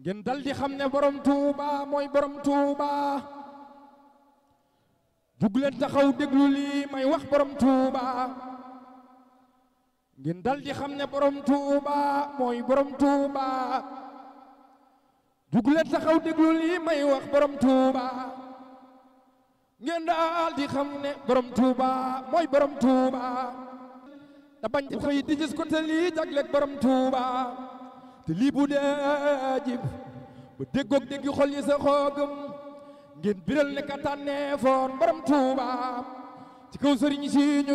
ngeen dal di xam ne borom Touba mooy borom Touba jug leen taxaw déglu lii may wax borom Touba ngeen dal di xam ne borom Touba mooy borom Touba jug leen taxaw déglu ngeen daal di xam ne borom Touba mooy borom Touba da bañ di xëy di ko te lii borom Touba. te lii bu dee jib ba déggoog déggi xol yi sa xoogam ngeen biral ne ka tànneefoon borom Tuuba ci kaw sëriñ si ñu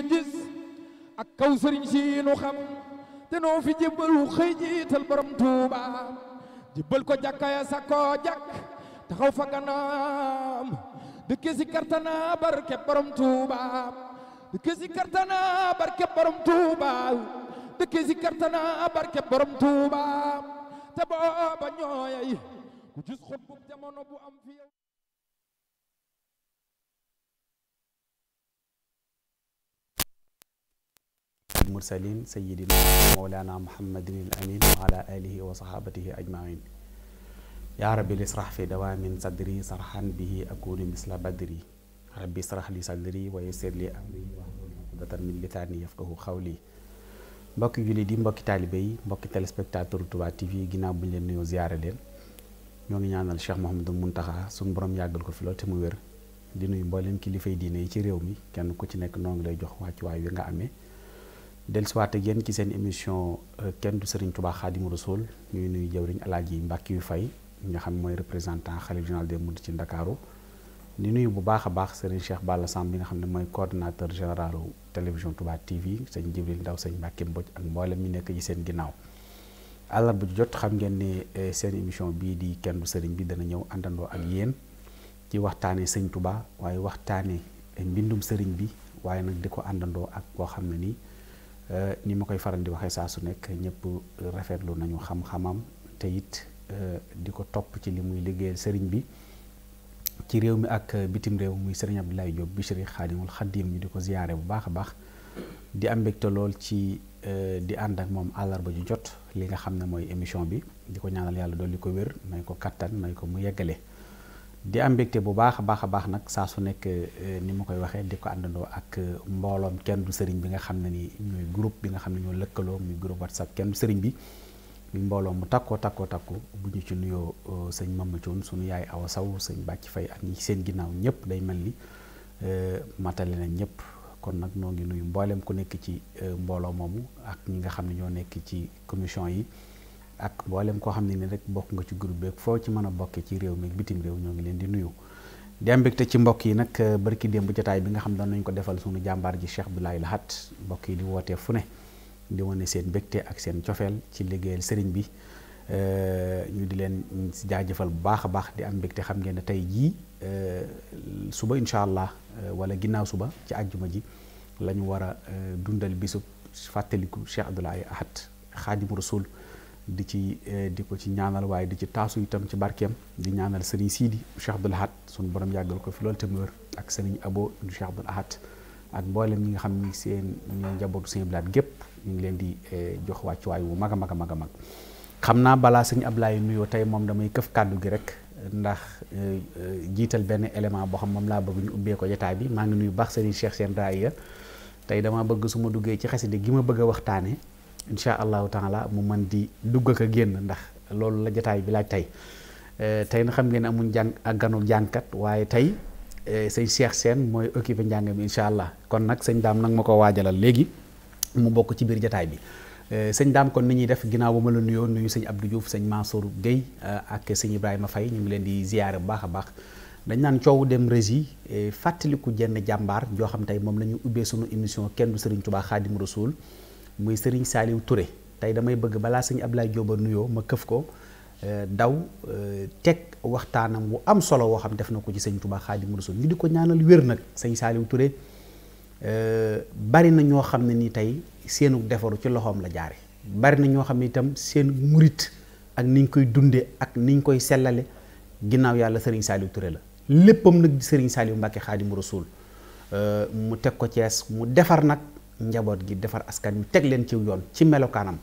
ak kaw sëriñ si xam te noo fi jébbalu xëy jiital borom Tuuba jébbal ko jàkka ya sa koo jàkk taxaw fa ganaam dëkke si kartana barke borom Tuuba dëkke si kartana barke borom Tuuba dëkke zikartana barke borom Tuuba te booba ñooyay ku gis xutbub jamono bu am fi yow mursalin sayyidina mawlana muhammadin al amin wa ala alihi wa sahabatihi ajmain ya rabbi lisrah fi dawamin sadri sarhan bihi akunu misla badri rabbi israh li sadri wa yassir li amri wa hlul uqdatan min lisani yafqahu qawli mbokki jullit yi mbokki taalibe yi mbokki téléspectateur Touba TV ginnaaw bu ñu leen nuyoo ziyaare leen ñoo ngi ñaanal Cheikh Mouhamadul Mountakha suñu borom yàggal ko fi lool te mu wér di nuyu mbooleem kilifay diine yi ci réew mi kenn ku ci nekk noo ngi lay jox wàccuwaay wi nga amee dellusiwaat ak yéen ci seen émission euh, kenn du Serigne Touba Xaadimu Rasuul ñuy nuyu jëwriñ Alaaji Mbàkki yu fay nga xam mooy représentant xalif général des Mourides ci Ndakaaru di nuyu bu baax a baax Serigne Cheikh Balla Samb bi nga xam ne mooy coordonnateur général télévision Touba TV sëñ Jibril Ndaw sëñ Mbàkke Mbodj ak mboolem ñu nekk ci seen ginnaaw àllarba jot xam ngeen ne eh, seen émission bii di kenn du sëriñ bi dana ñëw àndandoo ak yéen ci waxtaanee sëñ Touba waaye waxtaanee eh, mbindum sëriñ bi waaye nag di ko àndandoo ak koo xam ne nii eh, ni ma koy faral di waxee saa su nekk ñëpp rafetlu nañu xam-xamam te it di ko topp ci li muy liggéeyal sëriñ bi. ci réew mi ak bitim réew muy bi sëriñ Abdoulaye Diop Bichri Xaadimul Xaadim ñu di ko ziyaare bu baax a baax di am mbégte lool ci euh, di ànd ak moom àllarba ju jot li nga xam ne mooy émission bi di ko ñaanal yàlla dolli ko wér may ko kattan may ko mu yeggale di am mbégte bu baax a baax a baax nag saa su nekk euh, ni ma koy waxee di ko àndandoo ak euh, mbooloom kenn du sëriñ bi nga xam ne ni ñooy groupe bi nga xam ne ñoo lëkkaloo muy groupe WhatsApp kenn du bi mbooloo mu takkoo takkoo takkoo bu ñu ci nuyoo euh, sëñ Mama Thion sunu yaay Awa sañ sëñ Bàcc Fay ak ñi seen ginnaaw ñëpp day mel ni euh, matale nañ ñëpp kon nag noo ngi nuyu ku nekk ci euh, mbooloo moomu ak ñi nga xam ne ñoo nekk ci commission yi ak mboolem koo xam ne ni rek bokk nga ci groupe beeg foo ci mën a bokkee ci réew mi bitim réew ñoo ngi leen di nuyu. di am mbégte ci mbokk yi nag barki démb jotaay bi nga xam ne daan nañ ko defal suñu jàmbaar ji Cheikh Abdoulaye Lahat mbokk yi di wootee fu ne. di wane seen mbégte ak seen cofeel ci liggéeyal sëriñ bi euh, ñu di leen jaajëfal bu baax a baax di am mbégte xam ngeen ne tey jii euh, suba incha allah euh, wala ginnaaw suba ci àjjuma ji la ñu war a dundal bisub fàttaliku Cheikh Abdoul Ahad Xaadimu Rasuul di ci di ko ci ñaanal waaye di ci taasu itam ci barkeem di ñaanal sëriñ Sidi Cheikh Abdoul Ahad sunu borom yàggal ko fi loolu te ak sëriñ Abo Cheikh Abdoul Ahad ak mboolem ñi nga xam ni seen ñoo njabootu seen bilaat gépp ñu ngi leen di eh, jox wàccuwaay wu mag a mag a mag a mag xam naa balaa sëñ Ablaye nuyoo tey moom damay këf kàddu gi rek ndax eh, eh, jiital benn élément boo xam moom laa bëgg ñu ubbee ko jotaay bi maa ngi nuyu baax sëriñ Cheikh seen daaya tey dama bëgg su ma duggee ci xaside gi ma bëgg a waxtaane incha allahu taala mu man di dugg ak a génn ndax loolu la jotaay bi laaj tey tey na xam ngeen ne amuñ jàng ak ganu jànkat waaye tey sëñ Cheikh seen mooy occupé njàng mi allah kon nag sëñ daam nag ma ko waajalal léegi mu bokk ci biir jataay bi euh, sëñ daam kon ni ñuy def ginnaaw ba ma la nuyoo nuyu ab Abdou Diouf sëñ Mansour Guèye euh, ak sëñ Ibrahima Faye ñu ngi leen di ziyaare bu baax a baax dañ naan coow dem régi fàttaliku jenn jàmbaar joo xam tey moom la ñu ubbee sunu émission kenn du Serigne Touba Khadim Rasoul muy Serigne Saliou ture tey damay bëgg balaa sëñ Ablaye Diop a nuyoo ma këf ko euh, daw teg waxtaanam bu am solo woo xam def na ko ci sëñ Touba Khadim Rasoul ñu di ko ñaanal wér nag sëñ Saliou Touré. Euh, bari na ñoo xam ne ni tey seenu defaru ci loxoom la jaare bari na ñoo xam ne itam seen murit ak niñ koy dundee ak niñ koy sellale ginnaaw yàlla sëriñ Saliou Touré la léppam nag di sëriñ Saliou Mbacke Xaadimu Rasuul euh, mu teg ko Cees mu defar nag njaboot gi defar askan wi teg leen ci yoon ci melokaanam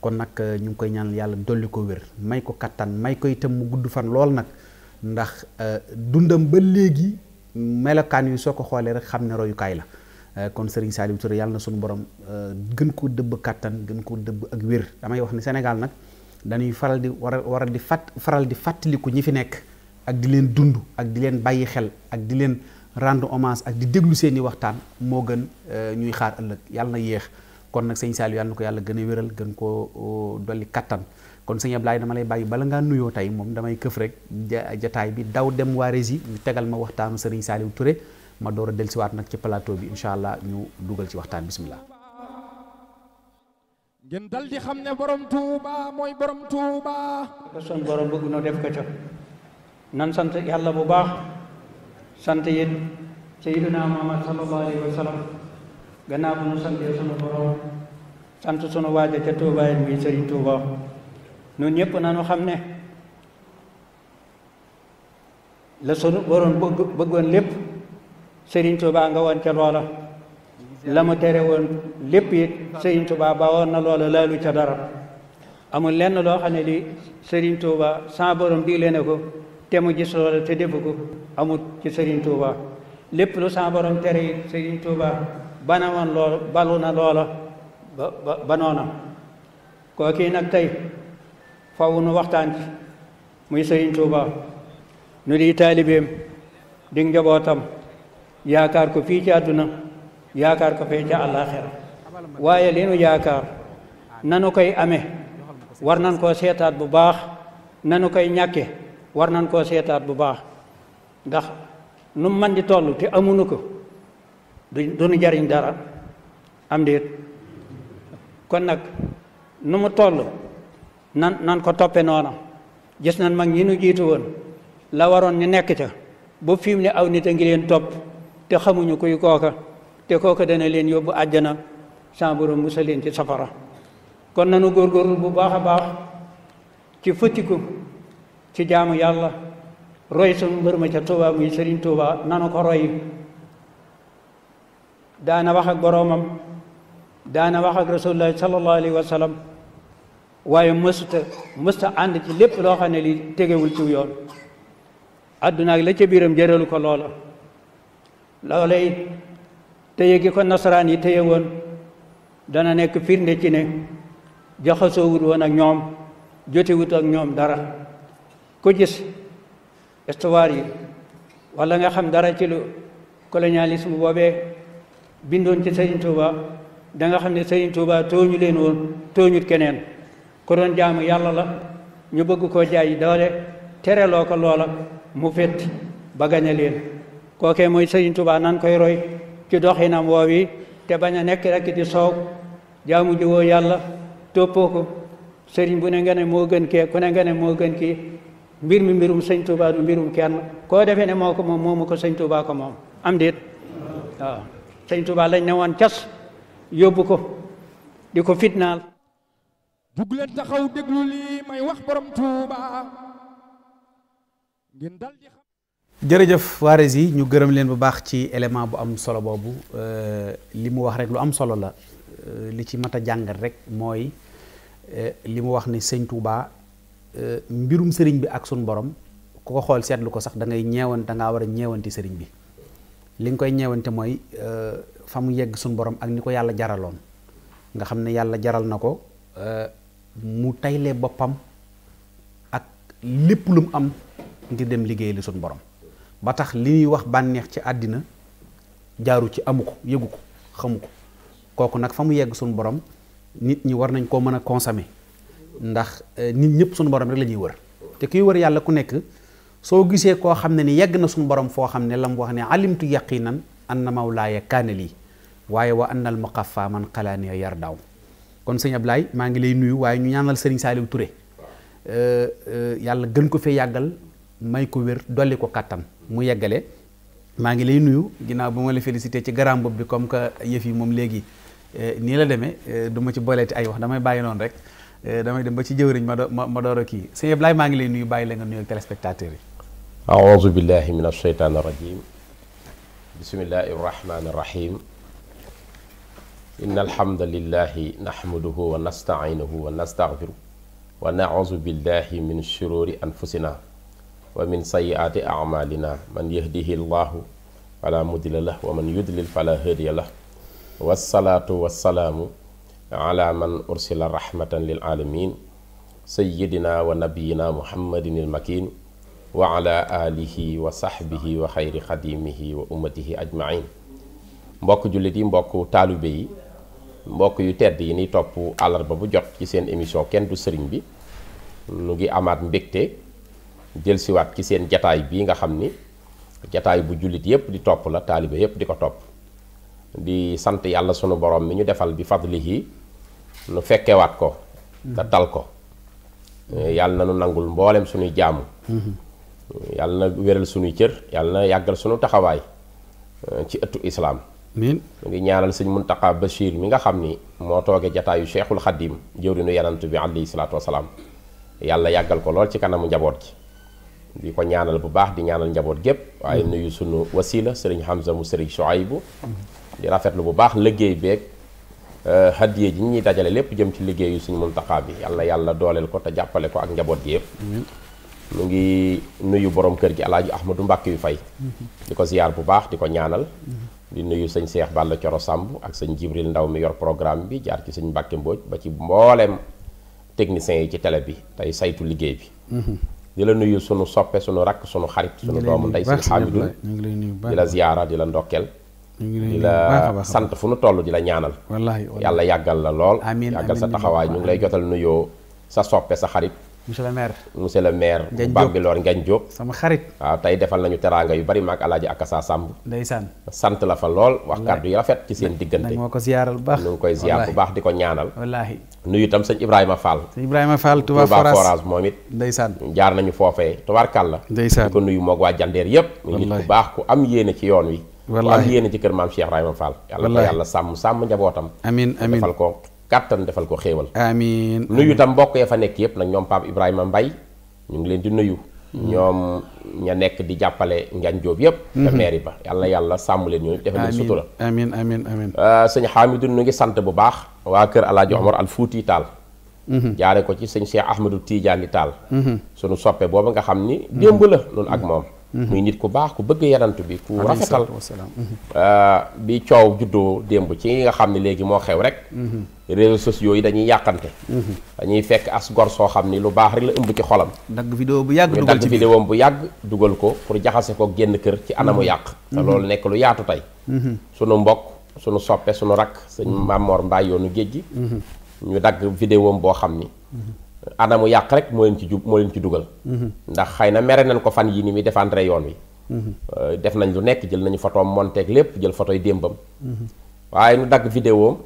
kon nag euh, ñu ngi koy ñaanal yàlla dolli ko wér may ko kattan may ko itam mu gudd fan lool nag ndax dundam ba léegi melokaan yu soo ko xoolee rek xam ne la Euh, kon Serigne Saliou Touré yàlla na suñu borom euh, gën koo dëbb kàttan gën koo dëbb ak wér damay wax ni Sénégal nag dañuy faral di war a di fàtt faral di fàttaliku ñi fi nekk ak di leen dund ak di leen bàyyi xel ak di leen rendre hommage ak di déglu seen i waxtaan moo gën euh, ñuy xaar ëllëg yàlla na yéex kon nag sëñ Saliou yàlla na ko yàlla gën a wéral gën koo dolli kattan kon sëñ laay dama lay bàyyi bala ngaa nuyoo tey moom damay këf rek jataay bi daw dem waa Rési tegal ma waxtaanu Serigne Saliou Touré ma door a dellusiwaat nag ci plateau bi incha allah ñu dugal ci waxtaan bismillah. ngeen dal di xam ne borom Touba mooy borom Touba. son borom def ko ca sant yàlla bu baax sant yéen Seydina Muhammad sallallahu alayhi wa borom sant sunu waaja ca Touba yi muy Serigne Touba ñun ñëpp nañu xam ne la sunu borom bëgg bëggoon lépp. Serigne Touba nga woon ca loola la tere woon lépp it Serigne Touba ba woon na loola laalu ca dara amu lenn loo xam ne li Serigne Touba sans borom digle ko te mu gis loola te defu ci Serigne Touba lépp lu sans tere it Serigne bana woon loola balu na loola ba ba ba noona nag tey faw nu waxtaan ci muy Serigne Touba nu di taalibeem di njabootam yaakaar ko fii ci àdduna yaakaar ko fee ca àllaaxira waaye li nu yaakaar nanu koy ame war nan koo seetaat bu baax nanu koy ñàkke war nan koo seetaat bu baax ndax nu man di toll te amunu ko du nu jariñ dara am déet kon nag nu mu toll nan nan ko toppe noona gis nan mag ñi nu jiitu woon la waroon ñu nekk ca ba fi ne aw nit a ngi leen topp te xamuñu kuy kooka te kooka dana leen yóbbu àjjana sa borom musal leen ci safara kon nanu góorgóorlu bu baax a baax ci fëttiku ci jaamu yàlla roy sunu mbër ma ca Tuuba muy Sëriñ Tuuba nanu ko roy daana wax ak boroomam daana wax ak rasulullahi sallallahu alayhi wa sallam waaye mësuta ànd ci lépp loo xam ne li tegewul ci yoon àdduna ak la ca biiram jëralu ko loola loola it téye ko nasaraan yi téye woon dana nekk firnde ci ne jaxasoowut woon ak ñoom jotewut ak ñoom dara ku gis yi walla nga xam dara ci lu colonialisme boobee bindoon ci Sëriñ Tuuba da nga xam ne Sëriñ Tuuba tooñu woon tooñut keneen ku doon jaamu yàlla la ñu bëgg koo jaay doole tereloo ko loola mu fétti ba leen kookee mooy sëriñ Tuubaa nan koy roy ci doxinam woowi te baña a nekk rek di soow jaamu woo yàlla toppoo ko sëriñ bu ne nga ne moo gën kee ku ne moo gën kii mbir mbirum sëñ Tuubaa du mbirum kenn koo defee ne moo ko moom moomu ko sëñ Tuubaa ko moom am déet waaw sëñ Tuubaa lañ ne woon cas yóbbu ko ko fitnaal jug leen taxaw déglu may wax borom Tuubaa ngeen dal di jërëjëf waares yi ñu gërëm leen bu baax ci élément bu am solo boobu euh, li mu wax rek lu am solo la euh, li ci mat a jàngat rek mooy euh, li mu wax ne sëñ Touba mbirum sëriñ bi ak sun borom ku ko xool seetlu ko sax da ngay ñeewante da ngaa war a ñeewanti sëriñ bi li nga koy ñeewante mooy fa mu yegg sun borom ak ni ko yàlla jaraloon nga xam ne yàlla jaral na ko mu taylee boppam ak lépp lu mu am ngir dem liggéey li sun borom ba tax li ñuy wax bànneex ci àddina jaaru ci amu ko yëgu ko xamu ko kooku nag fa mu yegg suñu borom nit ñi war nañ koo mën a consommer ndax eh, nit ñëpp suñu borom rek la ñuy wër te kuy wër yàlla ku nekk soo gisee koo xam ne ni yegg na suñu borom foo xam ne la mu wax ne alimtu yaqinan anna mawlaaya kaana lii waaye wa annal muqaffa man xalaani yar daaw kon sëñ Ablaye maa ngi lay nuyu waaye ñu ñaanal sëriñ Saliou Touré eh, eh, yàlla gën ko fi yàggal may ko wér dolli ko kàttan mu yeggale maa ngi lay nuyu ginnaaw ba ma la félicité ci garaam bopp bi comme que yëf yi moom léegi eh, nii la demee eh, duma ci booleeti ay wax damay bàyyi noonu rek eh, damay dem ba ci jëwriñ ma ma ma door a kii sëñ Ablaye maa ngi lay nuyu bàyyi la nga nuyu ak téléspectateurs yi aoudu billahi min alsheytaan arrajim bismillahi arrahmani arrahim inna alhamdulillahi nahmaduhu wa nastainuhu wa nastagfiru wa naudu billahi min shururi anfusina wa min sayyiaati acmaalina man yahdihi llahu falaa mudilla lah wa man yudlil falaa haadiya lah wassalaatu wassalaamu ala man ursila rahmatan lil aalamin sayyidina wa nabiyina muhammadin il wa ala wa sahbihi wa xayri xadimihi wa ummatihi ajmain mbokk jullit yi mbokk taalibe yi mbokk yu tedd yi ni topp àllarba bu jot ci seen émission kenn du sëriñ bi nu ngi amaat mbégte jël siwaat ci seen jataay bii nga xam ni jataay bu jullit yépp di topp la taalibe yépp di ko topp di sant yàlla sunu borom mi ñu defal bi fadlihi nu fekkewaat ko te tal ko eh, yàlla na nu nangul mboolem suñuy jaamu mhm. yàlla na wéral suñuy cër yàlla na yàggal sunu taxawaay eh, ci ëttu islaam amiin ngi ñaanal sëñ Muntaqa Bachir mi nga xam ni moo toogee jataayu cheikhul xadim jëwrinu yanant bi alayhi salaatu wasalaam yàlla yàggal ko lool ci kanamu njaboot di ko ñaanal bu baax di ñaanal njaboot gépp waaye mm-hmm. nuyu sunu wasila sëriñ Hamza mu sëriñ Shuaybu di rafet lu bu baax liggéey beeg euh, hadiye ji ñuy dajale lépp jëm ci liggéeyu suñu muntaxaa bi yàlla yàlla dooleel ko te jàppale ko ak njaboot gi yëpp mu ngi nuyu borom kër gi alaaji Ahmadou Mbàkke yu fay mm-hmm. di ko ziyaar bu baax di ko ñaanal mm-hmm. di nuyu sëñ Seex Balla Coro Samb ak sëñ Jibril Ndaw mi yor programme bi jaar ci sëñ Mbàkke Mbooj ba ci mbooleem techniciens yi ci télé bi tey saytu liggéey bi di la nuyu sunu soppee sunu rakk sunu xarit sunu doomu ndey sunu xaamidu di la ziyaara di la ndokkeel di la sant fu nu toll di la ñaanal wallaahi yàlla yàggal la lool yàggal sa taxawaay ñu ngi lay jotal nuyoo sa soppee sa xarit monsieur le maire monsieur le maire Bambilor Ngagne Diop sama xarit waaw tey defal nañu teraanga yu bari maag alaaji Akassa Samb ndeysaan sant la fa lool wax kàddu yu rafet ci seen diggante moo ko ziyaaral bu baax ñu ngi koy ziyaar bu baax di ko ñaanal wallaahi nuyu itam sëñ Ibrahima Fall sëñ Ibrahima Fall Touba Forage moom it ndeysaan jaar nañu foofee tubaarkàl la ndeysaan di ko nuyu moog waa jandeer yépp nit ku baax ku am yéene ci yoon wi wallaahi ci kër maam Cheikh Ibrahima Fall yàlla ko yàlla sàmm sàmm njabootam amiin ko kàttan defal ko xéewal amiin nuyu tam mbokk ya fa nekk yëpp nag ñoom Pape Ibrahima Mbaye ñu ngi leen di nuyu mm-hmm. ñoom ña nekk di jàppale ngan jóob yëpp te mm-hmm. mairie ba yàlla yàlla sàmm leen ñoom defal leen sutura amiin amiin amiin euh, sëñ Hamidou nu ngi sant bu baax waa kër Alaaji mm-hmm. Omar al Fuuti Taal jaare ko ci sëñ Cheikh Ahmadou Tidiane Taal sunu soppe boobu nga xam ni démb la noonu ak moom muy nit ku baax ku bëgg yanant bi ku rafetal euh, bi coow juddoo démb ci nga xam ne léegi moo xew rek mhm. réseaux sociaux yi dañuy yàqante mhm. dañuy fekk as gor soo xam ni lu baax rek la ëmb ci xolam dagg vidéo bu yàgg dagg vidéo bu yàgg dugal ko pour jaxase ko génn kër ci anamu mhm. yàq te loolu nekk lu yaatu tey sunu mbokk sunu soppe sunu rakk sëñ Mamor Mbaay yoonu géej gi ñu dagg vidéo boo xam ni anamu yàq rek moo leen ci jub moo leen ci dugal mm-hmm. ndax xëy na mere nañ ko fan yi ni muy défendre yoon wi mm-hmm. euh, def nañ lu nekk jël nañu photoom monteeg lépp jël photo yi démbam mm-hmm. waaye nu dagg vidéo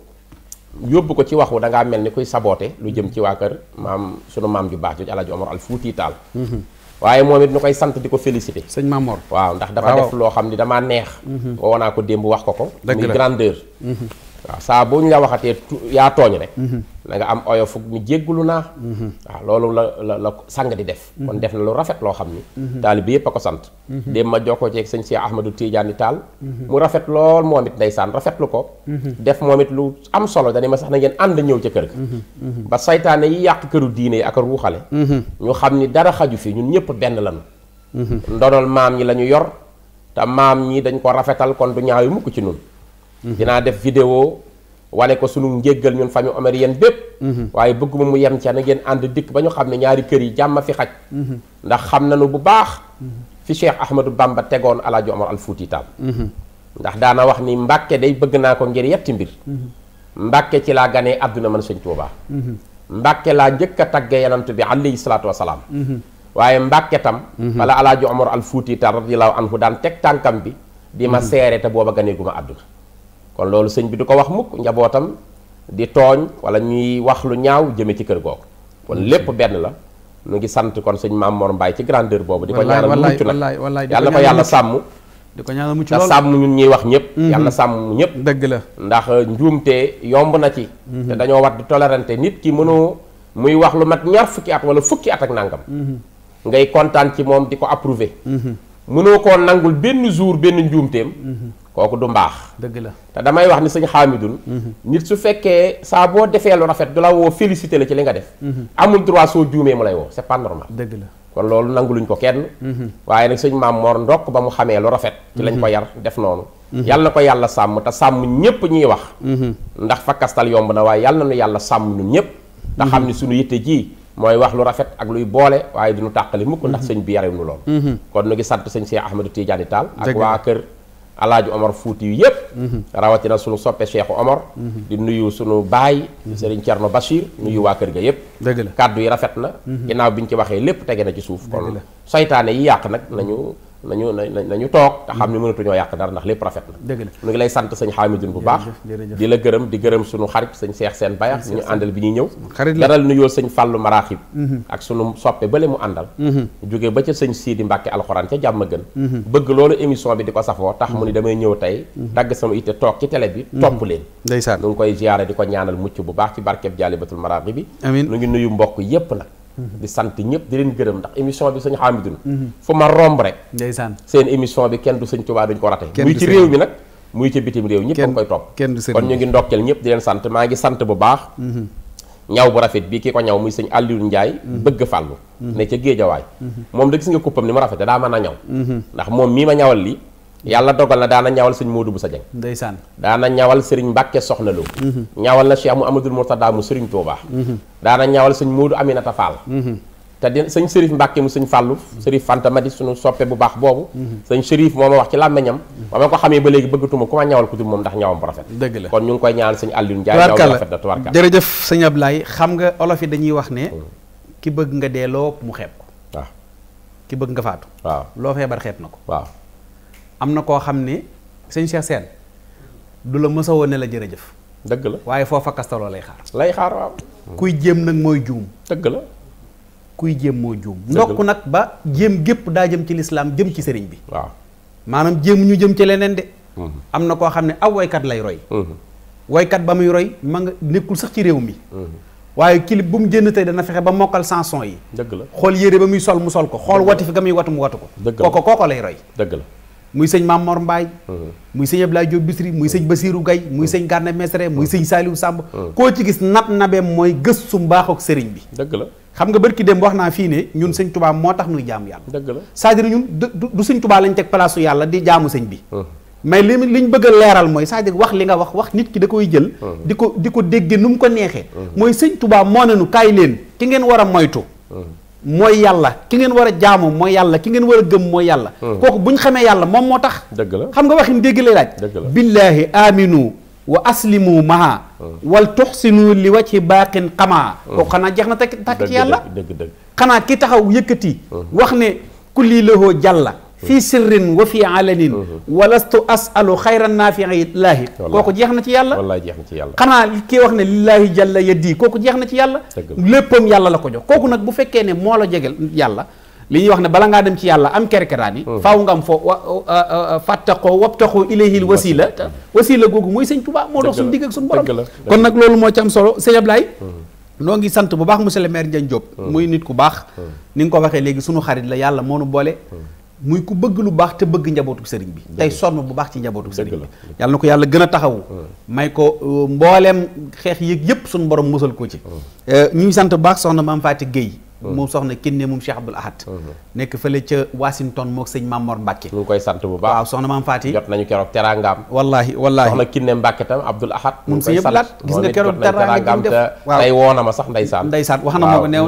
yóbbu ko ci wax da ngaa mel ni kuy saboote lu jëm ci waa kër maam sunu maam ju baax jooju Alaaji Omar Al Fuuti Taal waaye moom it nu koy sant di ko félicité sëñ Mamor waaw ndax dafa ah, def loo xam ni damaa neex woo naa ko démb wax ko ko muy grandeur waa saa bu ñu la waxatee yaa tooñ rek mhm. na nga am oyofu mi jéggulu naa mhm. waaw loolu la la la sang di def mhm. kon def na lu rafet loo xam ni taalib bi yépp a ko sant dem ma jokkoo ceeg sëñ Cheikh Ahmadou Tidiane Tall mu rafet lool moom it ndeysaan rafetlu ko def moom it lu am solo dane ma sax na ngeen ànd ñëw ca kër ga ba saytaane yi yàq këru diine yi ak ruuxale ñu xam ni dara xaju fi ñun ñëpp benn lañu ndonal maam ñi la ñu yor te maam ñi dañ ko rafetal kon du ñaaw mukk ci nun Mm-hmm. dinaa def vidéo wane ko sunu njéggal ñun famille omarienne bépp mm-hmm. waaye bëgguma mu yem ca na ngeen ànd dikk ba ñu xam ne ñaari kër yi jàmm fi xaj mm-hmm. ndax xam nañu bu baax fi Cheikh Ahmadou Bamba tegoon Alaaji Omar al Fuuti Taal ndax daana wax ni Mbàkke day bëgg naa ko ngir yetti mbir Mbàkke ci laa ganee àdduna man sëñ Tuubaa Mbàkke laa njëkk a tagge yanant bi alayhi salaatu wasalaam waaye Mbàkke tam wala Alaaji Omar al Fuuti Taal radiyallaahu anhu daan teg bi ma seere te booba ganeeguma àdduna kon loolu sëñ bi di ko wax mukk njabootam di tooñ wala ñuy wax lu ñaaw jëme ci kër googu kon lépp benn la nu ngi sant kon sëñ Maam Mor Mbaye ci grandeur boobu di ko ñaanal mucc nag yàlla ko yàlla sàmm di ko ñaanal mucc lool sàmm ñun ñuy wax ñëpp mhm. yàlla sàmm ñëpp dëgg la ndax euh, njuumte yomb na ci mhm. te dañoo war di tolérante nit ki mënoo muy wax lu mat ñaar fukki at wala fukki at ak nangam mhm. ngay kontaan ci moom di ko approuver mënoo koo nangul benn jour benn njuumteem kooku du mbaax. dëgg la te damay wax ni sëñ xaamidun nit su fekkee saa boo defee lu rafet du la woo félicité la ci li nga def. amul droit soo juumee mu lay woo c'est pas normal. dëgg la kon loolu nanguluñ ko kenn. Mhm. waaye nag sëñ maam moo ndokk ba mu xamee lu rafet. ci lañ ko mhm. yar def noonu. Mhm. yàlla na ko yàlla sàmm te sàmm ñépp ñuy wax. ndax fakkastal yomb na waaye yàlla na nu yàlla sàmm ñun ñépp. te xam ni sunu yitte ji. mooy wax lu rafet ak luy boole waaye duñu tàqali mukk ndax sëñ bi nu lool alaaju omar fuuti yu yëpp mhm. rawatina sunu soppe cheikhu omar mhm. di nuyu sunu baay sëriñ cerno bachir nuyu mhm. waa kër ga yëpp dëgg kàddu yi rafet na ginnaaw bi ñu ci waxee lépp tege na ci suuf kon soytaane yi yàq nag nañu nañu nañu toog te xam ne mënatuñoo yàq dara ndax lépp rafet na ñu ngi lay sant sëñ Hamidou bu baax di la gërëm di gërëm suñu xarit sëñ Seex Seen Bayax suñu àndal bi ñuy ñëw daral nuyoo sëñ Fàllu Maraaxib mhm. ak suñu ba bale mu àndal mhm. jóge ba ca sëñ Siidi Mbàkke alxuraan ca jàmm gën mhm. bëgg loolu émission bi di ko safoo tax mu ni damay ñëw tey dagg sama itte toog ci télé bi topp leen ndeysaan ngi koy ziyaare di ko ñaanal mucc bu baax ci barkeb Jaalibatul Maraaxib bi amiin ñu ngi nuyu mbokk yépp nag di sant ñëpp di leen gërëm ndax émission bi sëñ Xaamidun mhm. fu ma romb rek ndeysaan seen émission bi kenn du sañ sëñ Tuubaa duñ ko rate muy ci réew mi nag muy ci bitim réew ñëpp a koy topp kon ñu ngi ndokkeel ñëpp di leen sant maa ngi sant bu baax mhm. ñaw bu rafet bii ki ko ñaw muy sëñ Alioune Ndiaye mhm. bëgg fàllu ne ca géejawaay moom da gis nga kuppam ni mu rafet daa mën a ñaw ndax moom mii ma ñawal li yàlla dogal na daana ñawal sëñ Modou Boussa Dieng ndeysaan daana ñawal sëriñ Mbacke Soxna Lo mm-hmm. ñawal na Cheikh Mouhamadoul Mourtada mu sëriñ Touba mm-hmm. daana ñawal sëñ Modou Aminata Fall mm-hmm. te di sëñ Sërif Mbacke mu sëñ fàllu Sërif Fanta Madi suñu soppe bu baax boobu sañ Sërif moom ma wax ci làmmeñam ba ma ko xamee ba léegi bëggatuma ku ma ñawal ku dul moom ndax ñawam bu rafet dëgg la kon ñu ngi koy ñaan sëñ Alioune Ndiaye ñaw rafet na tubarkalla jërëjëf sëñ Ablaye xam nga olof yi dañuy wax ne mm. ki bëgg nga dee loo mu ko ki bëgg nga faatu loo feebar xeeb na ko waaw am na koo xam ne sëñ Cheikh Sène du la mës a woon ne la jërëjëf. dëgg la waaye foofa kastaloo lay xaar. lay xaar waaw. kuy jéem nag mooy juum. dëgg la. kuy jéem moo juum. ndokk nag ba jéem gépp daa jëm ci lislaam jëm ci sëriñ bi. waaw maanaam jéem ñu jëm ci leneen de. Mhm. am na koo xam ne aw woykat lay roy. Mhm. woykat ba muy roy ma nga nekkul sax ci réew mi. Mhm. waaye clip bu mu jënd tey dana fexe ba mokkal chanson yi. dëgg la xool yére ba muy sol mu sol ko xool wati fi watu mu watu ko. dëgg la kooko kooko dëgg la. muy sëñ Mamor mbaay muy sëñ Abdoulaye Diop Bichri muy sëñ Basirou gay muy sëñ Gana Messere muy sëñ Saliou sàmb koo ci gis nat nabeem mooy gëstu mbaax ak sëriñ bi dëgg la xam nga ki dem wax naa fii ne ñun sëñ tubaa moo tax nuy jaamu yàlla dëgg la c'est-à-dire ñun du sëñ tubaa lañ teg place yàlla di jaamu sëñ bi mais li liñ bëgg a leeral mooy cest à wax li nga wax wax nit ki da koy jël di ko di ko dégge nu mu ko neexee mooy sëñ tubaa moo nu kaay leen ki ngeen war a moytu mooy yàlla ki ngeen war a jaamu mooy yàlla ki ngeen war a gëm mooy yàlla hmm. kooku bu ñu xamee yàlla moom moo tax dëgg la xam nga waxin dégg lay laaj billaahi aminu wa aslimu ma hmm. wal tuxsinu li wacci baaqin xamaa hmm. kooku xanaa jeex na takk tàkk ci yàlla dëgg xanaa ki taxaw yëkkati wax ne kulli lahoo jàlla fii sirrin wa fii alanin mhm. walastu asalu xayra naafi'i laahi kooku jeex na ci yàlla wallaay jeex ci yàlla xanaa kii wax ne lillaahi jalla yaddi kooku jeex na ci yàlla léppam yàlla la ko jox kooku nag bu fekkee ne moo la jegel yàlla li ñuy wax ne bala ngaa dem ci yàlla am kerkeraan yi mhm. faaw nga am foo wa fàttaqoo wabtaqoo ilayhil wasila wasila googu muy sëñ Tuubaa moo dox suñu digg ak suñu borom kon nag loolu moo ci am solo sëñ Ablaye mhm. noo ngi sant bu baax monsieur le maire Ndiagne Diop muy nit ku baax ni nga ko waxee léegi suñu xarit la yàlla moo nu boole muy ku bëgg lu baax te bëgg njabootu sëriñ bi tey sonn bu baax ci njabootu sëriñ bi yàlla na ko yàlla gën a taxawu may ko euh, mbooleem xeex yéeg yëpp suñu borom musal ko ci euh, ñu ngi sant baax soxna maam Faati Gueye moom soxna Kiné moom Cheikh Abdoul Ahad nekk fële ca Washington mook sëñ Mamor Mbacke ñu ngi koy sant bu baax soxna maam Faati jot nañu keroog teraangaam wallaahi wallaahi soxna na ma ko ne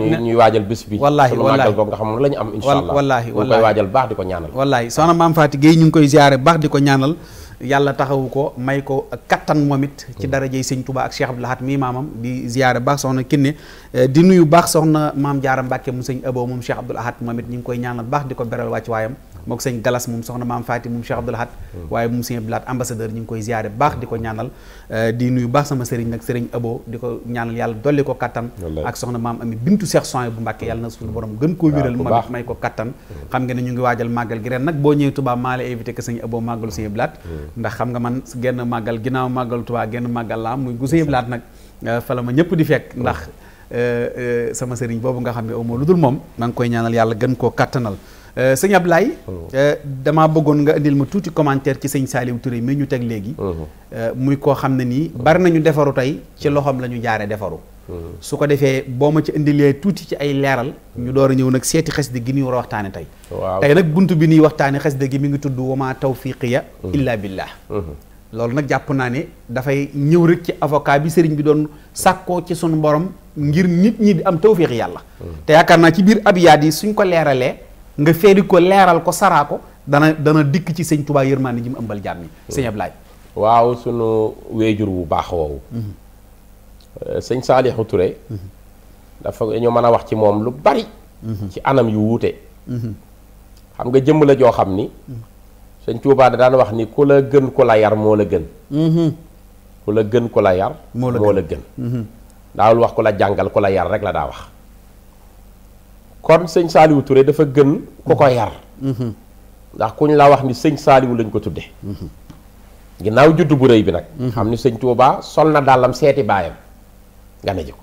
la ñu am incha allah wallaahi wallaahi ñu maam Faati Gueye ñu ngi koy ziyaare baax di ko ñaanal yàlla taxawu ko may ko kattan moom it dara mm. darajey sëñ Touba ak Cheikh Abdou Lahad mii maamam di ziyaare baax soxna Kiné eh, di nuyu baax soxna maam Jaara Mbàkke mu sëñ Abo moom Cheikh Abdou Lahad moom it ñu ngi koy ñaanal baax di ko beral wàcc waayam moo ko sëñ Galas moom soxna maam Faati moom Cheikh Abdoul Ahad hmm. waaye moom sëñ Abdoul ambassadeur ñu ngi koy ziyaare baax di ko ñaanal euh, di nuyu baax sama sëriñ nag sëriñ Abo di ko ñaanal yàlla dolli ko kattan ak soxna maam Ami bintu Cheikh Soin bu Mbàkke yàlla na suñu borom gën koo wéral ma may ko kattan hmm. xam ne ñu ngi waajal gi ren nag boo ñëwee Touba maa la invité que sëñ Abo hmm. xam nga man genn màggal ginnaaw màggalu Touba genn màggal la muy gu sëñ Abdoul Ahad euh, ñëpp di fekk ndax euh, sama sëriñ boobu nga xam ne amoo lu dul moom maa ngi koy ñaanal yàlla gën koo kattanal Euh, sëñ Ablaye. Mmh. Euh, damaa bëggoon nga indil ma tuuti commentaire ci sëñ Saliou Touré mi ñu teg léegi. Mmh. Euh, muy koo xam ne nii mmh. bari nañu defaru tey ci loxoom la ñu jaaree defaru. su ko defee boo ma ci indilee tuuti ci ay leeral. ñu door a ñëw nag seeti xasida gi ñu war a waxtaane tey. waaw tey nag bunt bi ñuy waxtaane xasida gi mi ngi tudd wama ya illa billah loolu nag jàpp naa ne dafay ñëw rek ci avocat bi sëriñ bi doon sàkkoo ci suñu borom ngir nit ñi di am tawfiq yàlla. te ko leeralee. nga feeri ko leeral ko saraa ko dana dana dikk ci sëñ Tuubaa yërmaande ji mu ëmbal jaam ñi sëñ mm-hmm. Ablaay waaw sunu weejur bu baax woowu mm-hmm. euh, sëñ Saalihu Touré mm-hmm. dafa ñu mën a wax ci moom lu bari ci anam yu wuute xam nga jëmm la joo xam ni sëñ Tuubaa da daan wax ni ku la gën ku la yar moo la gën ku la gën ku la yar moo la gën daawul wax ku la jàngal ku la yar rek la daa wax kon sëñ Saliou Touré dafa gën ku ko yar mhm. ndax kuñ la wax ni sëñ saaliwu lañ ko tudde mhm. ginnaaw juddu bu rëy bi nag mhm. xam ni sëñ Touba sol na dàllam seeti baayam gane ji ko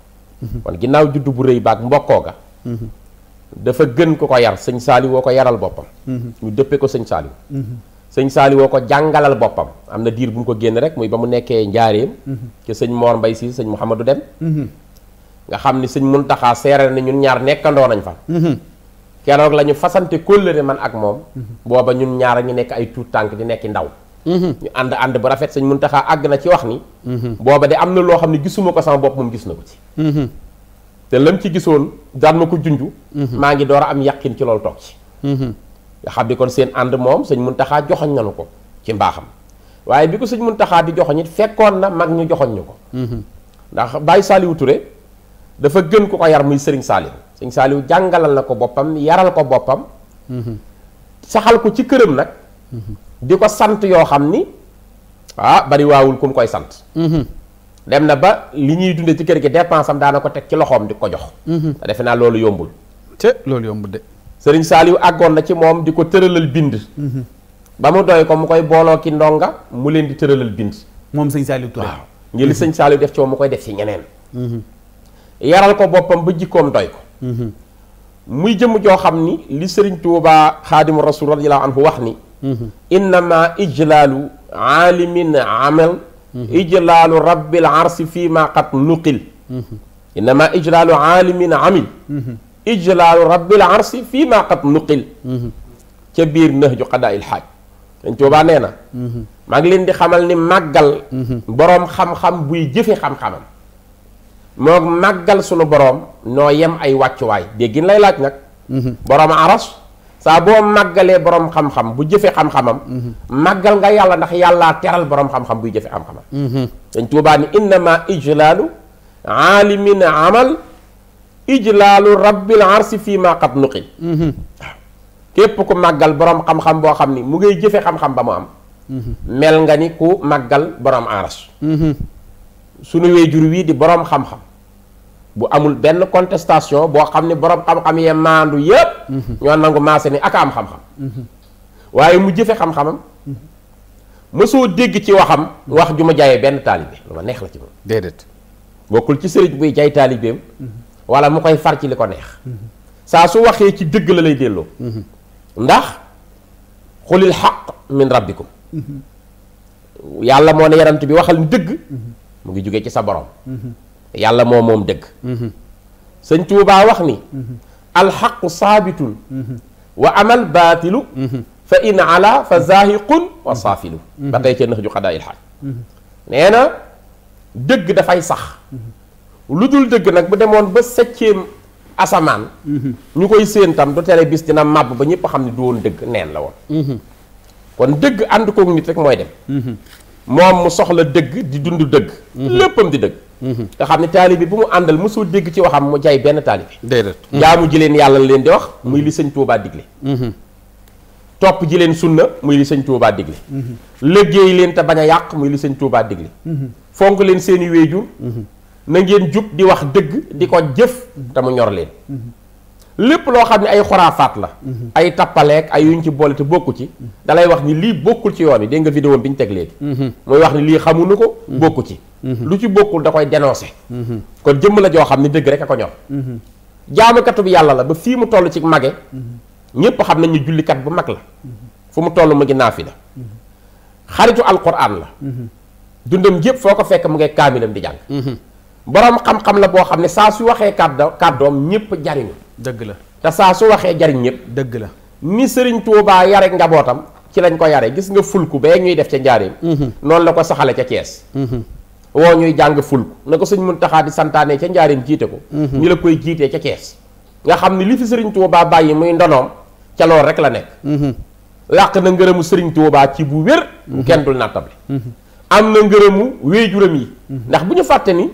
kon ginnaaw juddu bu rëy ba ak mbokkoo ga dafa gën ku ko yar sëñ saaliwoo ko yaral boppam ñu dëppee ko sëñ Saliou sëñ Saliou woo ko jàngalal boppam am na diir bu ñu ko génn rek muy ba mu nekkee njaareem ca sëñ moor Mbay si sëñ Mouhamadou Dem nga xam ni sëñ Muntaxa seere na ñun ñaar nekkandoo nañ fa mhm. keroog lañu ñu fasante kóllëre man ak moom mhm. booba ñun ñaar ñu nekk ay tuut tànk di nekki ndaw mhm. ñu ànd ànd bu rafet sañ mun Muntaxa àgg na ci wax ni booba de am na loo xam ne gisuma ko sama bopp moom gis na ko ci te lam ci gisoon daan ma ko junju maa ngi door a am yàqin ci loolu toog ci nga xam ni kon seen ànd moom sañ sëñ Muntaxa joxoñ nanu ko ci mbaaxam waaye bi ko mun Muntaxa di joxoñ it fekkoon na mag ñu joxoñ ñu ko ndax Baye Saliou dafa gën ku ko yar muy sëriñ Saliou Serigne Saliou jàngalal na ko boppam yaral ko boppam mhm. saxal ko ci këram nag mhm. di ko sant yoo xam ni ah bari waawul ku mu koy sant mhm. dem na ba li ñuy dunde ci kër gi dépense am daana ko teg ci loxoom di ko jox te defe naa loolu yombul te loolu yombul de Serigne Saliou àggoon na ci moom di ko tëralal bind ba mu doy ko mu koy booloo ki ndonga mu leen di tëralal bind moom sëñ Saliou Touré ngir li sëñ Saliou def ci moom mu koy def ci ñeneen yaral ko boppam ba jikkoom doy ko mhm. muy jëm joo xam ni li sëriñ tuubaa rasul radiallahu anhu wax ni mhm. innama ijlaalu aalimin amal mhm. ijlaalu rabbil arsi fii ma qad nuqil innama ijlaalu aalimin amil ijlaalu rabbil arsi ma qad nuqil ca biir nëx ju xadaa il xaaj sëñ tuubaa nee na ngi leen di xamal ni màggal boroom xam-xam buy jëfe xam-xamam moo màggal sunu boroom noo yem ay wàccuwaay déggin lay laaj nag mhm. boroom aras saa boo màggalee boroom xam-xam bu jëfe xam mhm. màggal nga yàlla ndax yàllaa teral boroom xam-xam buy jëfe xam-xamam mhm. dañ tuubaa ni innama ijlaalu aalimin amal ijlaalu rabbil arsi fii ma qad képp ku màggal boroom xam-xam boo xam ni mu ngay jëfe xam-xam ba mu am mel nga ni ku màggal boroom aras su sunu wéyjur wii di boroom xam-xam bu amul benn contestation boo xam ne boroom xam-xam yee maandu yépp ñoo nangu maase ni ak am xam-xam waaye mu jëfe xam-xamam mësoo dégg ci waxam wax ju ma jaayee benn taalibe lu ma neex ci moom bokkul ci sëriñ buy jaay taalibeem wala mu koy far ci li ko neex saa su waxee ci dëgg la lay delloo ndax xulil xaq min rabbikum yàlla moo ne yarant bi waxal ni dëgg mu ngi jóge ci sa borom mhm. yàlla moo moom dëgg mhm. sëñ Tuubaa wax ni mhm. alxaqu saabitun wa amal baatilu fa in ala fa zaahiqun wa saafilu ba tey ca nax ju xadaa il na dëgg dafay sax lu dul dëgg nag bu demoon ba septième asamaan ñu koy séentam du tere bis dina màbb ba ñëpp xam ne du woon dëgg neen la woon kon dëgg ànd koog nit rek mooy dem moom mu soxla dëgg di dund dëgg. Mhm. léppam di dëgg. Mhm. nga xam ne taalibi bu mu àndal mosoo dégg ci waxam mu jaay benn taalibi. déedéet mhm. jaamu ji leen yàlla leen di wax muy li sëñ Tuubaa digle. topp ji leen sunna muy li sëñ Tuubaa digle. liggéey leen te bañ a yàq muy li sëñ Tuubaa digle. fonk leen seeni wéejur na ngeen jub di wax dëgg di ko jëf te mu ñor leen. lépp loo xam ne ay xoraafaat la mhm. ay tappaleek ay yuñ ci boole te bokku ci mhm. dalay wax ni lii bokkul ci yoon yi dégg nga vidéo bi ñu teg léegi mhm. mooy wax ni lii xamuñu ko bokku ci lu ci bokkul da koy dénoncé kon jëmm la joo xam ne dëgg rek a ko ñor jaamakatu bi yàlla la ba fii mu toll ci mage ñépp xam nañ ñu jullikat bu mag la fu mu toll mu ngi naafi la xaritu alquran la dundam yëpp foo ko fekk mu ngay kaamilam di jàng borom xam-xam la boo xam ne saa su waxee kàddo kàddoom ñëpp jariñu dëgg la te saa su waxee jariñ ñëpp dëgg la ni sëriñ Touba yare njabootam ci lañ ko yare gis nga fulku bee ñuy def ca njaareem mhm. noonu la ko saxale ca Thiès mhm. woo ñuy jàng fulku na ko sëñ Muntaxa di santaane ca njaareem jiite ko mhm. ñu la koy jiitee ca Thiès nga xam ne li fi sëriñ Touba bàyyi muy ndonoom ca loolu rek la nekk làq na ngërëmu sëriñ Touba ci bu wér kenn dul nattab li am na ngërëmu wéejuram yi ndax bu ñu fàtte ni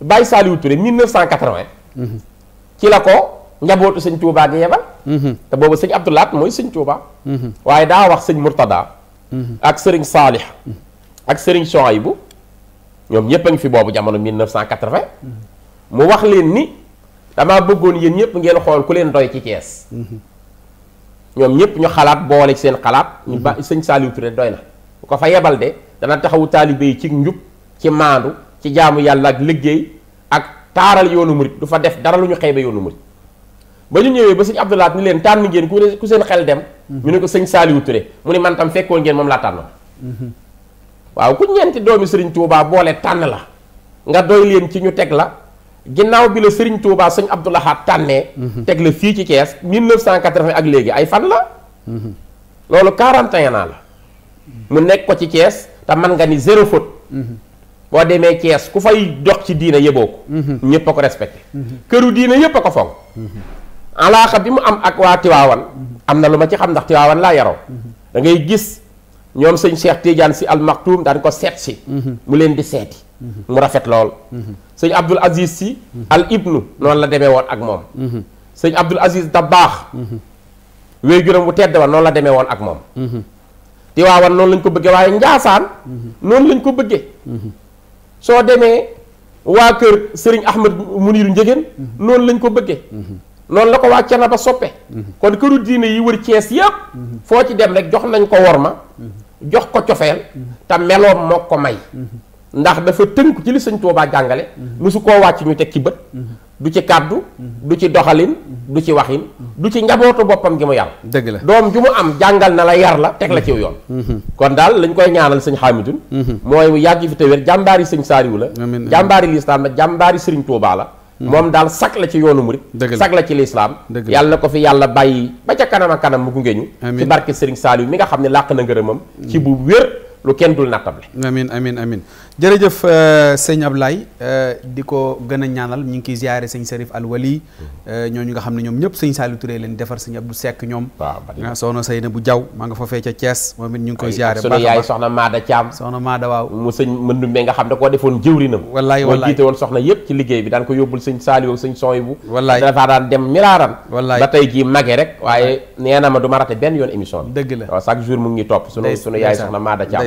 Baye Saliou Touré 1980 ci njabootu sëñ Touba gi yebal. Mhm. te boobu sëñ Abdoulaat mooy sëñ Touba. Mhm. waaye daa wax sëñ Murtada. Mhm. ak sëriñ Saalix. ak sëriñ Chouaïbou ñoom ñëpp a ngi fi boobu jamono 1980. mu wax leen ni damaa bëggoon yéen ñëpp ngeen xool ku leen doy ci Thiès. ñoom ñëpp ñu xalaat boole seen xalaat. ñu ba sëñ Saliou Touré doy na. ko fa yebal de dana taxawu taalibe yi ci njub ci maandu ci jaamu yàlla ak liggéey ak taaral yoonu murit du fa def dara lu ñu xeebe yoonu murit ba ñu ñëwee ba sëñ Abdoulaat ni leen tànn ngeen ku seen xel dem mhm. ñu ne ko sëñ Saaliwu Ture mu ne man tam fekkoon ngeen moom laa tànnoon mhm. waaw ku ñeenti doomi sëriñ Touba boole tànn la nga doy leen ci ñu teg la ginnaaw bi la sëriñ Touba sëñ Abdoulahat tànnee mhm. teg la fii ci Thiès 1980 ak léegi ay fan la loolu 41 ans la mu nekk ko ci Thiès te man nga ni zéro faute boo demee Thiès ku fay jox ci diina yëboo ko ñëpp a ko respecté këru diina yëpp a ko fonk alaaxa bi mu am ak waa Tiwaawan am na lu ma ci xam ndax Tiwaawan laa yaroo da ngay gis ñoom sëñ Cheikh Tidiane si almaktuum daan ko seet si mu leen di seeti mu rafet lool sëñ Abdul Aziz si al ibnu noonu la demee woon ak moom sëñ Abdul Aziz da baax wéy juróom bu tedd wa noonu la demee woon ak moom Tiwaawan noonu lañ ko bëggee waaye Njaasaan noonu lañ ko bëggee soo demee waa kër sëriñ Ahmad Muniru Njëgéen noonu lañ ko bëggee loolu la ko waa Cana ba soppe mhm. kon këru diine yi wër Cees yëpp mhm. foo ci dem rek jox nañ ko ma mhm. jox ko cofeel te meloom moo ko may ndax dafa tënku ci li sëñ Tuubaa jàngale musu koo wàcc ñu teg ci bët du ci kàddu du ci doxalin du ci waxin du ci njabootu boppam gi mu yar dëgg la doom ju mu am jàngal na la yar la teg la ci yoon kon daal lañ koy ñaanal sëñ Xaamidun mooy mu yàgg fi te jàmbaar jàmbaari sëñ Saaliw la jàmbaari lislaam la jàmbaari sëriñ Tuubaa la moom daal sag la ci yoonu murit sag la ci lislaam yàlla na ko fi yàlla bàyyi ba ca kanam a kanam mu gunge ñu ci barke Serigne Saliou mi nga xam ne làq na ngërëmam ci bu wér lu kenn dul nattable amin amin amin jërëjëf euh, sëñ Ablaye euh, di ko gën a ñaanal ñu ngi koy ziare sëñ Serif Alwali euh, ñooñu nga xam ne ñoom ñëpp sëñ Saliou Touré leen defar sëñ Abdou Seck ñoom ah, soxna Seyna bu Jaw maa nga fa fee ca Thiès moom it ñu ngi koy ziare sunu yaay soxna Maada Thiam soxna Maada waaw mu sëñ Mëndumbe nga defoon jëwrinam wallaay wallaay moo jiite woon yëpp ci liggéey bi daan ko yóbbul sëñ Saliou sëñ Soy bu wallaay dafa daan dem milaaran wallaay ba tey jii mage rek waaye nee na ma du ma rate benn yoon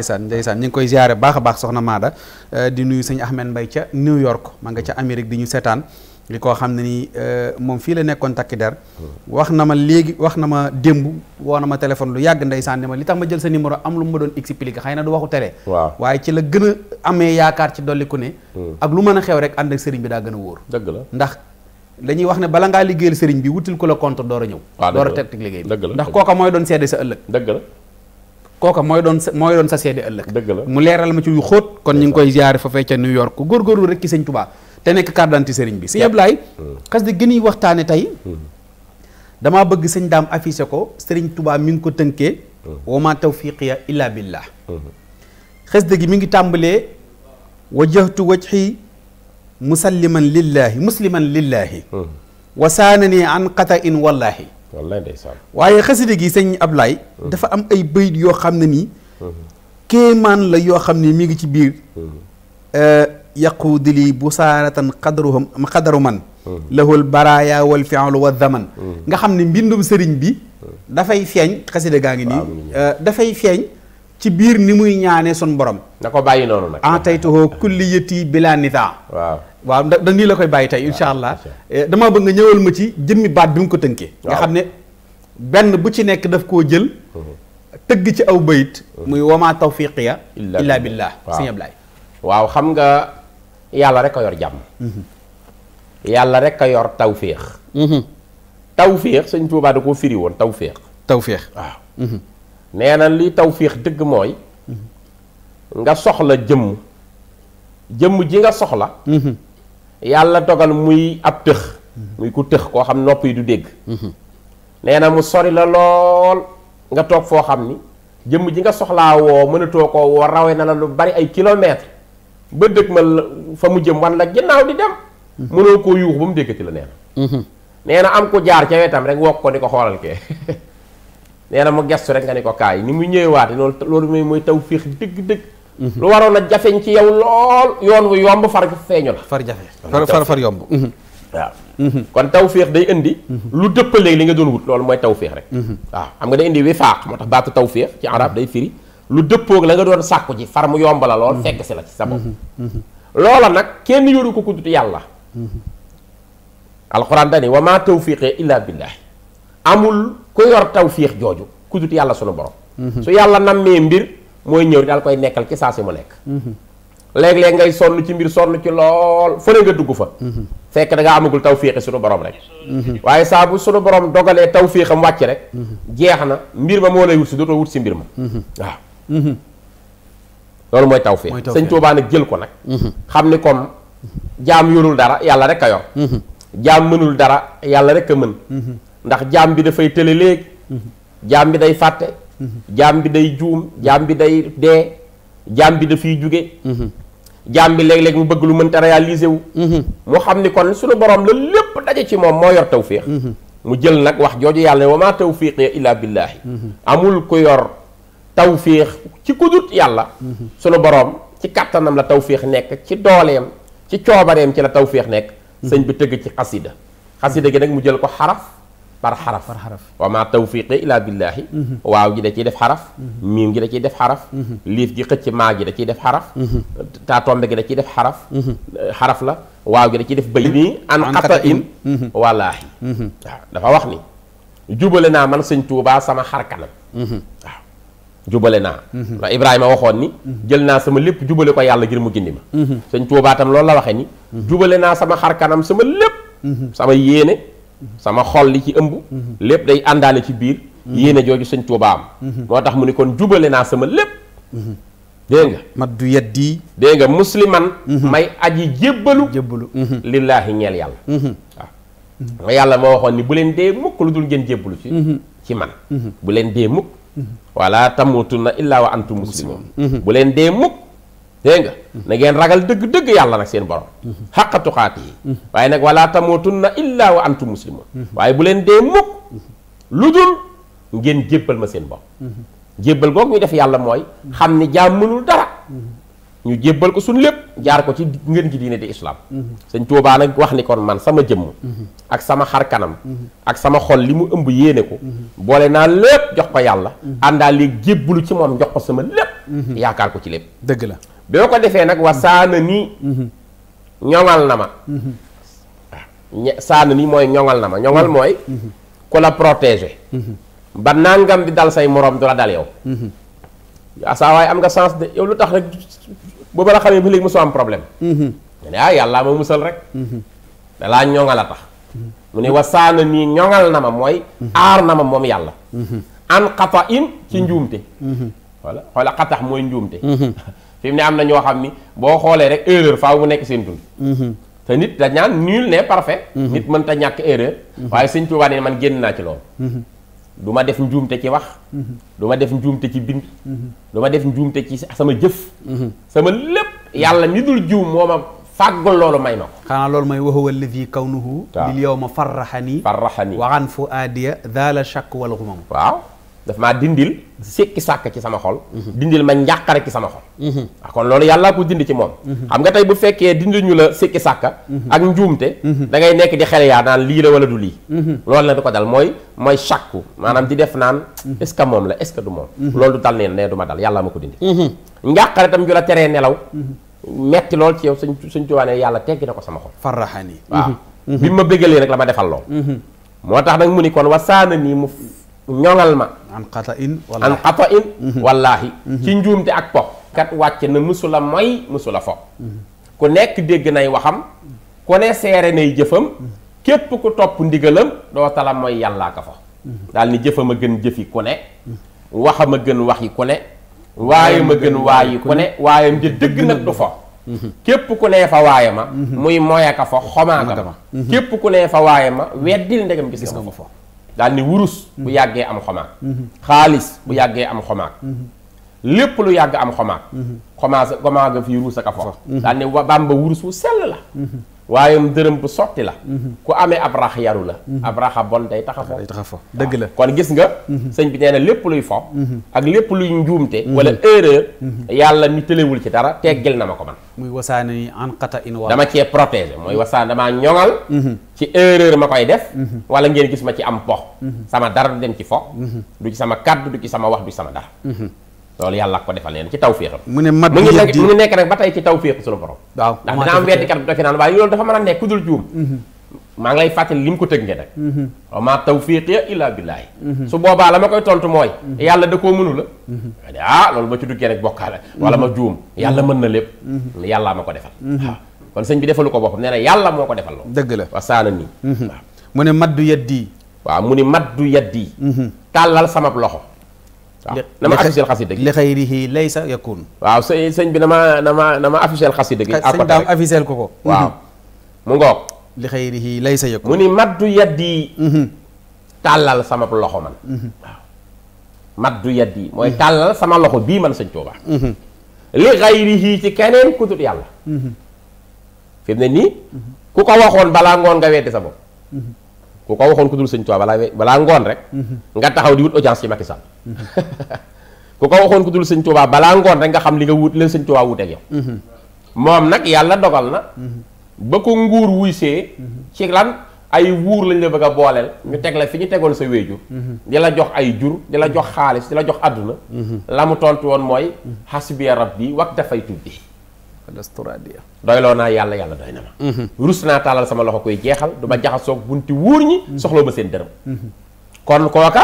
waaw koy ziare baax a baax soxna Maada Euh, di nuyu sëñ Ahmed mbay ca New York ma nga ca Amérique di ñu seetaan li koo xam ne ni euh, moom fii la nekkoon takki der wax na ma léegi wax na ma démb woo na ma téléphone lu yàgg ndeysaan ne ma li tax ma jël sa numéro am lu ma doon expliqué xay na du waxu télé waaw waaye ci la gën a amee yaakaar ci ku ne hmm. ak lu mën a xew rek ànd ak sëriñ bi daa gën a wóor dëgg la ndax dañuy wax ne bala ngaa liggéeyal sëriñ bi wutil ku la compte door a ñëw ah, door a teg teg liggéey bi ndax kooka mooy doon seede sa ëllëg dëgg la kooka mooy doon mooy sa seede ëllëg dëgg la mu leeral ma ci yu xóot kon ñu ngi koy ziare foofee ca New York góorgóorlu rek ci sëñ Touba te nekk carte d'identité sëriñ bi si yëpp laay hmm. xas di gën waxtaane tey hmm. damaa bëgg sëñ daam affiché ko sëriñ Touba mi ngi ko tënkee hmm. wa ma tawfiqiya illa billah xasida gi mi ngi tàmbalee wajjahtu wajhi musalliman lillahi musliman lillahi wasaanani an qata in wallahi wallaay ndeysaan waaye xasida gi sëñ Ablaye hmm. dafa am ay bayit yoo xam ne nii kéemaan la yoo xam ne mi ngi ci biir hmm. euh, yaquudi lii busaaratan qadruhum qadaru man hmm. lahul baraaya wal fi'lu wa zaman nga xam ne mbindum sëriñ bi dafay feeñ xasida gaa ngi nii euh, dafay feeñ ci biir ni muy ñaanee son borom na ko bàyyi noonu nag en taytuhoo kulliyati bila nita waaw waaw da da nii la koy bàyyi tey incha allah eh, damaa bëgg nga ñëwal ma ci jëmmi baat bi mu ko tënkee nga xam ne benn bu ci nekk daf koo jël mhm. tëgg ci aw bayit mhm. muy wama tawfiqiya illa billah sëñ Ablaay waaw xam nga yàlla rek a yor jàmm mhm. yàlla rek a yor tawféex tawféex sëñ Tuubaa da koo firi woon tawféex tawféex waaw nee na li tawféex dëgg mooy nga soxla jëmm jëmm ji nga soxla yàlla dogal muy ab tëx muy ku tëx koo xam nopp yi du dégg mhm. nee na mu sori la lool nga toog foo xam ni jëmm ji nga soxlaa woo mënatoo koo woo rawe na la lu bari ay kilomètre ba dëkk ma fa mu jëm wan la ginnaaw di dem mhm. mënoo koo yuux ba mu déggati la nee na mhm. nee na am ku jaar ca wetam rek wokk ko di ko xoolal kee nee na mu gestu rek nga ni ko kaay ni mu ñëwewaate loolu loolu mooy taw féex dëgg-dëgg lu waroon a jafeñ ci yow lool yoon wu yomb far feeñu la. far jafe far far yomb. Mhm. waaw. Mhm. kon tawféex day indi. Mhm. lu dëppaleeg li nga doon wut loolu mooy tawféex rek. waaw xam nga day indi wifaaq moo tax baatu tawféex ci arab day firi lu dëppoog la nga doon sàkku ci far mu yomb la lool fekk si la ci sa bopp. loola nag kenn yoru ko ku dut yàlla. alxuraan dani wa maa tawfiqee illaa billah amul ku yor tawfiix jooju ku yàlla sunu borom. su yàlla nammee mbir. mooy ñëw daal koy nekkal ci saa si mu nekk léeg-léeg ngay sonn ci mbir sonn ci lool fële nga dugg fa fekk da ngaa amagul tawféexe sunu borom rek waaye saa bu sunu borom dogalee tawféexam wàcc rek jeex na mbir ma moo lay wut si dootoo wut si mbir ma waaw loolu mooy tawféex sëñ Tuubaa nag jël ko nag xam ni comme jaam yorul dara yàlla rek a yor jaam mënul dara yàlla rek a mën ndax jaam bi dafay tële léegi jaam bi day fàtte jaam bi day juum jaam bi day dee jaam bi dafiy jóge mhm. jaam bi léeg-léeg mu bëgg lu mënta réaliser wu mhm. mu xam ni kon suñu borom la lépp daje ci moom moo yor tawfiix mhm. mu jël nag wax jooju yàlla ne wa maa tawfiiqi illaa billaahi amul ku yor tawfiix ci kudut yàlla suñu borom ci kàttanam la tawfiix nekk ci dooleem ci coobareem ci la tawfiix nekk sëñ bu tëgg ci xasida xasida gi nag mu jël ko xaraf par xaraf par xaraf wa maa billaahi mhm. waaw gi da ciy def xaraf mhm. miim gi da ciy def xaraf mhm. liif gi xëcc maa gi da ciy def xaraf taa tombe gi da ciy def xaraf eh, xaraf la waaw gi da ciy def bay nii an xata in wallaahi dafa wax ni jubale naa man sëñ Tuubaa sama xar kanam jubale naa ndax Ibrahima waxoon ni jël naa sama lépp jubale ko yàlla ngir mu gindi ma sëñ Tuubaa tam loolu la waxe ni jubale naa sama xar kanam sama lépp sama yéene sama xol li ci ëmb mhm. lépp day àndaale ci biir mhm. yéene jooju sëñ Tuuba am mhm. moo tax mu ni kon jubale naa sama lépp dégg nga mat du yeddi dégg nga musliman may aji jébbalu jébbalu lillaahi ñeel yàlla waaw yàlla moo waxoon ni bu leen dee mukk lu dul ngeen jébbalu ci ci man bu leen dee mukk wala tamutunna illaa wa antum muslimun bu leen dee mukk dégg nga na ngeen ragal dëgg-dëgg yàlla nag seen borom xaqa tuqaati yi waaye nag wala na illa wa antum muslimun waaye bu leen dee mukk lu dul ngeen jébbal ma seen bopp jébbal googu ñu def yàlla mooy xam ni jaam mënul dara ñu jébbal ko suñ lépp jaar ko ci ngeen ji diine di islam sëñ Tuubaa nag wax ni kon man sama jëmm ak sama xar kanam ak sama xol li mu ëmb yéene ko boole naa lépp jox ko yàlla àndaa léegi jébbalu ci moom jox ko sama lépp yaakaar ko ci lépp dëgg la bi ko defee nag wa saana nii mhm. ñoŋal na ma waaw mhm. ah, saana nii mooy ñoŋal na ma ñoŋal mhm. mooy ku la protégé ba nangam di dal say moroom du la dal yow ah, saa waaye am nga sens de yow lu tax rek booba la xamee ba léegi mosoo am problème nga ah, yàlla ma musal rek dalaa ñoŋal a tax mu ne wa nii ñoŋal na ma mooy aar na ma moom yàlla an xata in ci njuumte xoola xatax mooy njuumte fi mu ne am na ñoo xam ni boo xoolee rek erreur faaw mu nekk seen dund mhm. te nit da ñaan nul n'est parfait mhm. nit mën ta ñàkk erreur mhm. waaye sëñ Tuubaa ne man génn naa ci loolu du ma def njuumte ci wax du def njuumte ci bind du def njuumte ci sama jëf sama lépp yàlla mi dul jiw moo ma fàggul loolu may ma ko xanaa loolu mooy waxuwa kaw kawnuhu lil yow ma farraxani farraxani wa an fuaadiya daala shakk wal xumam waaw daf maa dindil sékki sàkk ci sama xol mhm. dindil ma njàqare ci sama xol mhm. ah, kon loolu yàllaa ko dindi ci moom mhm. xam nga tey bu fekkee dindil ñu la sékki sàkka ak njuumte da ngay nekk di xel yaa naan lii la wala du lii loolu la du ko dal mooy mooy sàkku maanaam di def naan est-ce que moom la est-ce que du moom loolu du dal neen ne du ma dal yàlla ma ko dindi njàqare tam ju la teree nelaw metti lool ci yow suñ suñ tubaane yàlla teggi na ko sama xol farraxani waaw bi la ma defal lool ñoŋal ma. an xata in mhm. wallaahi an xata in. ci njuumte ak po. kat wàcc na mësula mooy mësula fo. Mhm. ku nekk dégg nay waxam. ku ne seere nay jëfam. Mhm. képp ku topp ndigalam doo tala mooy yàllaa ka fo. daal ni jëfam a gën jëfi ku ne. waxam a gën waxi ku ne. waayam a gën waayi ku ne waayam ja dëgg nag du fo. képp ku nee fa waaye ma. muy moya ka fo xomaa ka ma. képp ku nee fa waaye ma weddil ndegam gis nga ma fo. daal wurus bu mhm. yàggee am xomaat mhm. xaalis bu yàggee am xomaag mhm. lépp lu yàgg am xomaag xomaag xomaag a fii ruus ak a fo daal ni bamba wurus wu sell la waayum dërëm bu sotti la mhm. ku amee ab rax yaru la mhm. ab raxa bon day taxa fo taxa fo dëgg la kon gis nga mhm. sëñ bi nee na lépp luy fo ak lépp luy njuumte wala erreur yàlla mi tëlewul ci dara teggil na ma ko man muy wasaane ni anqata in wa dama cee protégé mooy wasaan damaa ñoŋal ci erreur ma koy def wala ngeen gis ma ci am pox sama dara du dem ci fo du ci sama kàddu du ci sama wax bi sama dara loolu yàlla ko defal leen ci tawféexam mu ne mat mu ngi nekk nag ba tey ci tawféexu suñu borom waaw ndax dina am weddikat bu defee naan a nekk ku dul juum mhm. ngi lay fàttali li mu ko tëg nge nag mhm. wa maa tawfiiqiya illaa billaahi mhm. su boobaa la koy tontu mooy yàlla da koo mënu la ne ah, loolu ma ci duggee rek bokkaale wala ma juum yàlla mën na lépp yàllaa ma ko defal waaw kon sëñ bi defalu ko boppam nee na yàlla moo ko defal dëgg la wa saana nii waaw mu ne maddu yaddi waaw mu ne maddu yaddi tàllal samab loxo na ma affiché xasida gi li xayrihi laysa yakun waaw sëñ sëñ bi na ma na ma na ma affiché xasida gi sëñ daam affiché ko ko waaw mhm. mu ngoog li xayrihi laysa yakun mu ni maddu yaddi mhm. tàllal sama loxo man mhm. waaw maddu yaddi mooy tàllal sama loxo bii man sëñ Tuubaa li xayrihi ci keneen ku dul yàlla fi mu ne nii ku ko waxoon balaa ngoon nga weddi sa bopp ku ko waxoon ku dul sëñ Tuubaa balaa balaa ngoon rek mhm. nga taxaw di wut audience ci Macky Sall mhm. ku ko waxoon ku dul sëñ Tuubaa balaa ngoon rek nga xam li nga wut leen sëñ Tuubaa wut ak mhm. moom nag yàlla dogal na ba ko nguur wuy see ci lan ay wuur lañ la bëgg a booleel ñu teg la fi ñu tegoon sa wéejur di la jox ay jur di la jox xaalis di la jox àdduna la mu tontu woon mooy xasbiya bi wak dafay tubbi doyloo naa yàlla yàlla doy na ma mm-hmm. rus naa taalal sama loxo koy jeexal du ma jaxasoog bunti wóor ñi mm-hmm. soxloo ma seen dërëm mm-hmm. kon kooka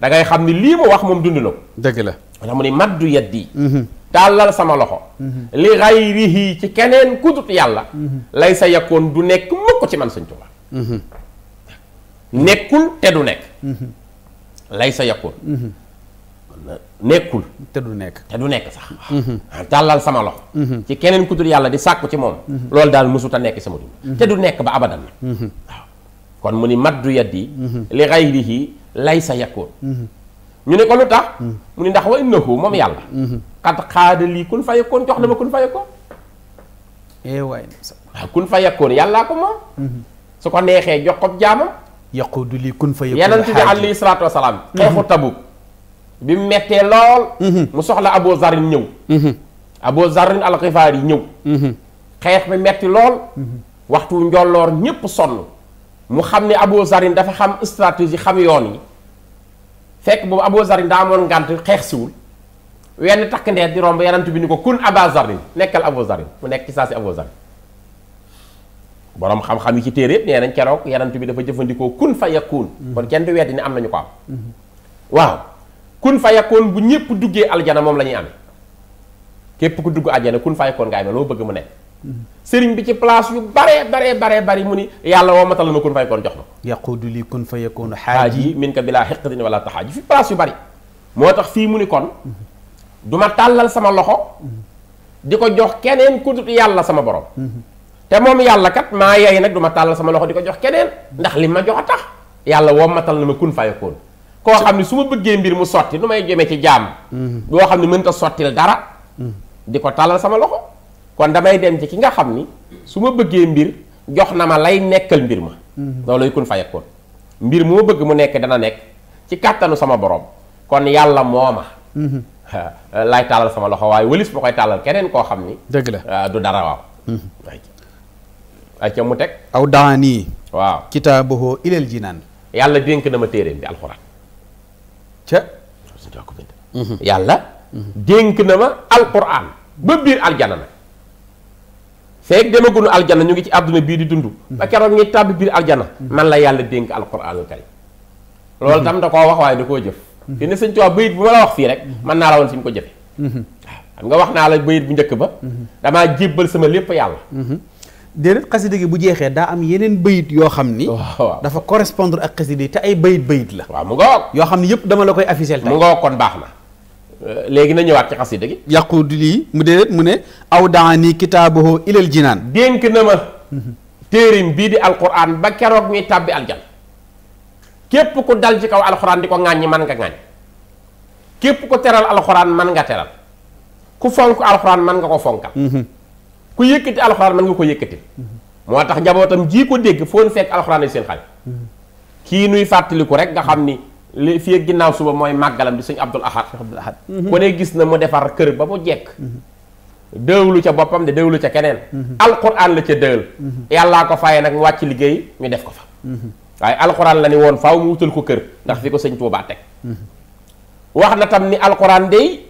da ngay xam ni lii mu wax moom dund na ko dëgg la ndax mu ni maddu yaddi tàllal sama loxo li xayrihi ci keneen ku yàlla lay sa yakkoon du nekk mukk ci man Sëñ Tuubaa nekkul te du nekk lay sa yakkoon nekkul te du nekk te du nekk sax mhm. ah, tàllal sama loxo mhm. ci keneen ku dul yàlla di sàkku ci moom mhm. loolu daal mësut nekk sama dund te du nekk ba abadan na waaw kon mu ni maddu yaddi li xayrihi lay sa yakkoon ñu ne ko lu tax mu ni ndax wa innahu moom yàlla xat xaada lii kun fa yakkoon jox na ma kun fa yakkoon eh kun fa yakkoon yàllaa ko moom su ko neexee jox ko jaamam yaqudu lii kun fa yakkoon yonent bi alayhi salaatu wasalaam xeexu Tabuk bi mu mettee lool. Mhm. mu soxla aboo Zarin ñëw. Mhm. Abu Zarin alxifaar yi ñëw. Mhm. xeex bi metti lool. waxtu njolloor ñépp sonn. mu xam ni aboo Zarin dafa xam stratégie xam yoon yi fekk boobu aboo Zarin daa amoon ngànt xeex siwul wenn takk ndeer di romb yanant bi ni ko kun Aba Zarin nekkal aboo Zarin mu nekk ci saa si Abu Zarin boroom xam-xam yi ci téere yëpp nee nañ keroog yanant bi dafa jëfandikoo kun fa yakun kon kenn du weddi ni am nañu ko am waaw kun fa bu ñëpp duggee aljana moom la ñuy amee képp ku dugg aljana kun fa yakkoon nga loo bëgg mu ne sëriñ bi ci place yu baree baree baree bari mu ni yàlla woo matal ma kun fa yakkoon jox ma yaquudu li kun fa yakkoon yi min ka bilaa xiqatin wala taxaaji fi place yu bari moo tax fii mu ni kon duma tàllal sama loxo di ko jox keneen ku yàlla sama borom te moom yàlla kat maa yey nag duma tàllal sama loxo di ko jox keneen ndax li ma jox tax yàlla woo matal na ma kun fa koo xam ne su ma bëggee mbir mu sotti nu may jëme ci jàmm boo xam ne mënta sottil dara di ko talal sama loxo kon damay dem ci ki nga xam ni su ma bëggee mbir jox na ma lay nekkal mbir ma loolay kun mbir mu bëgg mu nekk dana nekk ci kàttanu sama borom kon yàlla moo tàllal sama loxo waaye wëlis ma koy tàllal keneen koo xam ni dëgg la ah, du dara waaw ay ca mu teg aw daani waaw kitaabahu ilal naan yàlla dénk na ma téeréem bi alxuraan ca suñu mhm. yàlla mhm. dénk na ma alquran ba biir aljana nag feeg demagunu aljana ñu ngi ci àdduna bii di dund ba mhm. keroog ñuy tàbbi biir aljana man la yàlla dénk alquranul karim loolu tam da koo wax waaye da koo jëf te ne sëñ tubaab bayit bu ma la wax fii rek mën naa la woon fi mu ko jëfe waaw xam nga wax naa la bayit bu njëkk ba damaa jébbal sama lépp yàlla déedéet xasida gi bu jeexee daa am yeneen bayit yoo xam ni oh, dafa correspondre ak xasida yi te ay bayit bayit la waaw mu nga woog yoo xam ni yëpp dama la koy officiel tey mu nga woog kon baax na euh, léegi na ñëwaat ci xasida gi yàqu di mu déedéet mu ne aw daani kitaabahu ilal jinaan dénk na ma mhm. téerim bii di alquran ba keroog ñuy tàbbi aljan képp ku dal ci kaw alxuraan di ko ŋàññi man nga ŋàññ képp ko teral alxuraan man nga teral ku fonk alxuraan man nga ko fonkal mhm. ku yëkkati alxuraan mën nga ko yëkkati moo tax njabootam ji ko dégg foon fekk alxuraan yi seen xale kii nuy fàttaliku rek nga xam ni li fii ginnaaw suba mooy màggalam di sëñ Abdul Ahad Abdul Ahad ku ne gis na mu defar kër ba mu jekk déewlu ca boppam de déewlu ca keneen alxuraan la ca déewal yàllaa ko fayee nag mu wàcc liggéey ñu def ko fa waaye alxuraan la ni woon faw mu wutal ko kër ndax fi ko sëñ Tuubaa teg wax na tam ni alxuraan dey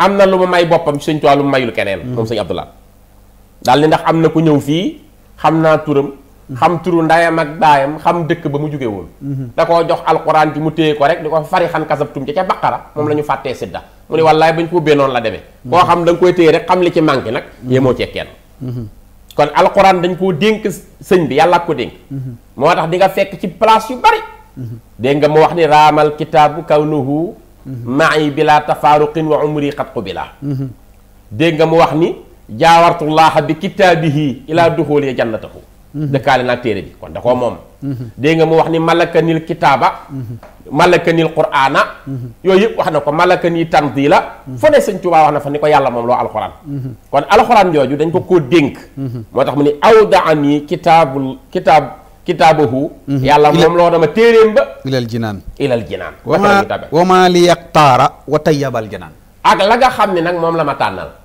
am na lu ma may boppam sëñ Tuubaa lu keneen moom sëñ daal ni ndax am na ku ñëw fii xam naa turam xam turu ndayam ak baayam xam dëkk ba mu jóge woon mhm. da koo jox alquran ji mu téye ko rek di ko fari xan kasab tum ca ca baqara moom la ñu fàttee sidda mu ne wallaay bañ ko ubbee noonu la demee mhm. koo xam da koy téye rek xam li ci manqué nag mhm. yemoo cee kenn kon alquran dañ koo dénk sëñ bi yàllaa ko dénk moo tax di nga fekk ci place yu bari dégg nga mu wax ni raamal kitaabu kawnuhu ma'i bila tafaaruqin wa umri qad qubila dégg nga mu wax ni jaawartullaaha bi kitaabihi ilaa duxuuli jannatahu mhm. dëkkaale naag téere bi kon da moom mhm. dégg nga mu wax ni malaka nil kitaaba mhm. malaka nil quraana yooyu yëpp wax na ko malaka ni tanzila fu ne sëñ Tuubaa wax na fa ni ko yàlla moom loo alxuraan kon alxuraan jooju dañ ko koo dénk moo tax mu ni awdaani kitaabul kitaab kitaabahu yàlla moom loo dama téeréem ba ilal jinaan ilal jinaan wama li yaqtaara wa tayyabal jinaan ak la nga xam ni nag moom la ma tànnal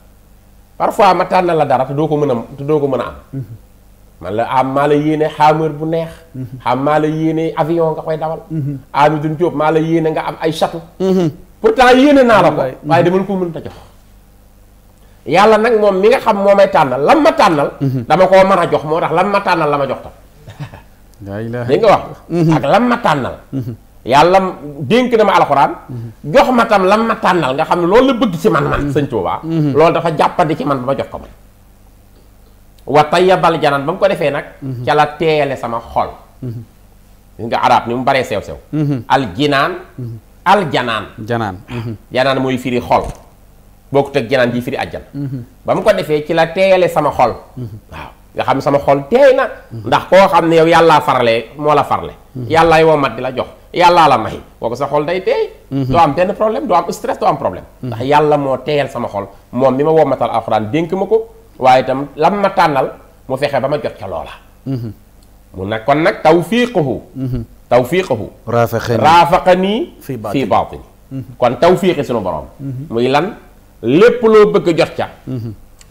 parfois ma tànnal la dara te doo ko mën a te doo ko mën a am man la am maa la yéene xaamar bu neex am maa la yéene avion nga koy dawal ami duñ jóob maa la yéene nga am ay château pourtant yéene naa la ko waaye dama la ko mën ta jox yàlla nag moom mi nga xam moo may tànnal lam ma tànnal dama koo man a jox moo tax lam ma tànnal la ma jox tam dégg nga wax ak lam ma tànnal yàlla dénk na ma alxuraan jox ma tam lam ma tànnal nga xam ne loolu la bëgg ci man man sëñ Tuubaa mhm. loolu dafa jàppandi ci man ba ma jox ko man wa tayyabal janaan ba mu ko defee nag mhm. ca la teeyale sama xol mhm. nga arab ni mu baree sew sew al jinaan al janaan janaan janaan mooy firi xol boo ko teg janaan ji firi ajjan ba mu ko defee ci la teeyale sama xol waaw nga xam sama xol teey na ndax koo xam ne yow yàllaa farale moo la farale yàllaay woo mat di la jox yàllaa la may boobu sa xol day teey mhm. doo am benn problème doo am stress doo am problème mhm. ndax yàlla moo teeyal sama xol moom mi ma wommatal alxuraan dénk ma ko waaye tam lam ma tànnal mu fexe ba ma jot ca loola mhm. mu nag kon nag tawfiiquhu tawfiiquhu raafaqani fii baatini kon tawfiiqi sunu borom muy lan lépp loo bëgg jot ca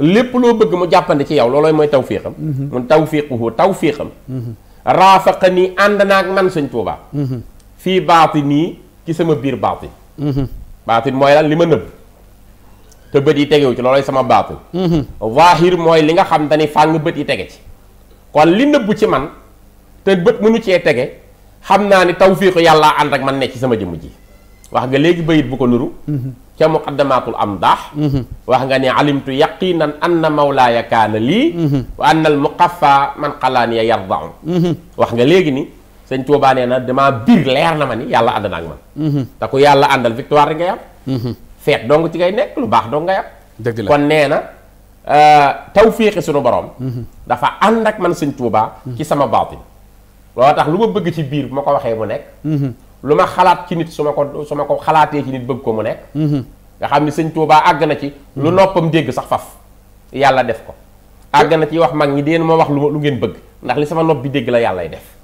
lépp loo bëgg mu jàppandi ci yow loolooy mooy tawfiiqam mun tawfiiquhu tawfiiqam raafaqani ànd naag man sëñ Tuubaa fii baatini ci sama biir baatin mhm. baatin mooy lan li ma nëbb te bët yi tegewu ci looloy sama baatin mhm. zaahir mooy li nga xam te ni fàng bët yi tege ci kon li nëbb ci man te bët nu cee tege xam naa ni tawfiiqu yàlla ànd ak man ne ci sama jëmm ji wax nga léegi bayit bu ko nuru mhm. ca muqaddamaatul amdaax wax nga ne alimtu yaqinan anna mawlaaya kaana lii wa anna al muqaffa man xalaaniya yardaun wax nga léegi ni sëñ Tuubaa nee na damaa biir leer na ma ni yàlla ànd na ak man mhm. te ku yàlla àndal victoire rek ngay am mhm. feet dong ci ngay nekk lu baax dong ngay am dëgg la kon nee na euh, taw féexi sunu borom mhm. dafa ànd ak man sëñ ci sama baatin loo tax lu ma bëgg ci biir bu ma ko waxee mu nekk lu ma xalaat ci nit su ko su ko xalaatee ci bëgg ko mu nekk nga xam ni sëñ Tuubaa àgg na ci lu noppam dégg sax faf yàlla def ko àgg na ci wax mag ñi deen moo wax lu lu ngeen bëgg ndax li sama nopp bi dégg la yàllay def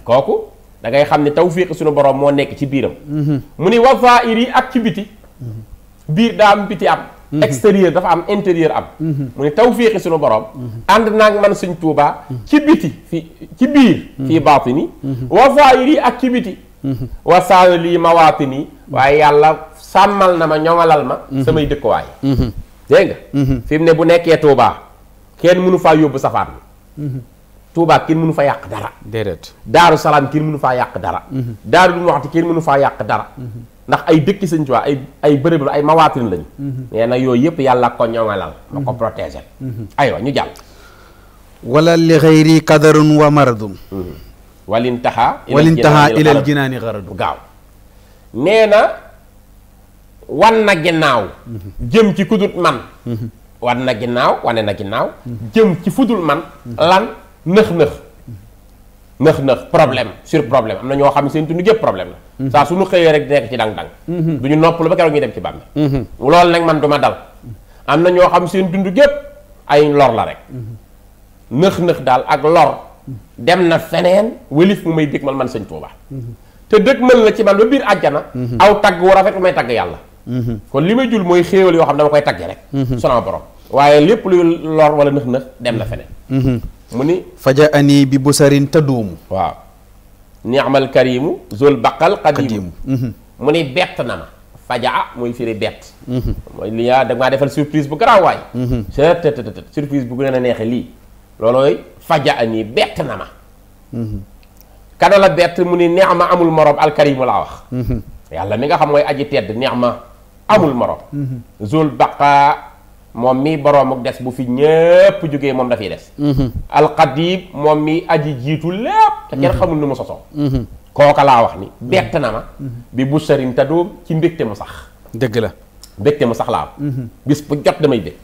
kooku da ngay xam ne tawfiq suñu borom moo nekk ci biiram. Mhm. mu ni wa zaahir yi ak ci biti. Mhm. biir daa am biti am. Mhm. extérieur dafa am intérieur am. mu ni tawfiq suñu borom. ànd naag man suñ tuubaa ci biti fi ci biir. fii baatini. wa zaahir yi ak ci biti. wa saal lii waaye yàlla sàmmal na ma ñoŋalal ma. samay dëkkuwaay. dégg nga. fi ne bu nekkee tuubaa kenn mënu faa yóbbu safaan bi. Touba kenn mënu fa yàq dara. déedéet Daaru Salaam kenn mënu faa yàq dara. Mhm. Daaru Muxti kenn mënu faa yàq dara. Mhm. ndax ay dëkki Sëñ Tuubaa ay bërëb ay mawaatin lañu. Mhm. nee na yooyu yëpp yàlla ko ñoŋalal. ma ko protégé. aywa ñu jàll. wala li xëyri kadarun wa maradun. walintaha. walintaha ilal jinaani xaradu gaaw. nee na wan na ginnaaw. jëm ci kudut man. wan na ginnaaw wane na ginnaaw. jëm ci fudul man lan. nëx-nëx nëx-nëx problème sur problème am na ñoo xam ne seen dund gépp problème la mhm. saa suñu xëyee rek nekk ci dang-dang mhm. du ñu noppalu ba keroog ñu dem ci bàmmi mhm. loolu nag man du ma dal am na ñoo xam seen dund gépp ay lor la rek nëx-nëx daal ak lor dem na feneen wëlif mu may dëgmal man sëñ Tuuba te dëgmal la ci man ba biir àjjana aw tagg wu rafet may tagg yàlla kon li may jul mooy xéewal yoo xam dama koy tagge rek. sama borom waaye lépp luy lor wala nëx-nëx dem na feneen mu ni faja ani bi busarin tadduumu waaw ni'mal karimu zul baqal qadimu mm-hmm. mu ni bett na ma fajaa mooy firi bett mm-hmm. mooy li yaa da defal surprise bu garaaw waay seet mm-hmm. surprise bu gën a neexe lii loolooy faja ani bett na ma kada bett mu ni neex ma amul morom alkarimu laa wax yàlla mi nga xam mooy aji tedd neex ma amul morom zul baqa moom mi boroom ak des bu fi ñépp jógee moom dafay des mhm. alxadib moom mi aji jiitu lépp te kenn mhm. xamul nu mu sosoo mhm. kooka laa wax ni bett na ma bi bu sëriñ te doom ci mbégte mu sax dëgg la mbégte mu sax laa am bis bu jot damay bég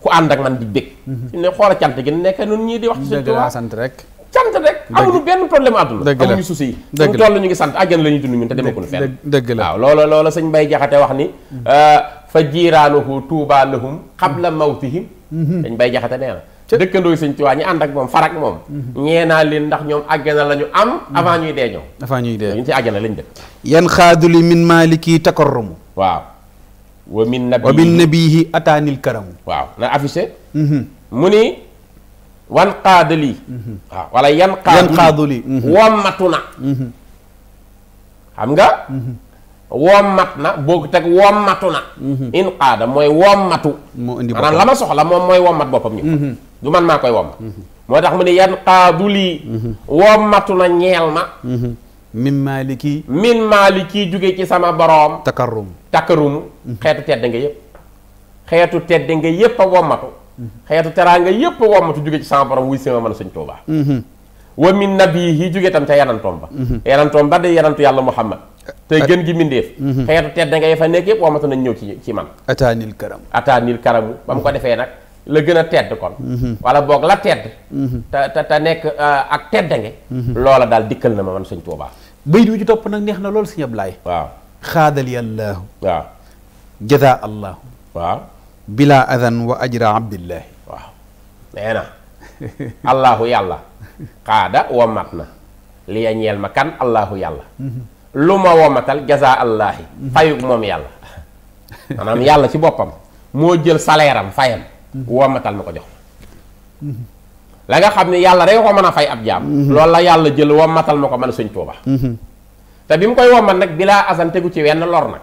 ku ànd ak man di bég su ne xoola cant gi nekk nun ñii di wax ci sa sant rek sant rek amuñu benn problème àdduna dëgg la amuñu souci yi suñu ñu ngi sant àjjana la ñuy dund ñun te demekuñu fenn dëgg la waaw loola loola sëñ Mbay Jaxate wax ni euh, fa jiiraanuhu tuubaa lahum xabla mawtihim mhm. dañ bay jaxate nee na dëkkandooy ci Tuubaa ñi ànd ak moom farak moom mhm. ñee naa leen ndax ñoom àjjana la ñu am mhm. avant ñuy dee ñoom avant ñuy dee ñu ci àjjana lañ dëkk yan xaaduli min maaliki takarrumu waaw wa min nabihi wa min nabihi ataanil karamu waaw na affiché mu ni wan xaaduli waaw wala yan xaaduli na xam nga woom mat na boo teg woom matu na mhm. in qaada mooy woom matu maanaam la ma soxla moom mooy woom mat boppam ñu mhm. du man maa koy woom mhm. moo tax mu ne yan qaadu lii woom matu na ñeel ma min maaliki min maaliki jóge ci sama boroom takarum takarumu xeetu tedd nga yépp xeetu tedd nga yépp a wommatu xeetu teraanga yépp a wommatu jóge ci sama boroom wuy sima mën sëñ Tuubaa wa min nabiihi jóge tam ca yanantoom ba yanantoom ba day yanantu yàlla Muhammad tey gën gi mindeef mhm. xeetu tedd da ngay fa nekk yëpp wamatu nañ ñëw ci ci man ataanil karam ataanil karamu ba mu ko mhm. defee nag la gën a tedd kon mhm. wala boog la tedd te te te nekk euh, ak teddange loola daal dikkal na ma man sëñ Tuubaa bayit wi ci topp nag neex na loolu si Ablaay waaw xaadali allaahu waaw jaza allaahu waaw bila adan wa ajra abdillahi waaw nee yàlla xaada wa mat na li a ñeel ma kan allaahu yàlla lu ma womatal jaza allaahi fayug moom yàlla maanaam yàlla ci boppam moo jël salaire am fayam womatal ma ko jox la nga xam ne yàlla rek ko mën a fay ab jaam loolu la yàlla jël womatal ma ko man a sëñ Tuuba te bi mu koy womal nag bilaa asan tegu ci wenn lor nag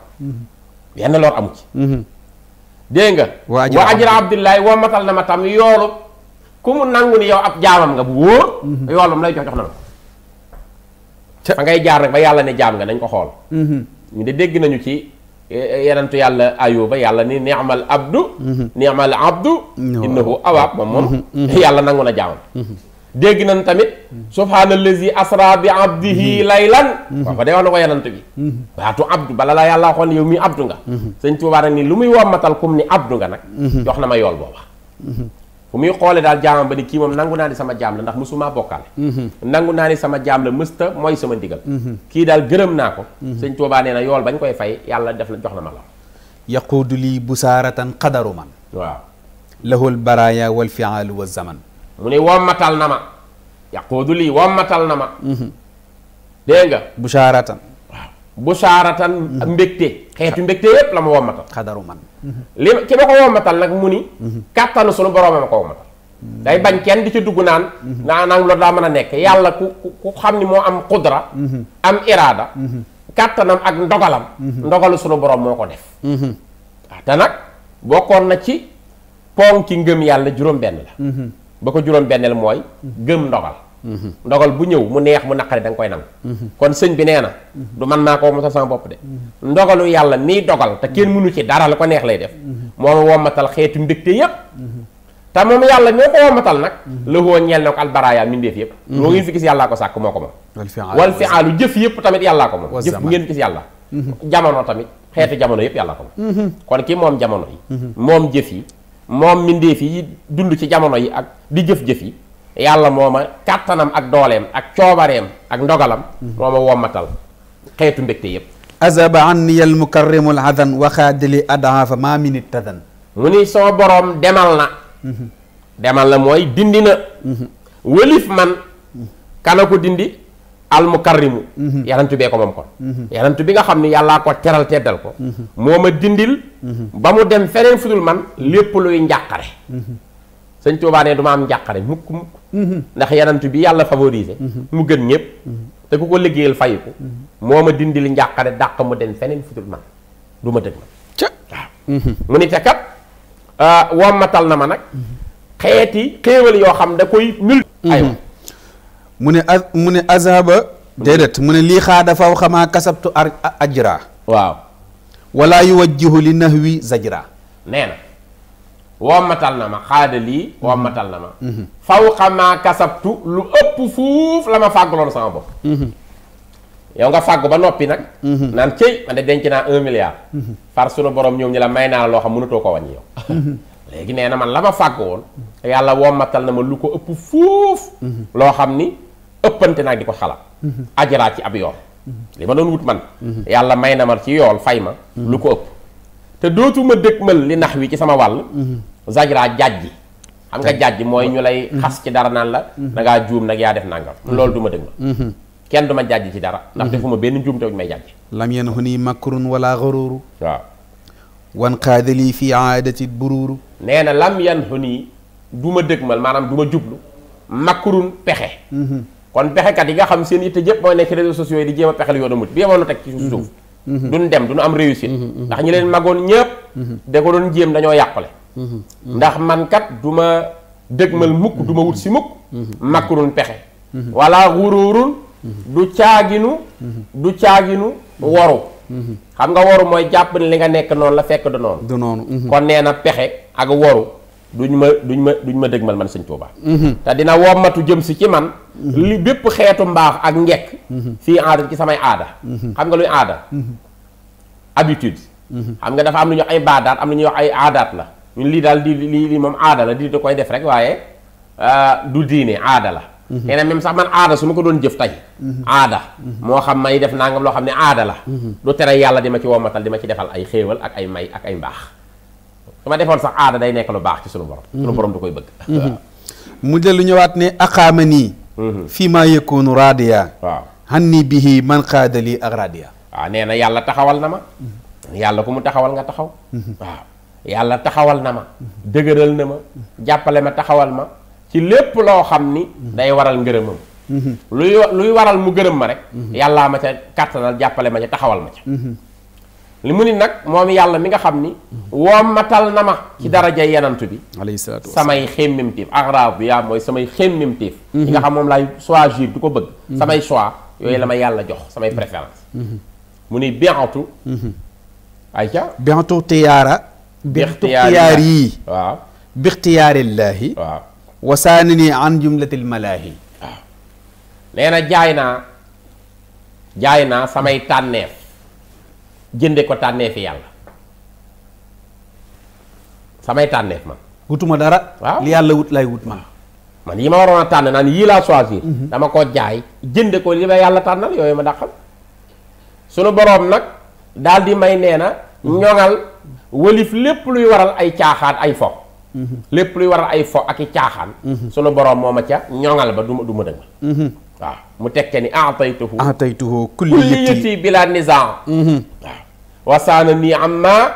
wenn lor amu ci dégg nga wa abdullahi womatal na ma tam yoolu ku mu nangu ni yow ab jaamam nga bu wóor mhm. yoolum lay jox jox na ma fa ngay jaar nag ba yàlla ne jaam nga nañ ko xool mhm. ñu de dégg nañu ci e, e, yenentu yàlla ba yàlla ni ni'mal abdu mhm. ni'mal abdu innahu awaab moom moom mhm. yàlla nangu na jaamam dégg nañ tamit subhaanallazi asra bi abdihi laylan waaw fa day wax na ko yenant bi baatu abdu bala laa yàlla xoon yow mi abdu nga sëñ Tuubaa nag ni lu muy wommatal kum ni abdu nga nag jox na ma yool booba bu muy xoole daal jaamam ba ni kii moom nangu naa ni sama jaam la ndax musuma bokkaale mhm. nangu naa ni sama jaam la mësta mooy sama ndigal mhm. kii daal gërëm naa ko mhm. sëñ Tuubaa nee na yool bañ koy fay yàlla def la jox na ma la yaquudu lii busaaratan qadaru man waaw lahul baraaya wal fiaal wa zaman mu ne wommatal na ma yaquudu lii wommatal na ma dégg nga bu saaratan mbégte xeetu mbégte yépp la ma wommatal xadaru man li ki ma ko wommatal nag mu ni mhm. kàttanu sunu borooma ma ko wommatal day bañ kenn di ci dugg naan mhm. naa naan loolu daa mën a nekk yàlla ku ku xam ni moo am xudra mhm. am iraada kàttanam ak ndogalam ndogalu sunu borom moo ko def waaw ah, te nag bokkoon na ci ponk ci ngëm yàlla juróom benn la ba ko juróom benn mooy gëm ndogal ndogal bu ñëw mu neex mu naqari da koy nangu kon sëñ bi nee na du man naa ko wommatal sama bopp de ndogalu yàlla nii dogal te kenn mënu ci dara la ko neex lay def moom wommatal xeetu mbégte yépp te moom yàlla ñoo ko nag la woo ñeel na ko albaraaya mbindeef yépp mm-hmm. loo ngeen fi gis yàllaa ko sàkk moo ko wal fi aalu jëf yépp tamit yàllaa ko moom jëf bu ngeen gis yàlla mm-hmm. jamono tamit xeetu jamono yëpp yàlla ko moom mm-hmm. kon kii moom jamono yi moom jëf yi moom mbindeef yi dund ci jamono yi ak di jëf-jëf yi yàlla moo ma kàttanam ak dooleem ak coobareem ak ndogalam mm-hmm. moo ma wommatal xeetu mbégte yépp azaba anni al mukarrimu al hadan wa xaadili adaafa ma minit mu ni sama boroom demal na mm-hmm. demal na mooy dindi na mm-hmm. wëlif man kana ko dindi al mukarrimu yanantu bee ko moom kon yanantu bi nga xam ni yàllaa ko teral teddal ko moo ma dindil ba mu dem feneen fudul man lépp luy njàqare sëñ Tuubaa du ma am njàqare mukk mukk mhm. ndax yanant bi yàlla favorisé mhm. mu gën ñëpp mhm. te ku ko liggéeyal fayu ko moo ma dindil njàqare dàq mu dem feneen futul man du ma dëgg ma ca waaw mu ni te kat euh, wommatal na ma nag xeeti xéewal yoo xam da koy mul mu ne a mu ne azaba déedéet mu ne lii xaada faw xamaa kasabtu ajra waaw wala yuwajjihu li nahwi zajra nee na wommatal na ma xaada lii mhm. wommatal na ma mhm. faw maa kasabtu lu ëpp fuuf la ma fàgguloon sama bopp mhm. yow nga fàggu ba noppi nag naan cëy man de denc naa un milliard far sunu borom ñoom ñu la may naa loo xam mënatoo ko wàññi yow léegi nee na man la ma fàggu woon yàlla wommatal na ma lu ko ëpp fuuf loo xam ni ëppante naa di ko xalaat ajaraat ci ab yoon li ma doon wut man yàlla may na ma ci yool fay ma lu ko ëpp te dootuma dëkkmal li nax wi ci sama wàll mhm. jaaj jajji xam nga jajji mooy ñu lay mhm. xas ci dara naan la mhm. da ngaa juum nag yaa def nangam loolu duma ma dëgmal kenn du ma jajji ci dara ndax defuma benn juum te may jajji lam yen hu nii makrun wala xaruuru waaw wan xaadalii fii aadati buruuru nee na lam yan hu nii du ma dëgmal maanaam du ma jublu makrun pexe kon pexekat yi nga xam seen yitte yëpp mooy nekk ci réseaux sociaux yi di jéem a pexel yoonu mut bi yemoon Mhm. duñ dem duñu am réussite mhm, mhm. ndax ñi leen magoon ñëpp da ko jéem dañoo yàqule ndax man kat du ma dëgmal mukk du ma wut si mukk makkurun pexe wala wuruurun du caaginu du caaginu waru xam nga waru mooy jàpp ne li nga nekk noonu la fekk du noonu du kon nee na pexe ak woru duñ ma duñ ma duñ ma dégmal man sëñ Tuuba mhm. te dina wommatu jëm si ci man mhm. li bépp xeetu mbaax ak njekk mhm. fii aada ci samay aada xam nga luy aada habitude xam nga dafa am lu ñuy wax ay am lu ñuy wax ay aadaat la ñun lii daal di lii lii moom aada la di da koy def rek waaye euh, du diine aada la nee na sax man aada su ma ko doon jëf tey aada moo xam may def nangam loo xam ne aada la du tere yàlla di ma ci wommatal di ma ci defal ay xéewal ak ay may ak ay mbaax dama defoon sax aada day nekk lu baax ci sunu borom. sunu borom du koy bëgg. Mhm. mu dellu ñëwaat ne aqaama nii. Mhm. fii ma yëkkoonu radia. waaw hanni bihi man xaadali ak radia. waaw ah, nee na yàlla taxawal na ma. Mhm. yàlla ko mu taxawal nga taxaw. waaw yàlla taxawal na ma. dëgëral na ma. jàppale ma taxawal ma. ci lépp loo xam ni. day waral ngërëmam. luy luy waral mu gërëm ma rek. yàllaa ma ca kàttanal jàppale ma ca taxawal ma ca. li mu ni nag moom yàlla mi nga xam ni matal na ma ci daraja yenantu bi alayhi salaatu samay xemmimtiif axraab bi yaa mooy samay xemmimtiif yi du ko bëgg mhm. samay choix yooyu la yàlla jox samay mhm. préférence mhm. mu ni bientu ayca bientu tiyaara bixtu tiyaar yi waaw bixtiyaarillaahi waaw waaw nee na jaay naa jaay naa samay tànneef jënde ko tànneefi yàlla samay tànneef man wutuma dara waaw li yàlla wut lay wut man man yi ma waroon a tànn naan yii laa choisir mhm. dama ko jaay jënde ko li ma yàlla tànnal yooyu ma dàqal sunu boroom nag daal di may nee na mhm. ñoŋal wëlif lépp luy waral ay caaxaan ay fo mhm. lépp luy waral ay fo ak i caaxaan sunu boroom moo ma ca ñoŋal ba du ma du waaw mu tekke ni ataytuhu ataytuhu kulliyati bila nizaa waaw wasaana nii am naa.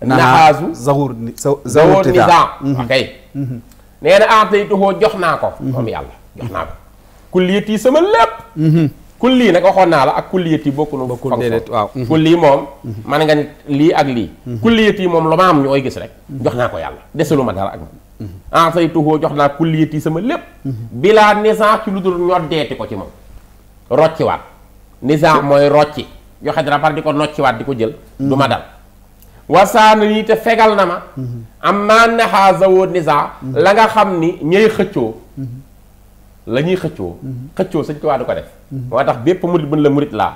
naxaasu zawur ni zawur ni zaa. ok mhm. nee na jox naa ko. Mhm. moom yàlla jox naa ko. kulliyati sama lépp. Mhm. kulli nag waxoon naa la ak kulliyati bokkul. bokkul déedéet waaw kulli moom. man nga lii ak lii. yi moom lu ma am ñooy gis rek. jox naa ko yàlla desalu ma dara ak moom. aataytuhu jox naa yi sama lépp. bilaa nisaa ci lu dul ñoddeeti ko ci moom. rocciwaat nisaa mooy rocci. joxe dara par di ko nocciwaat di ko jël mm-hmm. du ma dal wasaana nii te fegal na ma mm-hmm. am maa naxaa zawoo nisaa mm-hmm. la nga xam ni ñay xëccoo la ñuy xëccoo xëccoo sëñ Tuubaa du ko def moo tax bépp murit bën la murit laa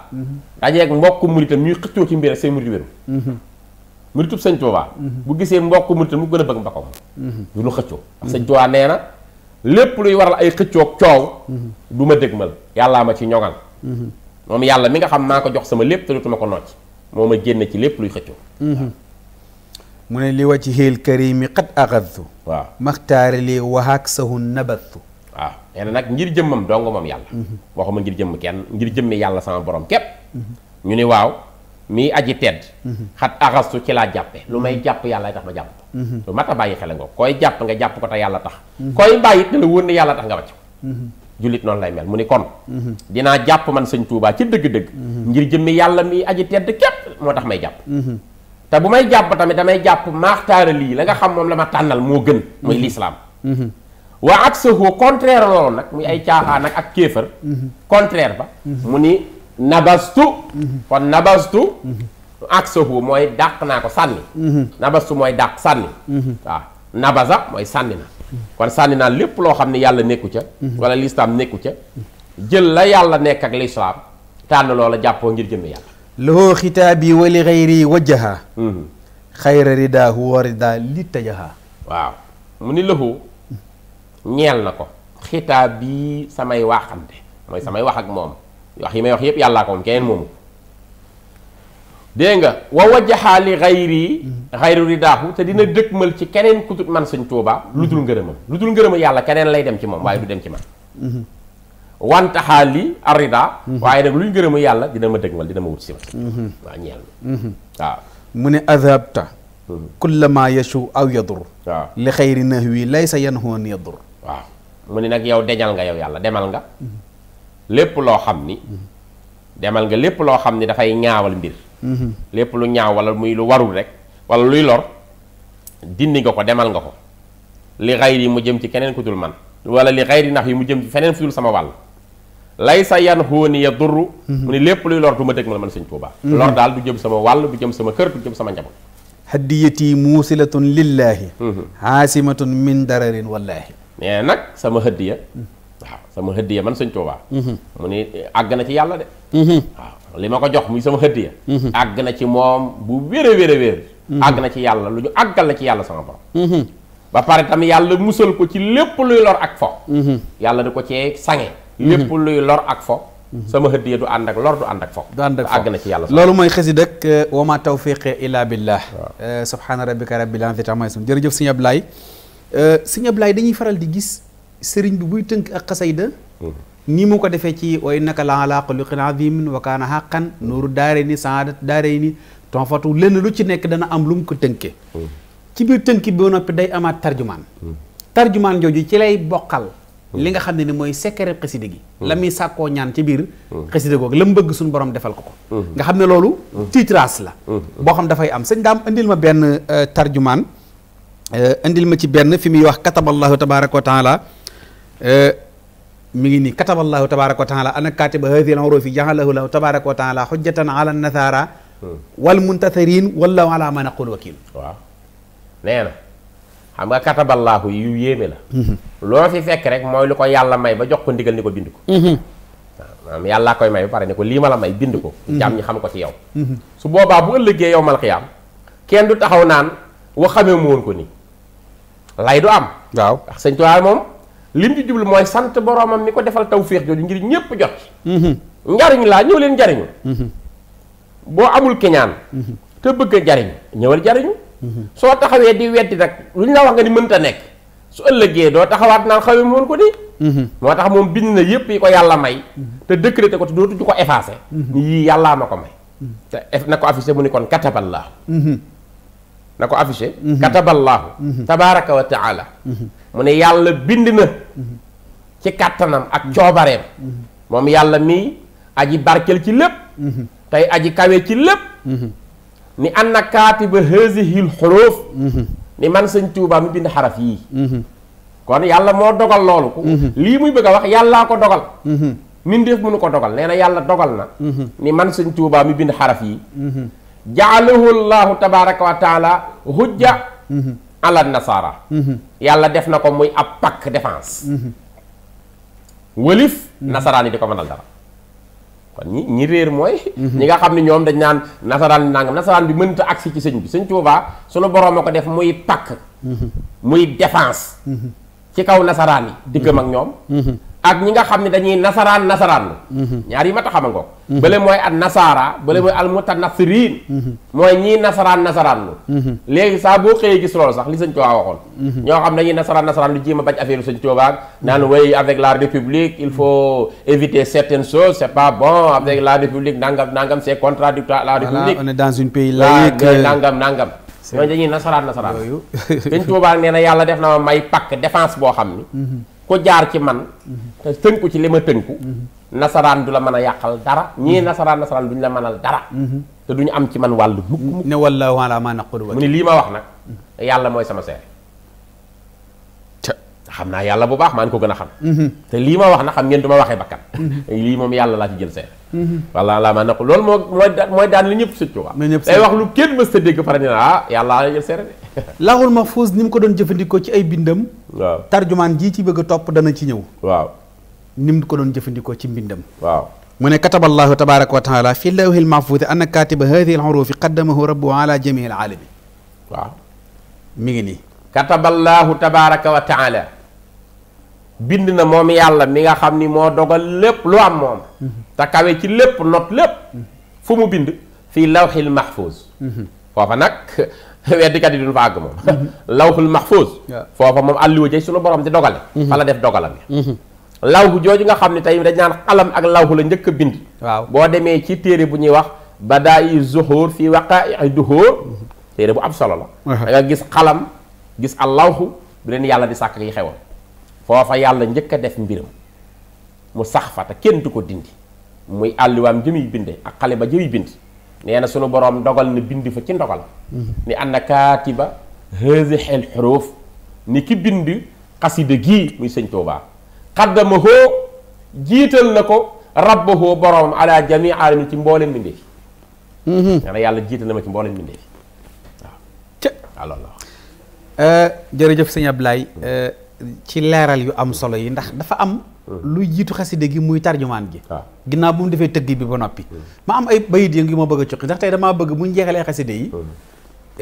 dajeeg mbokk muritam ñuy xëccoo ci mbir seen murit wéru muritub sëñ Tuubaa bu gisee mbokk muritam mu gën a bëgg mbokkam du lu xëccoo sëñ Tuubaa nee na lépp luy waral ay xëccoog coow du ma dégmal yàllaa ma ci ñogal moom yàlla mi nga xam maa ko jox sama lépp te dootuma ko nocc moo ma génn ci lépp luy xëccoo mhm. mu ne li wajhil karimi qad axadtu waaw maxtaari lii wahaak sahu nabattu waaw nee na nag ngir jëmmam dong moom yàlla mhm. waxuma ngir jëmm kenn ngir jëmmi yàlla sama borom képp mhm. ñu ni waaw mii aji tedd xat axastu ci laa jàppe lu may jàpp yàlla tax ma jàpp lu mat a bàyyi xel nga koy jàpp nga jàpp ko te yàlla tax koy bàyyi te la wóor ne yàlla tax nga wàcc jullit noonu lay mel mu ni kon dinaa jàpp man sëñ Tuubaa ci dëgg-dëgg ngir jëmmi yàlla mi aji tedd képp moo tax may jàpp te bu may jàpp tamit damay jàpp a lii la nga xam moom la ma tànnal moo gën muy lislaam waa ak saho contraire loolu nag muy ay caaxaan nag ak kéefër contraire ba mu ni nabastu kon nabastu ak saho mooy dàq naa ko sànni nabastu mooy dàq sànni waaw nabasa mooy sànni na kon sànni naa lépp loo xam ne yàlla nekku ca mhm. wala lislaam nekku ca jël la yàlla nekk ak lislaam tànn loola jàppoo ngir jëmm yàlla lahoo xitaabi wa li xayri wajjaha mhm. xayra ridaahu wa waaw mu ni lahoo ñeel na ko xitaab bi samay waxante mooy samay wax ak moom wax yi may wax yépp yàllaa ko moom keneen moomu dégg nga wa wajaxaa li xayri xayru ridaahu te dina dëkkmal ci keneen ku dul man sëñ Tuubaa lu dul ngërëmam lu dul ngërëma yàlla keneen lay dem ci moom waaye du dem ci man wantaxaa li arida waaye nag luy ngërëma yàlla dina ma dëkkmal dina ma wut si ma waaw ñeel waaw mu ne adhabta kullama yachu aw yadur waaw li xayri nahwi laysa yanhuwan yadur waaw mu ne nag yow deñal nga yow yàlla demal nga lépp loo xam ni demal nga lépp loo xam ni dafay ñaawal mbir Mhm. lépp lu ñaaw wala muy lu warul rek wala luy lor dindi nga ko demal nga ko li xayri yi mu jëm ci keneen ku dul man wala li xayri nax yi mu jëm ci feneen fu sama wàll lay sa yan xóoni ya durru mhm. mu ne lépp luy lor du ma dëgg ma man sëñ Tuubaa mhm. lor daal du jëm sama wàll du jëm sama kër du jëm sama njaboot hadiyati muusilatun lillaahi haasimatun min dararin wallaahi nee nag sama hëddiya waaw sama hëddiya man sëñ Tuubaa mu ne àgg na ci yàlla de waaw li ma ko jox muy sama xëdd ya mhm. àgg na ci moom bu wér a mhm. àgg na ci yàlla lu ñu àggal la ci yàlla sama borom mhm. ba pare tam yàlla musal ko ci lépp luy lor ak fo yàlla di ko cee sange lépp luy lor ak fo sama xëdd ya ànd ak lor du ak fo du àgg na ci yàlla loolu mooy xësi dëkk eh, wa ma tawfiqe illa billah eh, subhaana rabbika rabbil izzati amma yasifun jërëjëf sëñ Ablaye eh, sëñ Ablaye dañuy faral di gis sëriñ bi buy tënk ak xasayda ni mu ko defee ci way naka la ala xuluqin azimin wa kaana haqqan nuuru daare ni saadat daare ni tonfatu lenn lu ci nekk dana am lu mu ko tënkee ci biir tënki bi noppi day amaat tarjumaan tarjumaan jooju ci lay boqal li nga xam ne ni mooy secret xasida gi la muy sàkkoo ñaan ci biir xasida googu la mu bëgg suñu borom defal ko ko nga xam ne loolu tiitraas la boo xam dafay am sëñ daam indil ma benn euh, tarjumaan euh, indil ma ci benn fi muy wax kataballahu tabaraka wa taala euh, mi ngi nii kataballahu tabaraka wa taala ana katiba hadihi al urufi jahalahu lahu tabaraka wa taala hujjatan ala nasara wal muntathirin wallahu ala ma naqul wakil waaw nee na xam nga kataballaahu yu yéeme la mm-hmm. loo fi fekk rek mooy lu ko yàlla may ba jox ko ndigal ni ko bind ko mm-hmm. maanaam yàllaa koy may ba pare ne ko lii ma la may bind ko mm-hmm. jaam ñi xam ko ci yaw su boobaa bu ëllëgee yow mal xiyaam kenn du taxaw naan wa xamee mu woon ko nii lay du am waaw ndax sëñ lim ci jublu mooy sant boroomam mi ko defal tawféex jooju ngir ñëpp jot ci mhm. njariñ laa ñëw leen jariñu mhm. boo amul keñaan mhm. te bëgg a jariñ ñëwal jariñu soo taxawee di weddi nag lu ñu la wax nga ni mënta nekk su ëllëgee doo taxawaat naan xawee moon ko nii moo tax moom bind na yépp yi ko yàlla may te décrété ko te dootuñu ko effacé ni yii yàllaa ma ko may te na ko affiché mu ni kon kataballaahu na ko affiché kataballaahu tabaaraka wa taala mu ne yàlla bind na ci kàttanam ak coobareem moom yàlla mii aji barkel ci lépp tey aji kawe ci lépp ni anna kaatiba haasihil xuroof ni man sëñ Tuubaa mi bind xaraf yii kon yàlla moo dogal loolu lii muy bëgg a wax yàllaa ko dogal nin def mënu ko dogal nee na yàlla dogal na ni man sëñ Tuubaa mi bind xaraf yii jaalahu llahu tabaraka wa hujja alal nasaara mhm. yàlla def na ko muy ab pakk défense mhm. wëlif mhm. nasaraan yi di ko mënal dara kon ñi ñi réer mooy ñi nga xam ne ñoom dañ naan nasaraan nangam nasaraan bi mënta agsi ci sëñ bi sëñ Tuubaa sunu boroom a ko def muy pakk muy défense ci kaw nasaraan yi diggam ak ñoom ak ñi nga xam ne dañuy nasaraan nasaraan mhm. ñaar yi ma taxama ngoog mhm. bële mooy at nasaara bële mooy almutanasiriin mhm. mooy ñii nasaraan nasaraan lu léegi saa boo xëyee gis loolu sax li sëñ Tuubaa waxoon ñoo a bañ naan way avec la république il faut éviter certaines choses c'est pas bon avec la république nangam nangam c'est contradictoire la république on est dans un pays laïque euh, nangam nangam ñooñu dañuy nasaraan nasaraan sëñ Tuubaa nee ma may pakk défense ko jaar ci man te tënku ci li ma tënku nasaraan du la man a yàqal dara ñii nasaraan nasaraan duñ la mënal dara te duñu am ci man wàllu mukk mukk ne wallaahu alaa maa naqulu mu ne lii ma wax nag yàlla mooy sama seere xam naa yàlla bu baax maa ngi ko gën a xam mhm. te lii ma wax na xam waxee bakkan mhm. lii moom yàlla laa ci jël seere mhm. wallaahu alaa maa naqulu loolu moo mooy mooy daan li ñëpp sëccu waaw day wax lu kenn mës dégg fara ni ah yàlla la jël seere de lawul ma fuus ni mu ko doon jëfandikoo ci ay bindam. waaw tarjumaan jii ci bëgg topp dana ci ñëw. waaw ni mu ko doon jëfandikoo ci mbindam. waaw mu ne kataba allahu tabaraka wa taala fi lawhi lmahfuusi anna katiba hadihi alxurufi qaddamahu rabbu ala jamii alaalami waaw mi ngi nii. kataba allahu tabaraka wa taala bind na moom yàlla mi nga xam ni moo dogal lépp lu am moom. Mm-hmm. te ci lépp not lépp. Mm-hmm. fu mu bind fii lawxil mahfuz. Mm-hmm. foofa nag. weddikat yi duñ fa àgg moom mm-hmm. lawxul mahfuz foofa moom àlliwa jëy suñu borom di dogale mm-hmm. fa la def dogalam yi mm-hmm. lawxu jooju nga xam ne tey dañ naan xalam ak lawxu la njëkk a bind waaw boo demee ci téere bu ñuy wax ba badaa'i zuhur fii ay duhur téere bu am solo la uh-huh. da gis xalam gis al lawxu bu leen yàlla di sàkk yi xewoon foofa yàlla njëkk a def mbiram mu sax fa te kenn du ko dindi muy àlliwaam jëmuy binde ak xale ba jëmuy bind neena sunu boroom dogal na bind fa ci ndogal ni anna kaatiba haazihil xuruuf ni ki bind xasida gii muy sëñ Tuubaa xaddamahoo jiital na ko rabbahoo boroom alaa jamii alamin ci mboole mbindeef mhm. nee yàlla jiital na ma ci mboolem mbindeef waaw waaw loolu euh, jërëjëf sëñ euh, ci leeral yu am solo yi ndax dafa am Hmm. luy jiitu xaside gi muy tarjumaan gi ah. ginnaaw bu mu defee tëgg bi ba noppi hmm. ma am ay bayit yi ngi ma bëgg a cuqi ndax tey dama bëgg bu ñu jeexalee xaside yi hmm.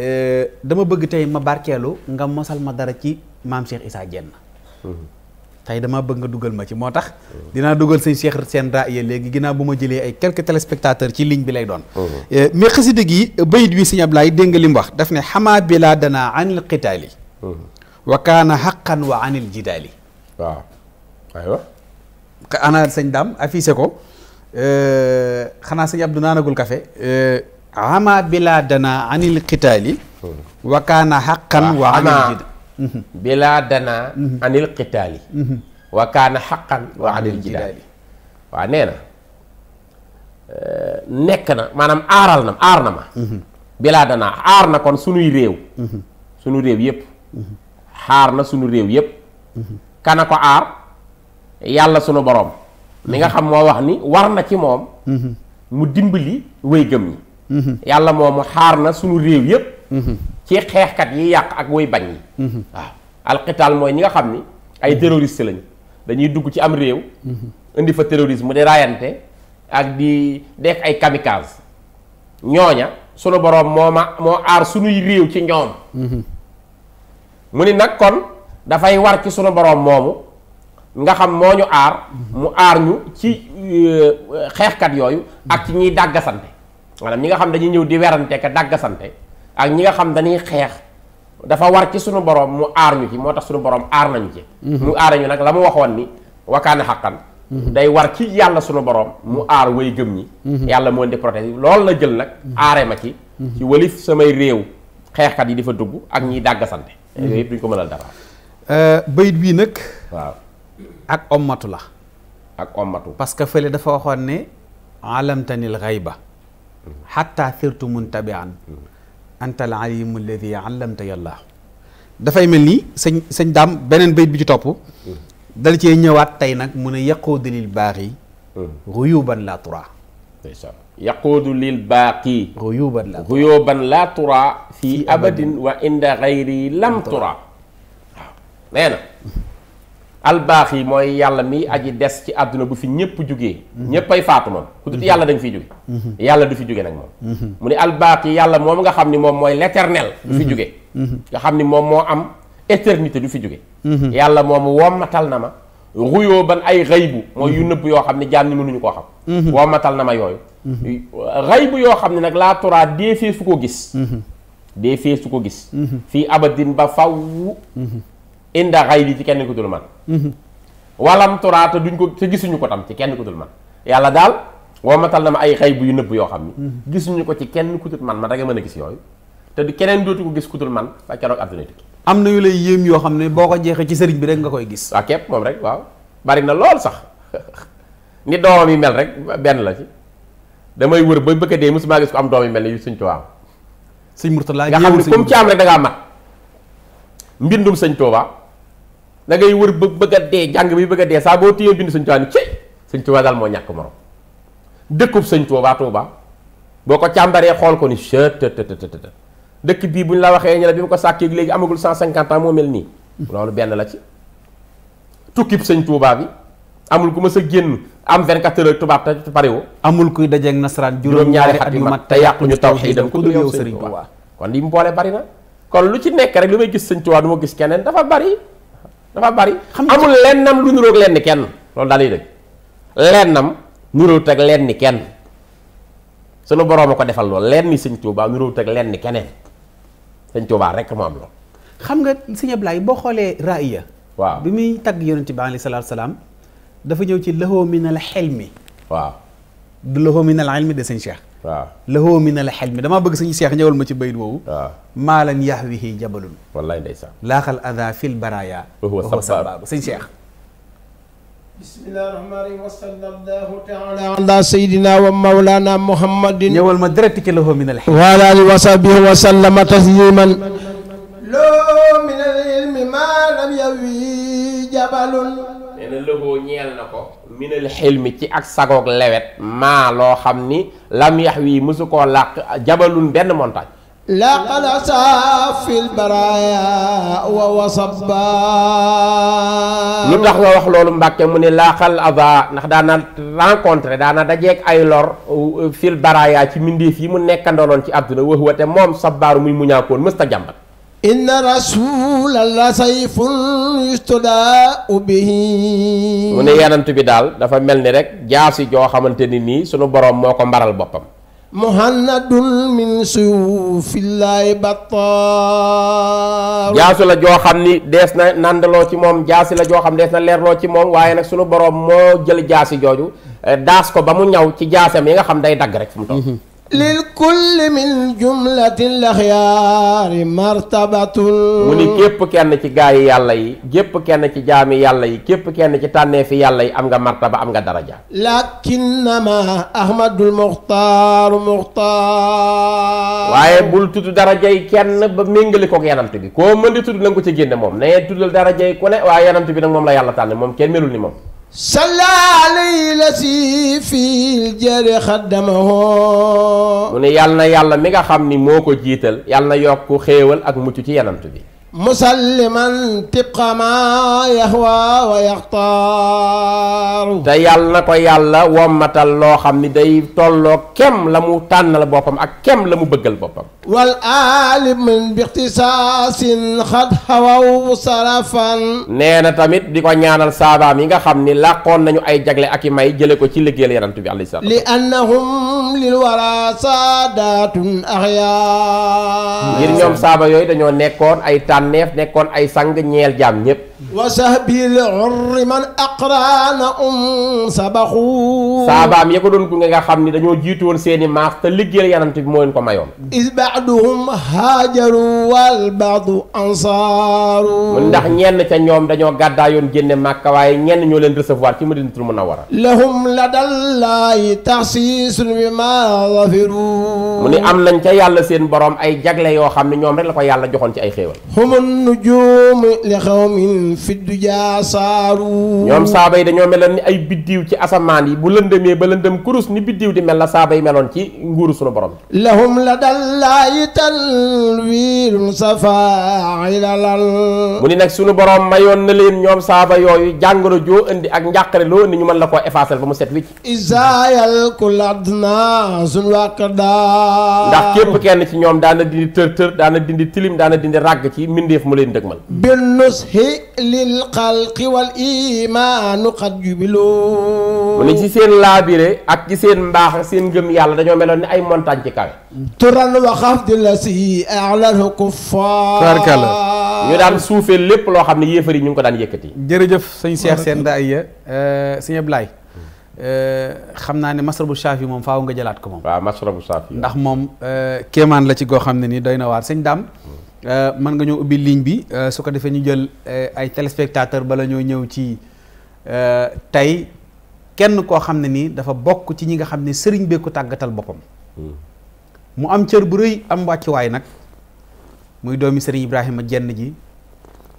eh, dama bëgg tey ma barkeelu nga mosal ma dara ci maam Cheikh Issa Diène tey damaa bëgg nga dugal ma ci moo tax dinaa dugal sëñ Cheikh seen raaya léegi ginnaaw bu ma jëlee ay quelques téléspectateurs ci ligne bi lay doon eh, mais xaside gi bëyit wi sëñ Ablaye dégg nga li mu wax daf ne xamaa bilaa danaa anil qitaali wa kaana xaqan wa anil jidaali waaw ana sëñ daam affiché ko euh, xanaa sëñ Abdou naanagul kafe euh, ama bilaa anil qitaali hmm. wa kaana xaqan wa anil jidaali mhm. mhm. bilaadana mhm. wa kaana xaqan wa anil euh, nekk na maanaam aaral na aar na ma bilaadana aar na kon sunuy réew sunu réew yépp xaar na sunu réew yépp kana ko aar yàlla sunu boroom mi nga xam moo wax ni war na ci moom mhm. mu dimbali wéy gëm ñi mhm. yàlla moomu xaar na sunu réew yépp mhm. ci xeexkat yi yàq ak woy bañ yi waaw alqital mooy ñi nga xam ni ay terroriste lañ dañuy dugg ci am réew indi fa mu di raayante ak di dekk ay kamikaze ñooña sunu boroom moo ma moo aar sunuy réew ci ñoom mu ni nag kon dafay war ci sunu boroom moomu nga xam moo ñu aar mhm. mu aar ñu ci euh, xeexkat yooyu ak ci ñiy dàggasante maanaam ñi nga xam dañuy ñëw di werante ka dàggasante ak ñi nga xam dañuy xeex dafa war ci suñu borom mu aar ñu ci moo tax suñu borom aar nañu ci mhm. mu aare ñu nag la mu waxoon ni wakaana xaqan mhm. day war ci yàlla sunu borom mu aar way gëm ñi yàlla moo di protéger loolu la jël nag aare ma ci ci walif samay réew xeexkat yi di fa dugg ak ñiy dàggasante yooyu yëpp duñ ko mënal dara euh, bayit ak ommatu la ak parce que fële dafa waxoon ne alamtanil xayba xatta sirtu muntabian antal alimu alladi dafay mel ni sëñ sëñ daam beneen bayit bi ci topp dal cee ñëwaat tey nag mu a yaqoodu lil baaxi ruyuban laa tura yaqoodu lil baaqi ruyuban laa ruyuban fi abadin wa inda xayri lam tura nee na albaax yi mooy yàlla mi aji des ci àdduna bu fi ñëpp jógee mhm. ñëpp ay faatu moom ku dut mhm. yàlla dañ fiy jóge mhm. yàlla du fi jóge nag moom mu ne albaax yàlla moom nga xam ni moom mooy l'éternel du fi jóge nga xam ni moom moo am éternité du fi jóge yàlla moom wommatal na ma ruyoo ban ay xaybu mooy yu nëbb yoo xam ne jaam ni mënuñu koo xam wommatal na ma yooyu xaybu yoo xam ne nag laa turaa dee fee su ko gis dee fee su ko gis fii abadin ba faw inda xayri ci kenn ku dul man mhm. walam turaata duñ ko te gisuñu ko tam ci kenn ku dul man yàlla daal woo woomatal na ma ay xay bu yu nëbb yoo xam ni mhm. gisuñu ko ci kenn ku man man rek mën a gis yooyu te du keneen dootu ko gis ku dul man ba keroog am na yu lay yoo xam ne boo ko jeexee ci sëriñ bi rek nga koy gis waaw kepp moom rek waaw bari na lool sax ni doomam yi mel rek benn la ci damay wër ba bëgg a dee mosuma gis ko am doom yi mel ne yu sëñ Tuubaa am sëñ Murtala nga xam ne comme ci am rek da ngaa mat mbindum sëñ Tuubaa da ngay wër ba bëgg dee jàng bi bëgg dee saa boo téyee bind sëñ Tuubaa ni ci sëñ Tuubaa daal moo ñàkk morom dëkkub sëñ Tuubaa Tuubaa boo ko càmbaree xool ko ni chëtëtëtëtë dëkk bii bu la waxee ñu la bi ko sàkkee léegi amagul 150 ans moo mel nii loolu benn la ci tukkib sëñ Tuubaa bi amul ku ma sa génn am 24 heures tubaab te pare woo amul kuy dajeeg nasaraan juróom-ñaari at yu mat te yàquñu tawhiidam ku dul yow sëriñ Tuubaa kon li mu boole bari na kon lu ci nekk rek lu may gis sëñ Tuubaa du ma gis keneen dafa bari dafa bari. xam nga amul lennam lu niroog lenn kenn loolu daal di dëgg lennam niroog teg lenn kenn sunu borom a ko defal loolu lenni sëñ Tuubaa niroog teg lenn keneen sañ Tuubaa rek moo am loolu. xam nga sëñ Ablaye boo xoolee raaya. waaw bi muy tagg yonent bi alayhi salaatu salaam dafa ñëw ci lahoo xel mi waaw du lahoo minal ilmi de sëñ Cheikh. waaw lahoo min al xel mi damaa bëgg sañu seex ñëwal ma ci bayit woowu waaw maalan yahwihi jabalun wallaay ndeysaan laaxal ada fil baraya wahuwa sabaabu sañ seex bismillahi rahmaani rahim wa sallallahu taala ala sayidina wa mawlana muhammadin ñëwal ma direct ci lahoo min al xel wa ala alihi wa sahbihi wa sallama tasliman loo min al ilmi ma lam yahwihi jabalun nee na lahoo ñeel na ko minal xilmi ci ak sagoog lewet maa loo xam ni lam yax wi mësu koo làq jabalun benn montagne laqal asaa fil baraya wa wasaba lu tax nga wax loolu mbàkke mu ne laqal aba ndax daana rencontré daana dajeeg ay lor euh, fil baraya ci mbindeef yi mu nekkandooloon ci àdduna wax wate moom sabaaru muy muñaakoon mës ta jàmbat إن رسول الله سيف يستداء به mu ne yonent bi daal dafa mel ni rek jaasi joo xamante ni nii sunu boroom moo ko mbaral boppam muhannadun min suyufillahi battar jaasi la joo xam ni dees na nàndaloo ci moom jaasi la joo xam dees na leerloo ci moom waaye nag sunu boroom moo jël jaasi jooju eh, daas ko ba mu ñaw ci jaasam yi nga xam day dagg rek fu mu toll mhm. lilkulli min jumlatil axyaari martabatun mu ni képp kenn ci gaa yi yàlla yi képp kenn ci jaami yàlla yi képp kenn ci tànneefi yàlla yi am nga martaba am nga daraja lakinnama ahmadul muxtaaru muxtaar waaye bul tudd daraja yi kenn ba méngale kook yanant bi koo mën di tudd na ko ci génne moom ne tuddal daraja ku ne waaye yanant bi nag moom la yàlla tànn moom kenn melul ni moom salla alayhi lasi fil jëri xaddamaho mu ne yàlla na yàlla mi nga xam ni moo ko jiital yàlla na yokk xéewal ak mucc ci yenant bi musalliman tibqa ma yahwa wa yaxtaaru te yàlla na ko yàlla wommatal loo xam ni day tolloo kem la mu tànnal boppam ak kem la mu bëggal boppam wal alimin bi ixtisaasin xad xawaw sarafan nee na tamit di ko ñaanal saabaam yi nga xam ni làqoon nañu ay jagle ak i may jële ko ci liggéeyal yonent bi alayhi salaam li annahum lil wara saadatun axyaar ngir ñoom saaba yooyu dañoo nekkoon ay tànn ne kon ay sang ñeel jaam ñépp وسهبي العر من أقران أم سبخو saabaam ya ko doon gunge nga xam ni dañoo jiitu woon seeni maas te liggéeyal yanant bi moo leen ko mayoon is baaduhum haajaru wal baadu ansaaru mu ndax ñenn ca ñoom dañoo gàddaayoon génne màkka waaye ñenn ñoo leen recevoir ci madinatul munawwara lahum ladallaahi taxsiisun bi maa wafiru mu ni am nañ ca yàlla seen borom ay jagle yoo xam ne ñoom rek la ko yàlla joxoon ci ay xéewal humun nujuum li xawmin fi dujaa saaru ñoom saaba yi dañoo meloon ni ay biddiw ci asamaan yi bu lëndëmee ba lëndëm kurus ni biddiw di mel la saaba meloon ci nguuru sunu borom lahum la dallaayi talwiirun safaa ilalal mu ni nag sunu borom mayoon na leen ñoom saaba yooyu jàngoro joo indi ak njàqare loo indi ñu mën la ko effacer ba mu set wicc isaayal ku ladna suñ wàq daa ndax képp kenn ci ñoom daana dindi tër tër daana dindi tilim daana dindi ràgg ci mbindeef mu leen dëgmal binnus للخلق والإيمان قد jubiloo mu ne ci seen laabire ak ci seen mbaax seen ngëm yàlla dañoo meloon ni ay montagne ci kawe turan waxaf di la si alahu kuffar barkala ñu daan suufee lépp loo xam ne yéefar yi ñu ngi ko daan yëkkati jërëjëf sëñ Cheikh seen daaya euh, sëñ Ablaye euh, xam naa ne masrabu Shaafi moom faaw nga jëlaat ko moom waaw masrabu ndax moom euh, kéemaan la ci goo xam ne nii doy na waar sëñ Dame Euh, mën nga ñoo ubbi ligne bi euh, su ko defee ñu jël euh, ay téléspectateur bala ñoo ñëw ci tey kenn koo xam ne nii dafa bokk ci ñi nga xam ne sëriñ bee tàggatal boppam hmm. mu am cër bu rëy am wàccuwaay nag muy doomi sëriñ Ibrahima Jenn ji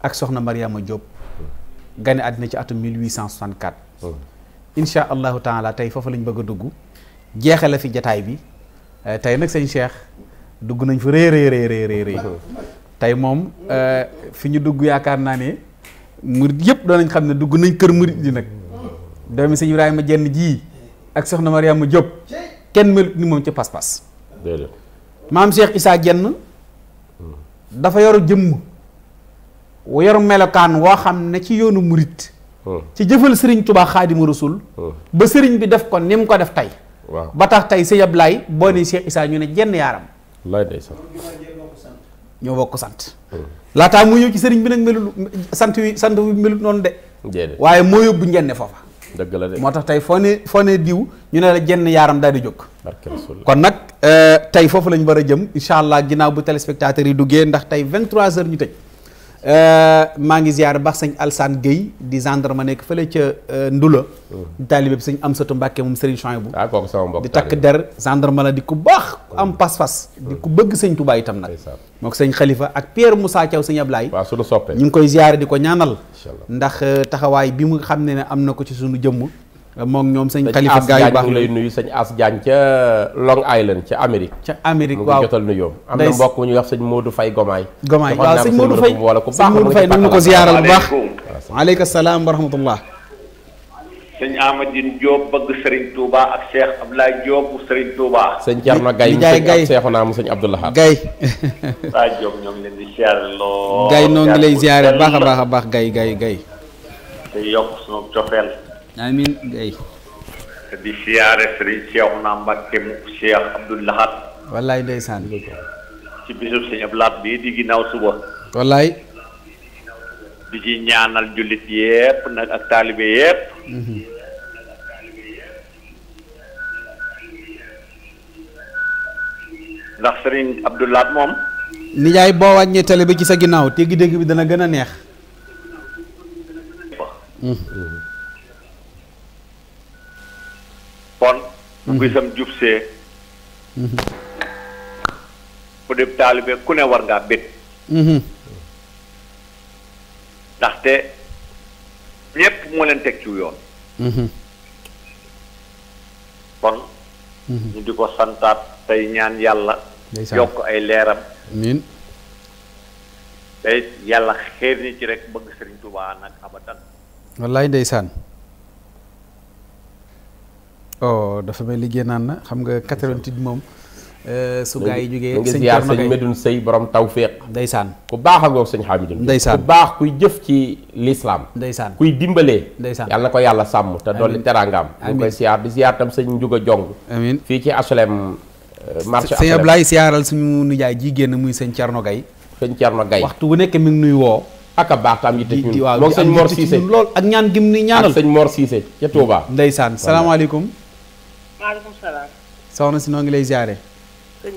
ak soxna Mariama Diop hmm. gane àddina ci atum 1864 hmm. insha allahu taala tey foofu lañu bëgg a dugg jeexale fi jataay bi tey nag sëñ Cheikh dugg nañ fa rëy rëy rëy tey moom euh, fi ñu dugg yaakaar naa ne murit yëpp doo nañ xam ne dugg nañ kër murit yi nag doomi sëñ Ibrahima jenn jii ak soxna Mariama Diop kenn melut ni moom ci pas-pas maam Cheikh Issa jenn dafa yoru jëmm yoru melokaan woo xam ne ci yoonu murit hmm. ci jëfal sëriñ Tuubaa Xaadimu Rasuul hmm. ba sëriñ bi def ko ni mu ko def tey ba tax tey sëñ Ablaay boo ne Cheikh Issa ñu ne jenn yaaram lay day sax ñoo bokk sant laataa mu ñëw ci sëriñ bi nag melul sant wi sant wi melut noonu de waaye moo yóbbu njenne foofa dëgg la moo tax tey foo ne foo ne diw ñu ne la jenn yaaram daal di jóg kon nag euh, tey foofu lañ war a jëm incha allah ginnaaw bu téléspectateurs yi duggee ndax tey 23 heures ñu tëj Euh, maa ngi ziyaar baax sañ Alsaan Guèye di ma nekk fële ca euh, Ndula hmm. di taalibe bi sëñ Amsatu Mbàkke moom Sëriñ Chouaïbou ah, di takk der gendarme la di ku baax ku am hmm. pas-pas di hmm. ku bëgg sëñ Tuubaa itam nag moo ko sëñ Xalifa ak Pierre Moussa Thiaw sëñ Ablaay waaw suñu soppe ñu ngi koy ziyaare di ko ñaanal ndax euh, taxawaay bi mu xam ne ne am na ko ci sunu jëmm moom ñoom sëñ Khalifa gaa nuyu sëñ As Diagne ca Long Island ca Amérique. ca mu ngi jotal nuyoo. am na mbokk mu ñuy wax sëñ Modou Faye Gomaay. waaw sëñ Modou Faye wala ku ko ziyaaral bu baax. waaleykum salaam wa rahmatullah. sëñ Amadine Diop bëgg Serigne Touba ak Cheikh Abdoulaye Diop bu Serigne Touba. sëñ Thierno Gaye mu mu sëñ Abdoulaye. Gaye. waa Diop lay ziare baax a baax a baax Gaye Gaye Gaye. te yokk sunu cofeel amiin gay di siyaare sëriñ Cheikhouna Mbacké mu Cheikh Abdoul Ahad wallaay ndeysaan ci bisub sëñ Ablaat bii di ginnaaw suba wallaay di ci ñaanal jullit yépp nag ak taalibe yépp mhm. ndax sëriñ Abdoul Ahad moom nijaay boo wàññee télé bi ci sa ginnaaw dégg-dégg bi dana gën a neex ku gisam jub see ku dib ku ne war ngaa bét ndaxte ñépp moo leen teg ci yoon kon ñu di ko santaat tey ñaan yàlla yokk ay leeram amiin tey yàlla xeer ñi ci rek bëgg Sëriñ Tuubaa nag abadan wallaay ndeysaan oh dafa may liggéey naan na xam nga 88 moom. Euh, su gaa yi jógee sëñ Thierno Gueye sëñ Medoune Seye borom tawféex. ndeysaan ku baax a ngoog sëñ Hamidou. ndeysaan ku baax kuy jëf ci lislaam. ndeysaan kuy dimbalee. ndeysaan yàlla na ko yàlla sàmm te dolli teraangaam. amiin ñu koy siyaar di siyaar tam sëñ Ndiouga Jong. amiin fii ci HLM. Euh, marché HLM sëñ Ablaye suñu nijaay ji génn muy sëñ Thierno Gueye. sëñ Thierno Gueye waxtu bu nekk mi nuy woo. ak a baax tam yitte ci ñun moom sëñ moo Cissé lool ak ñaan gim ni ñaanal ak sëñ Mor Cissé salaamaaleykum maaleykum salaam. soxna si noo ngi lay ziare. sëñ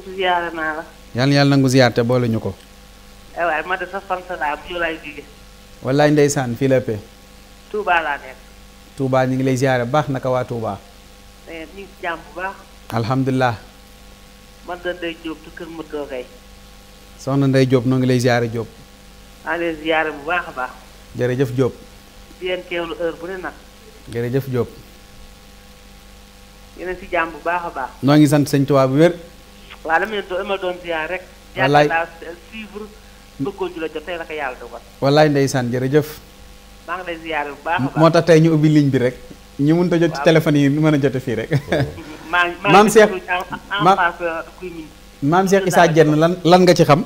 naa la. yàlla yàlla nangu ziar te boole ñu ko. Eh wallaay ndeysaan fii la laa nekk. Touba ñu ngi lay ziare baax naka waa Touba. Eh, ñu ngi ci jàmm bu baax. soxna Ndeye Diop noo ngi lay ziare Diop. maa ngi lay ziare bu bu ne nag. jërëjëf Diop. yéen bu baax baax. noo ngi sant sëñ Tuubaa bu wér. waaw dama doon dama doon ziar rek. wallaay yàlla naa suivre la jot la ko yàlla dogal. jërëjëf. maa ngi lay ziar moo tax tey ñu ubbi ligne bi rek. ñu mun a jot ci téléphone yi mën a jote fii rek. maa ngi maa ngi seq en face euh, maam Cheikh Issa Diène lan lan nga ci xam.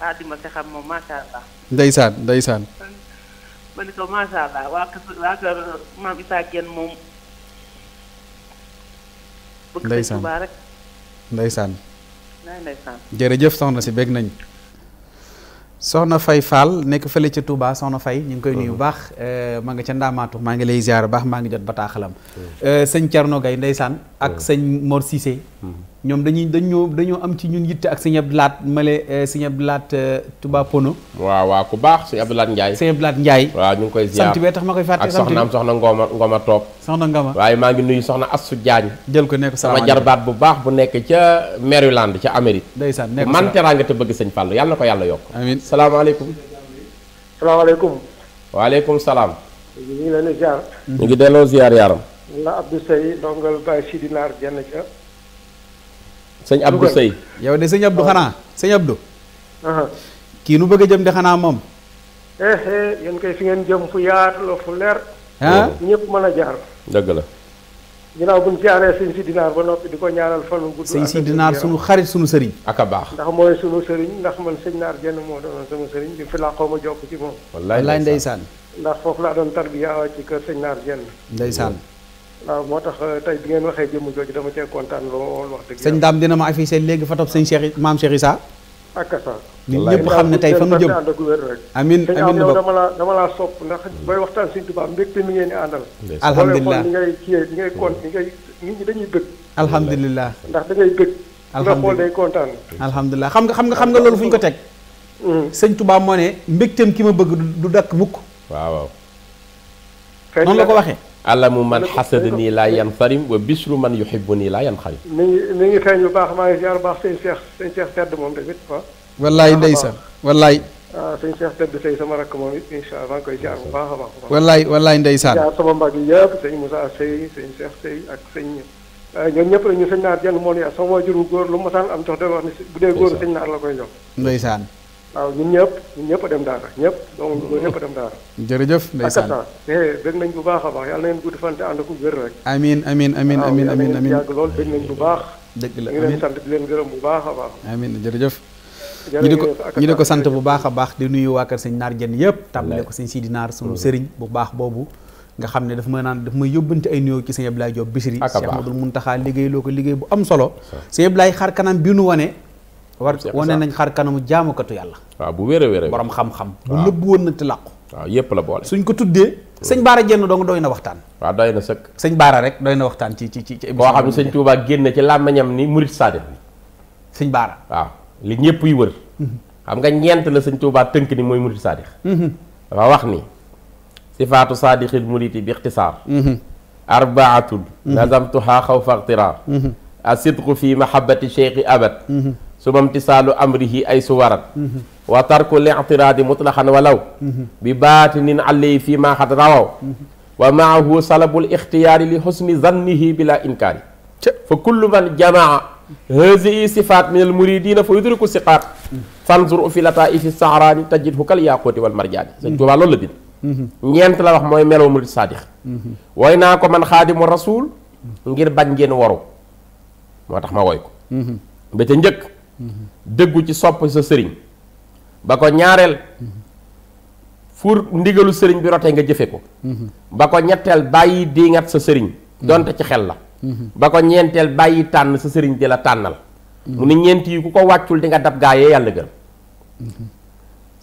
ah di ma ci xam moom. bëgg Sëñ Tuubaa rek ndeysaan jërëjëf soxna si bég nañ soxna fay Fall nekk fële ca Touba soxna fay ñu ngi koy nuyu bu uh-huh. baax eh, ma nga ca ndaamaatu maa ngi lay ziar baax maa ngi jot bataaxalam eh, sëñ Thierno Gaye ndeysaan ak uh-huh. sëñ Mor Cissé uh-huh. ñoom dañuy dañoo dañoo am ci ñun yitte ak sëñ Abdou Lahat Male eh, sëñ Abdou Lahat eh, Touba Pono. waaw waaw ku baax sëñ Abdou Lahat Ndiaye. sëñ Abdou Lahat Ndiaye. waaw ñu ngi koy ziar tax ma koy fàtte. ak soxnaam soxna Ngoma Ngoma Toop. soxna Ngoma waaye maa ngi nuyu soxna Asou Diagne. jël ko nekk sama jarbaat bu baax bu nekk ca Maryland ca Amérique. ndeysaan nekk man teraanga te bëgg sëñ Fallou yàlla ko yàlla yokk. amiin salaamaaleykum. salaamaaleykum. waaleykum salaam. ñu ngi leen di ziar. ñu sëñ Abdou Seye yow de sëñ Abdou xanaa sëñ Abdou. kii nu bëgg a jëm de xanaa moom. Eh, eh, yéen kay fi ngeen jëm fu yaatu la fu leer. ñëpp mën a jaar. dëgg la. ginnaaw bu ñu jaaree sëñ si dinaar ba noppi di ko ñaanal fan wu gudd. sëñ si dinaar sunu xarit sunu sëriñ. ak a baax ndax mooy sunu sëriñ ndax man sëñ naar jenn moo doon sama sëriñ di fi làqoo ma jokk ci moom. wallaay ndeysaan ndax foofu laa doon tarbiya ci kër sëñ naar jenn. ndeysaan. waaw moo tax euh, tey bi ngeen waxee jëmm jooju dama cee kontaan lool wax dëgg sëñ daam dina ma affiché léegi fa topp sëñ Cheikh maam Cheikh Issa ak sa ñun xam ne tey fa mu jëm amin amin na dama la dama laa sopp ndax booy waxtaan sëñ Tuubaa mbégte mi ngeen di àndal alhamdulilah li ngay kiyee li ngay kon li ngay nit bëgg alhamdulilah ndax da ngay bëgg nga xool day kontaan xam nga xam nga xam nga loolu fu ñu ko teg mm. sañ Tuubaa moo ne mbégteem ki ma bëgg du dakk mukk waaw waaw la ko waxee alamu man xasada nii laa yan farim wa bisru man yuxibu nii laa yan xarim mi ngi mi ngi feeñ baax maa ngi ziar bu baax sëñ Cheikh sëñ Cheikh tedd moom tamit waaw wallaay ndeysaan wallaay waaw ah, sëñ Cheikh tedd say sama rakk moom it incha allah maa bu baax a baax wallaay wallaay ndeysaan ziar sama mbag yi yëpp sëñ Moussa Sey sëñ Cheikh Sey ak sëñ ah, ñoom ñëpp la ñu sëñ naar jënd moon yaa sama juru góor lu mu mosaan am jox day wax ni bu dee góor sëñ naar la koy jox ndeysaan waaw ñun ñëpp ñun ñëpp a dem daara ñëpp donc ñun a dem daara jërëjëf eh, bu baax a baax yàlla na ngeen gudd fan te ànd ak wér rek amiin amiin lool bëgg nañ bu baax dëgg la ñu di bu baax a jërëjëf ñu di ko ñu di ko sant bu baax a baax di nuyu waa sañ naar jenn yëpp tàmbale ko sëñ Sidi Naar sunu sëriñ bu baax boobu nga xam ne daf ma naan daf may yóbbante ay nuyoo ci sëñ Ablaye Diop Bichri Cheikh Amadou Muntaxa liggéey loo ko liggéey bu am solo sëñ Ablaye xar kanam bi nu wane war wane nañ xar kanamu jaamukatu yàlla. waaw bu wéer a wéer borom xam-xam. bu nëbb woon na te làqu. waaw yépp la boole suñ ko tuddee. sëñ Baara jenn dong doy na waxtaan. waaw doy na sëkk. sëñ Baara rek doy na waxtaan ci ci ci émission boo xam ne sëñ Touba génn ci làmmiñam ni murit saadix bi. sëñ Baara. waaw li ñëpp yi wër. Mhm. xam nga ñeent la sëñ Touba tënk ni mooy murit saadix. Mhm. dafa wax ni. sifaatu saadixil muriti bi ixtisaar. Mhm. arbaatun. nazamtuha xawfa ixtiraar. asidqu fi mahabbati cheikhi abad su mamtisaalu amrihi ay su warat mm-hmm. wa tarku li'tiraadi mutlaqan walaw mm-hmm. bi baatinin alli fii maa xad rawaw mm-hmm. wa maahu salabul ixtiyaari li xusni zannihi bila inkaari fa kullu man jamaa hazihi sifaat min al muridina fa yudriku siqaat fanzur fi lataifi sahraani tajidhu kal yaquuti wal marjaani sëñ Tuubaa loolu la bind ñeent la wax mooy meloo murid saadix woy naa ko man xaadimu rasul ngir bañ ngeen waru moo tax ma woy ko ba ca njëkk dëggu ci sopp sa sëriñ ba ko ñaareel fur ndigalu sëriñ bi rotee nga jëfe ko ba ko ñetteel bàyyi diingat sa sëriñ donte ci xel la ba ko ñeenteel bàyyi tànn sa sëriñ di la tànnal mu ne ñeent yi ku ko wàccul dinga nga dab gaa yee yàlla gën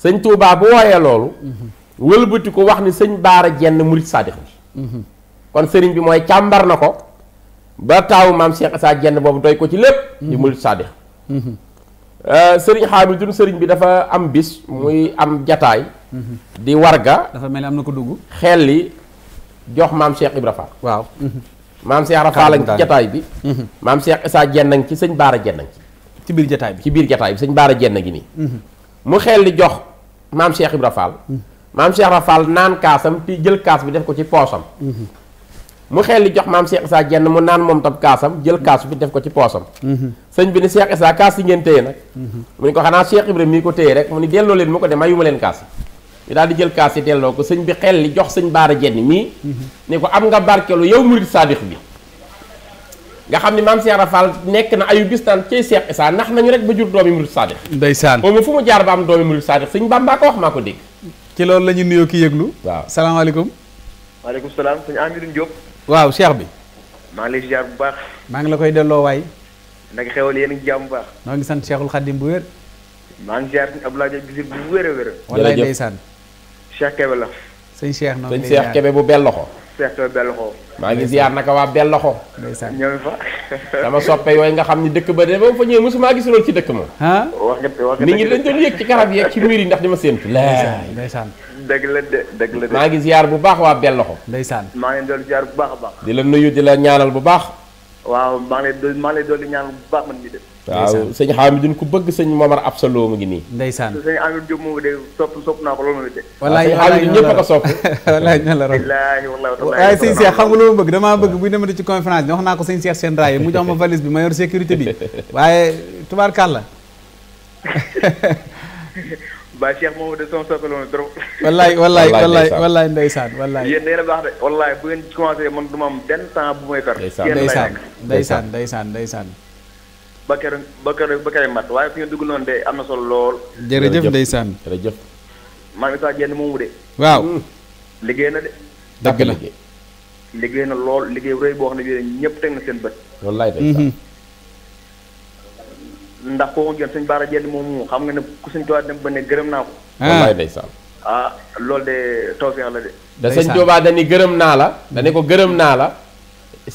sëñ Tuubaa bu wooyee loolu wëlbati ko wax ni sëñ baara jenn murit saadix bi kon sëriñ bi mooy càmbar na ko ba taawu maam Cheikh saa jenn boobu doy ko ci lépp di murit saadix sëriñ Xaamidun sëriñ bi dafa am bis muy am jataay di warga dafa mel ni am na ko dugg xel li jox maam Cheikh Ibra Fall waaw maam Cheikh Rafa lañ ci jataay bi maam Cheikh Issa jenn ngi ci sëñ Baara jenn ngi ci biir jataay bi ci biir jataay bi sëñ Baara jenn ngi nii mu xel li jox maam Cheikh Ibra Fall mhm. maam Cheikh Rafa naan kaasam ti jël kaas bi def ko ci poosam mhm. mu xel li jox maam Cheikh Issa jenn mu naan moom tam kaasam jël kaasu bi def ko ci poosam mhm. sëñ bi ni Cheikh Issa kaas yi ngeen téye nag mhm. mu ni ko xanaa Cheikh Ibrahima mii ko téye rek mu ni delloo leen mu ko de mayuma leen kaas ñu daal di jël kaas yi delloo ko sëñ bi xel li jox sëñ baara jenn mii mhm. ni ko am nga bi nga xam ni maam Cheikh Rafal nekk na ayu bis naan cey Cheikh ndax nañu rek ba jur doomi murid saadix ndeysaan moom fu mu jaar ba am doomi murid saadix sëñ Bamba ko wax maa ko dégg ci loolu la ñu nuyoo ki yëglu waaw salaamaaleykum waaleykum salaam sëñ Amirou Diop waaw cheikh bi. maa ngi lay ziar bu baax. maa ngi la koy delloo waay. nag xew yéen a ngi jàmm bu baax. noo ngi sant Cheikhul Khadim bu wér. maa ngi ziar Abdoulaye Diop Bichri bu wér a wér. jërëjëf wallaay ndeysaan. Cheikh Kébé la. sëñ Cheikh noonu lay ziar sëñ Cheikh Kébé bu Belloxo. Cheikh Kébé Belloxo. maa ngi ziar naka waa Belloxo. ndeysaan ñoom fa. sama soppe yooy nga xam ni dëkk ba de ba fa ñëwee mosuma gis loolu ci dëkk ma. ah wax nga wax nga nit ñi dañ doon yëg ci garab yeeg ci miir yi ndax di ma séentu. ndeysaan ndeysaan dëgg la de dëgg la de. maa ngi ziar bu baax waa Belloxo. ndeysaan maa ngi doon ziar bu baax a baax. di la nuyu di la ñaanal bu baax. waaw maa ngi doon maa ngi doon di ñaanal bu baax man mi de. waaw sëñ Hamidou ku bëgg sëñ Momar Absalo mu ngi nii. ndeysaan sëñ Hamidou Diop moom de sopp ko loolu mooy de. walaay walaay ñëpp a ko sopp. la raw waaye sëñ Cheikh xam nga lu ma bëgg damaa bëgg bu ñu demee ci conférence bi wax naa ko sëñ Cheikh seen raay mu jox ma valise bi ma sécurité bi waaye tubaarkàlla Baye Cheikh moom de sama soppe la woon trop. wallaay wallaay wallaay wallaay ndeysaan wallaay. yéen dina baax de wallaay bu ngeen commencé man du ma am benn temps bu may far. ndeysaan ndeysaan ndeysaan ndeysaan ba keroog ba keroog ba keroog mat waaye fi ngeen dugg noonu de am na solo lool. jërëjëf ndeysaan jërëjëf. maa ngi sax jenn moomu de. waaw. Mm. liggéey na de. dëgg la liggéey na lool liggéey bu rëy boo xam ne bii ñëpp teg na seen bët. wallaay ndeysaan. Mm-hmm. ndax koo ko jël sëñ Baara Jëli moom xam nga ne ku sëñ Tuubaa dem ba ne gërëm naa ko. Ah. wallaay ndeysaan. ah loolu de tawfeex la de. da sëñ Tuubaa dañu gërëm naa la dañu ko gërëm naa la.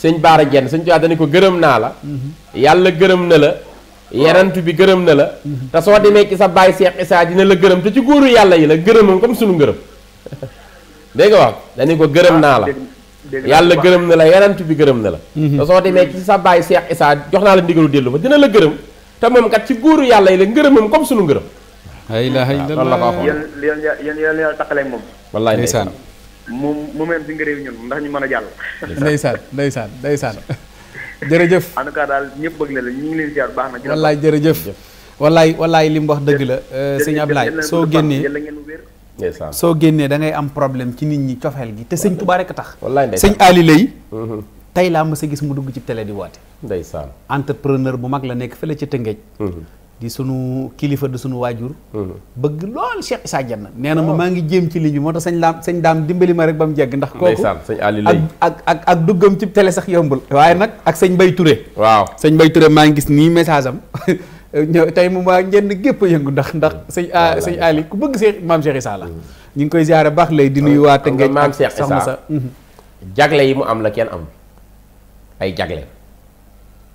sëñ Baara Jenn sëñ Tuubaa dañu ko gërëm naa la. Mhm. yàlla gërëm na la. yenant bi gërëm na la. Mhm. te soo demee ci sa baay Seex Isaa dina la gërëm te ci góoru yàlla yi la gërëmam comme sunu ngërëm. dégg nga wax dañu ko gërëm naa la. Ah, yàlla gërëm na la yenant bi gërëm na la. Mhm. te soo demee ci sa baay Seex Isaa jox naa la ndigalu dellu fa dina la gërëm. te moom kat ci góoru yàlla yi la ngërëmam comme sunu ngërëm la ilaha illallah waaw yéen yéen yéen moom wallaay ndeysaan mu mu meen si ngërëm ñun ndax ñu man a jàll ndeysaan ndeysaan ndeysaan jërëjëf en tout cas daal ñëpp bëgg ñu ngi leen ziar baax na wallaay jërëjëf wallaay wallaay li mu wax dëgg la euh, sëñ Ablaye soo génnee soo génnee da ngay am problème ci nit ñi cofeel gi te sëñ Tuubaa rekk tax sëñ Ali lay mm-hmm. tey laa mës a gis mu dugg ci tele di waate ndeysaan entrepreneur bu mag la nekk fële ci Tëngéej mhm. di suñu kilifa di suñu waajur mhm. bëgg lool Cheikh Issa Diagne nee na ma oh. maa ngi jéem ci ligne bi moo tax sañ daam sañ daam dimbali rek ba mu jegg ndax kooku ak ak ak duggam ci télé sax waaye nag ak sañ Mbay Touré waaw sañ Mbay Touré maa ngi gis nii message am tey moom waa njënd gépp yëngu ndax ndax sëñ sëñ Ali ku bëgg Cheikh maam Cheikh Issa mm. ñu ngi koy ziare baax lay di nuyu waa Tëngéej maam Cheikh Issa soxna sa mhm. jagle yi mu am la kenn am ay jagle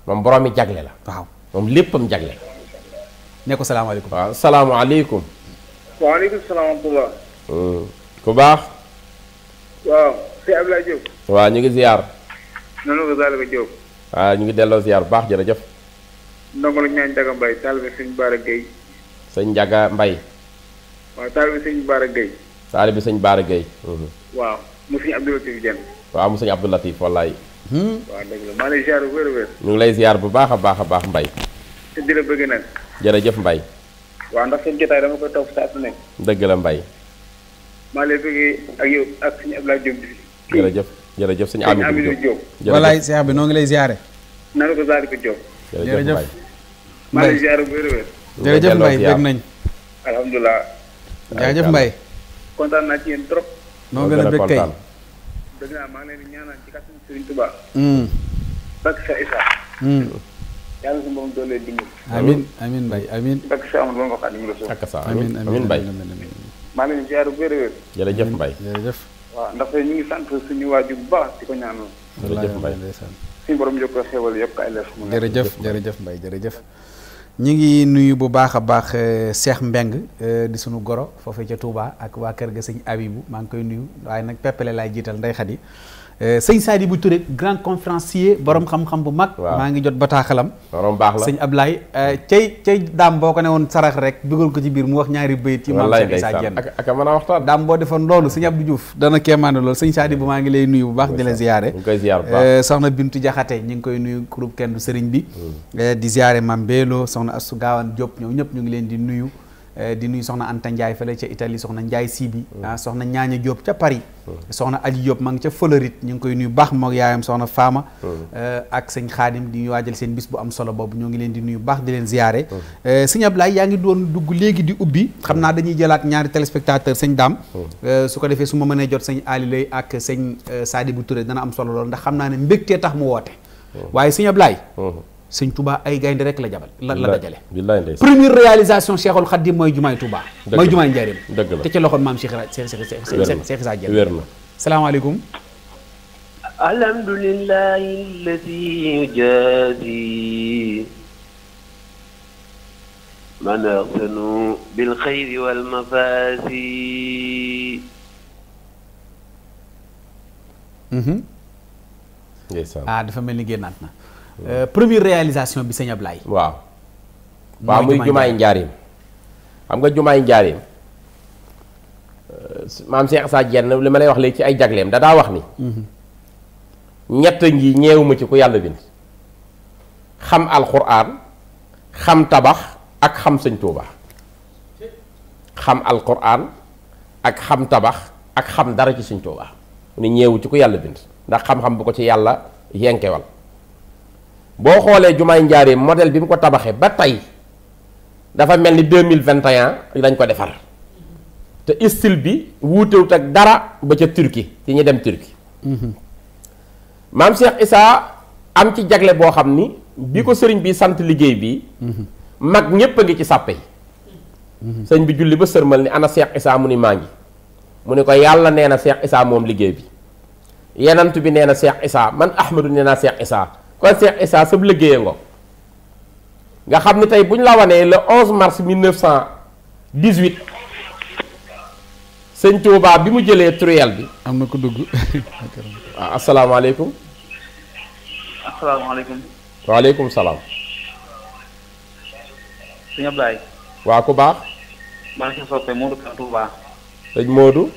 moom boroomi jagle la. waaw moom léppam jagle. ne ko salaamaaleykum. waaw salaam wa hmm. ku baax. waaw. sëñ Abdoulaye waaw ñu ngi ziar. noonu la waaw ñu ngi delloo ziar bu baax jërëjëf. ndongo la ñaan Njaga Mbay sëñ Baara Gueye. sëñ Njaga Mbay. waaw taalibe sëñ Baara sëñ Baara Gueye. Hmm. waaw mu sëñ Abdou wallaay. Hmm? waaw dëgg la maa lay ziar bu wér wér. ñu ngi lay ziar bu baax a baax a baax Mbaye. di la bëgg nag. jërëjëf mbay waaw ndax seen jotaay dama koy topp saa su nekk. dëgg la Mbaye. maa ngi lay bëggee ak yow ak suñu Abdoulaye Diop di. jërëjëf bi noo ngi lay ziare. nanu ko ziare maa ngi lay ziare bu wér wér. jërëjëf Mbaye bëgg nañ. alhamdulilah. jaajëf Mbaye. kontaan naa ci yéen trop. noo gën a bëgg tey dëgg naa maa ngi leen di ñaanal ci kàttan Serigne Touba. Hmm. Hmm. sa Isa. yàlla su moom dooleel di ñëw. amiin amiin Mbaye amiin. bakk sa amul woon ko xam sa amiin amiin Mbaye. maa ngi leen di ziar bu wér a wér. jërëjëf Mbaye waaw ndax ñu ngi sant suñu waajur bu baax di ko ñaanal. jërëjëf Mbaye suñu borom jokkoo xéwal yëpp ay leer. jërëjëf jërëjëf Mbaye jërëjëf. ñu ngi nuyu bu baax a baax eh, Cheikh Mbeng eh, di suñu goro foofee ca Touba ak waa kër ga sëñ bu maa ngi koy nuyu waaye nag peppale laay jiital ndey Xadi Euh, sëñ saadi bu Touré grand conférencier borom xam-xam bu mag. maa ngi jot bataaxalam. borom baax la sëñ Ablaye. Euh, cay cay daam boo ko ne woon sarax rek dugal ko ci biir mu wax ñaari bayit yi maam Cheikh Issa Diène ak ak mën a waxtaan. daam boo defoon loolu sëñ Abdou Diouf dana kéemaane loolu sëñ maa ngi lay nuyu bu baax di la ziyaare. bu koy ziyaar bu baax euh, soxna Bintu Jaxate ñu ngi koy nuyu groupe kenn du sëriñ bi. Hmm. di ziyaare Mame soxna Astou Gawane Diop ñoom ñëpp ñu ngi leen di nuyu. di nuyu soxna Anta Ndiaye fële ca Italie soxna Ndiaye bi hmm. ah, soxna Ñaaña Diop ca Paris Hmm. soxna Aji Diop ma ngi ca Floride ñu ngi koy nuyu baax moog yaayam soxna Faama hmm. eh, ak sëñ Xaadim di ñu waajal seen bis bu am solo boobu ñoo ngi leen di nuyu baax di leen ziyaare hmm. eh, sëñ Ablaye yaa ngi doon dugg léegi di ubbi xam naa dañuy jëlaat ñaari téléspectateur sëñ Daam eh, su ko defee su ma mënee jot sëñ Ali ak ak sëñ bu Touré dana am solo lool ndax xam naa ne mbégtee tax mu woote waaye sëñ Ablaye sëñ Touba ay gaynde rek la jabal la la dajale première réalisation Cheikhul Khadim mooy jumaay Touba mooy jumaay Njaaréem te ci loxoon maam Cheikh Cheikh Issa Dieng wér na salaamaaleykum alhamdulillahi alladi yujazi man axsanu bil xayri wal mafaasi mhm. ah dafa mel ni génnaat na Euh, première réalisation bi sëñ Ablaye. waaw waaw muy jumaay njaarim xam nga jumaay njaarim euh, maam Cheikh Sa Dieng li ma lay wax léegi ci ay jagleem dadaa wax ni. Mhm. ñett ngi ñeewuma ci ku yàlla bind. xam alquran xam tabax ak xam sëñ Touba xam alquran ak xam tabax ak xam dara ci sëñ Touba ni ñeewu ci ku yàlla bind ndax xam-xam bu ko ci yàlla yenkewal boo xoolee jumaay njaareem modèle bi mu ko tabaxee ba tey dafa mel ni deux mille vingt et un lañ ko defar te style bi wuutewut ak dara ba ca turki ci ñu dem turki mhm. maam Cheikh Issa am ci jagle boo xam ni bi ko sëriñ bi sant liggéey bi mhm. mag ñépp a ngi ci sàppe yi mhm. sëñ bi julli ba sërmal ni ana Cheikh Issa mu ni maa mu ni ko yàlla nee na Cheikh Issa moom liggéey bi yenant bi nee na Cheikh Issa man Ahmadu nee naa Cheikh Issa kon Cheikh Issa sab liggéeya ngo nga xam ne tey bu ñu la wanee le 11 mars 1918 sëñ Touba bi mu jëlee truelle bi. am na ko dugg. waaw ah, asalaamaaleykum. asalaamaaleykum. waaleykum salaam. sëñ Ablaye. waa ku baax. maa ngi si soppe Modou Kan Touba. sëñ Modou.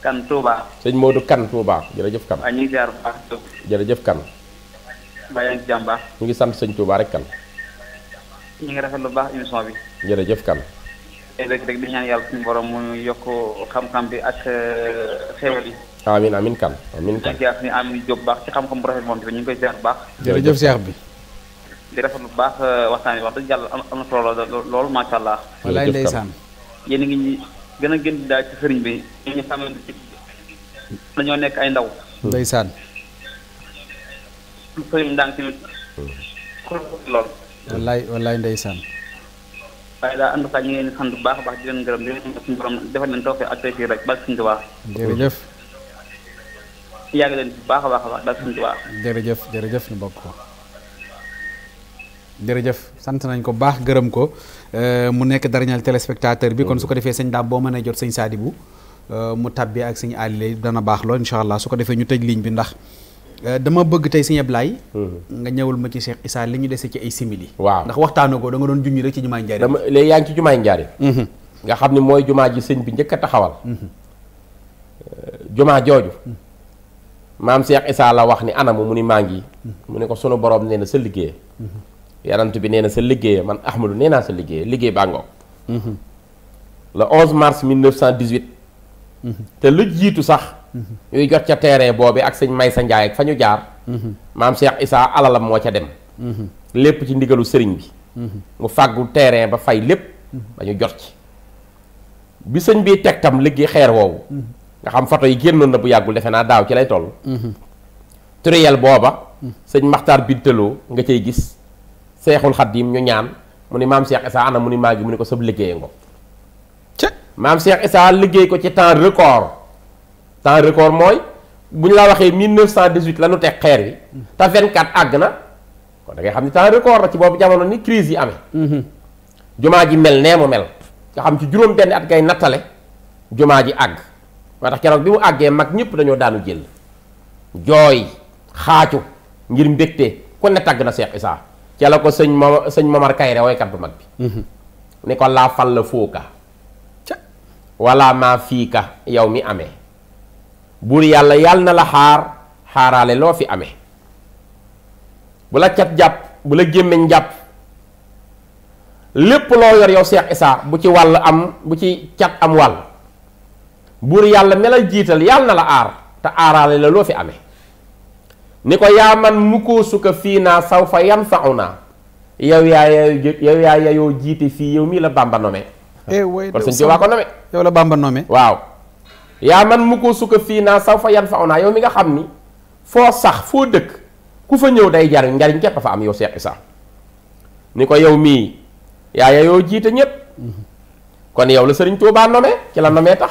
Kan Touba. sëñ Modou Kan Touba jëf Kan. waaw jërëjëf Kan. bàyyi ci jàmm ngi sant sëñ Touba rek kan. ñu ngi rafet lu baax émission bi. jërëjëf kan. léegi rek di ñaan yàlla borom mu xam-xam bi ak euh, xéwal yi. amin amin kan amin kan. ñu ngi am jóg baax ci xam bu rafet moom tamit ñu koy seex bu baax. jërëjëf seex bi. di rafet lu baax euh, waxtaan bi wax dëgg yàlla am na solo loolu macha allah. walaay ndeysaan. yéen a ngi gën a gën daal ci sëriñ bi. ñu ngi xamante dañoo nekk ay ndaw. ndeysaan. sëriñ daan tamit lool wallaay wallaay ndeysaan waaye daal en sant baax a baax di leen gërëm di leen suñu borom defal ak tawfeex rek baax suñu tubaab jërëjëf yàgg baax a baax jërëjëf jërëjëf ñu bokk ko jërëjëf sant nañ ko baax gërëm ko euh, mu nekk dernier téléspectateur bi kon su ko defee sëñ daam boo mënee jot sëñ Sadibou euh, mu tabbi ak sëñ Aliou dana baax lool incha allah su ko defee ñu tëj ligne bi ndax Euh, dama bëgg tey si Ablaye mhm. nga ñëwul ma ci Cheikh Issa li ñu dese ci ay simili waaw ndax waxtaanu ko da doon junj rek ci jumaay njaari dama léegi yaa ngi ci jumaay njaari mhm. nga xam ne mooy jumaa ji sëñ bi njëkk a taxawal mhm. euh, jumaa jooju maam Cheikh Issa la wax ni anamu mu ni maa ngi mu ne ko sunu borom nee na sa liggéey yanant bi nee na sa liggéey man Ahmadou nee naa sa liggéey liggéey baa ngoog le 11 mars 1918 te lu jiitu sax ñuy jot ca terrain boobi ak sëñ Maysa Njaay ak fa ñu jaar maam Cheikh Issa alalam moo ca dem lépp ci ndigalu sëriñ bi mu fàggu terrain ba fay lépp ba ñu jot ci bi sëñ bi teg tam liggéey xeer woowu nga xam foto yi génnoon na bu yàggul defe naa daaw ci lay toll turiyel booba sëñ Maxtaar Bintaloo nga cay gis seexul xaddiim ñu ñaan mu ni maam Cheikh Issa ana mu ni maa mu ni ko sab liggéeya ngo maam Cheikh Issa liggéey ko ci temps record temps record mooy bu ñu la waxee 1918 la ñu teg xeer yi te 24 àgg na kon da ngay xam ne temps record la ci boobu jamono ni crise yi amee mhm. jumaa ji mel nee mu mel nga xam ci juróom benn at ngay nattale jumaa ji àgg moo tax keroog bi mu àggee mag ñëpp dañoo daanu jël jooy xaacu ngir mbégte ku ne tàgg na Cheikh Issa ca la ko sëñ Momar sëñ Momar Kayre woykat bu mag bi mhm. ni ko laa fal la fooka wala maa fii ka yow mi amee buur yàlla yàll na la xaar xaaraale loo fi ame bu la cat jàpp bu la gémmiñ jàpp lépp loo yor yow Cheikh Issa bu ci wàll am bu ci cat am wàll buur yàlla me la jiital yàll na la aar te aaraale la loo fi ame ni ko yaa man mukkuusuka fii naa saw fa yan faxu naa yow yaa yow jiite fii yow mii la eh, la bàmba nome waaw yaa man mu ko sukka fii naa saw fa yan fa onaa yow mi nga xam ni foo sax foo dëkk ku fa ñëw day jariñ njariñ képp fa am yow Cheikh Issa ni ko yow mii yaa yayoo jiite ñépp kon yow la sëriñ Tuubaa nomee ci la nomee tax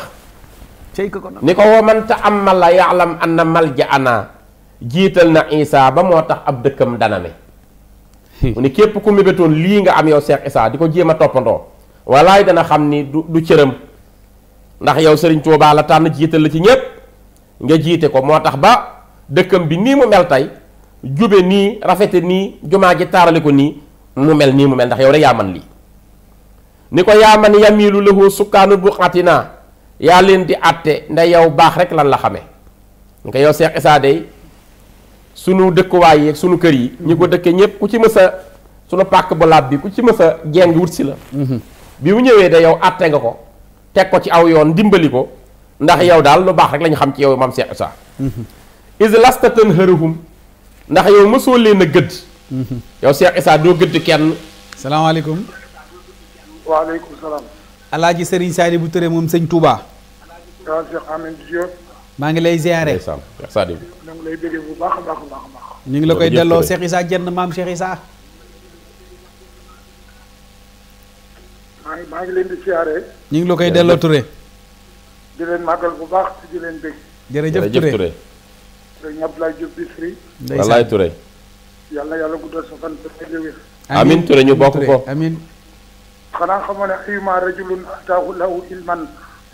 ni ko wa man ta am ma la yaalam anna malja jiital na Issa ba moo tax ab dëkkam daname hmm. mu ni képp ku mébétoon lii nga am yow Cheikh Issa di ko jéem a toppandoo walaay dana xam ni du du cëram ndax yow sëriñ Tuubaa la tànn jiital la ci ñépp nga jiite ko moo tax ba dëkkam bi nii mu mel tey jube nii rafete nii jumaa ji taarale ko nii mu mel nii mu mel ndax yow rek yaa ni ko yaa man yamiilu lahu sukkaanu buqatina yaa leen di àtte nda yow baax rek lan la xame nga yow Seex Isaa dey sunu dëkkuwaay yi sunu kër yi ñi ko dëkkee ñépp ku ci mës a sunu pàkk bu laab bi ku ci mës a jeng wut si la mm-hmm. bi mu ñëwee de yow àtte nga ko teg ko ci aw yoon dimbali ko ndax yow daal lu baax rek lañ xam ci yow maam Cheikh Issa mhm. is lastatan hërahum ndax yow mësoo leen a gëdd mhm. yow Cheikh doo gëdd kenn salaamaaleykum waaleykum salaam alaaji sëriñ Saalibu moom sëñ Touba maa ngi lay ziare ñu ngi lay bëggee ngi la koy delloo Cheikh Issa jenn maam Cheikh Issa maa maa ngi leen di ñu ngi lu koy delloo Touré. di leen màggal bu baax di leen bég. jërëjëf Touré jërëjëf Touré. sëñ Abdoulaye yàlla yàlla guddal sa fan te fay wér. ñu bokk ko amiin. xanaa xamoo ne ayuma rajulun ataahu lahu ilman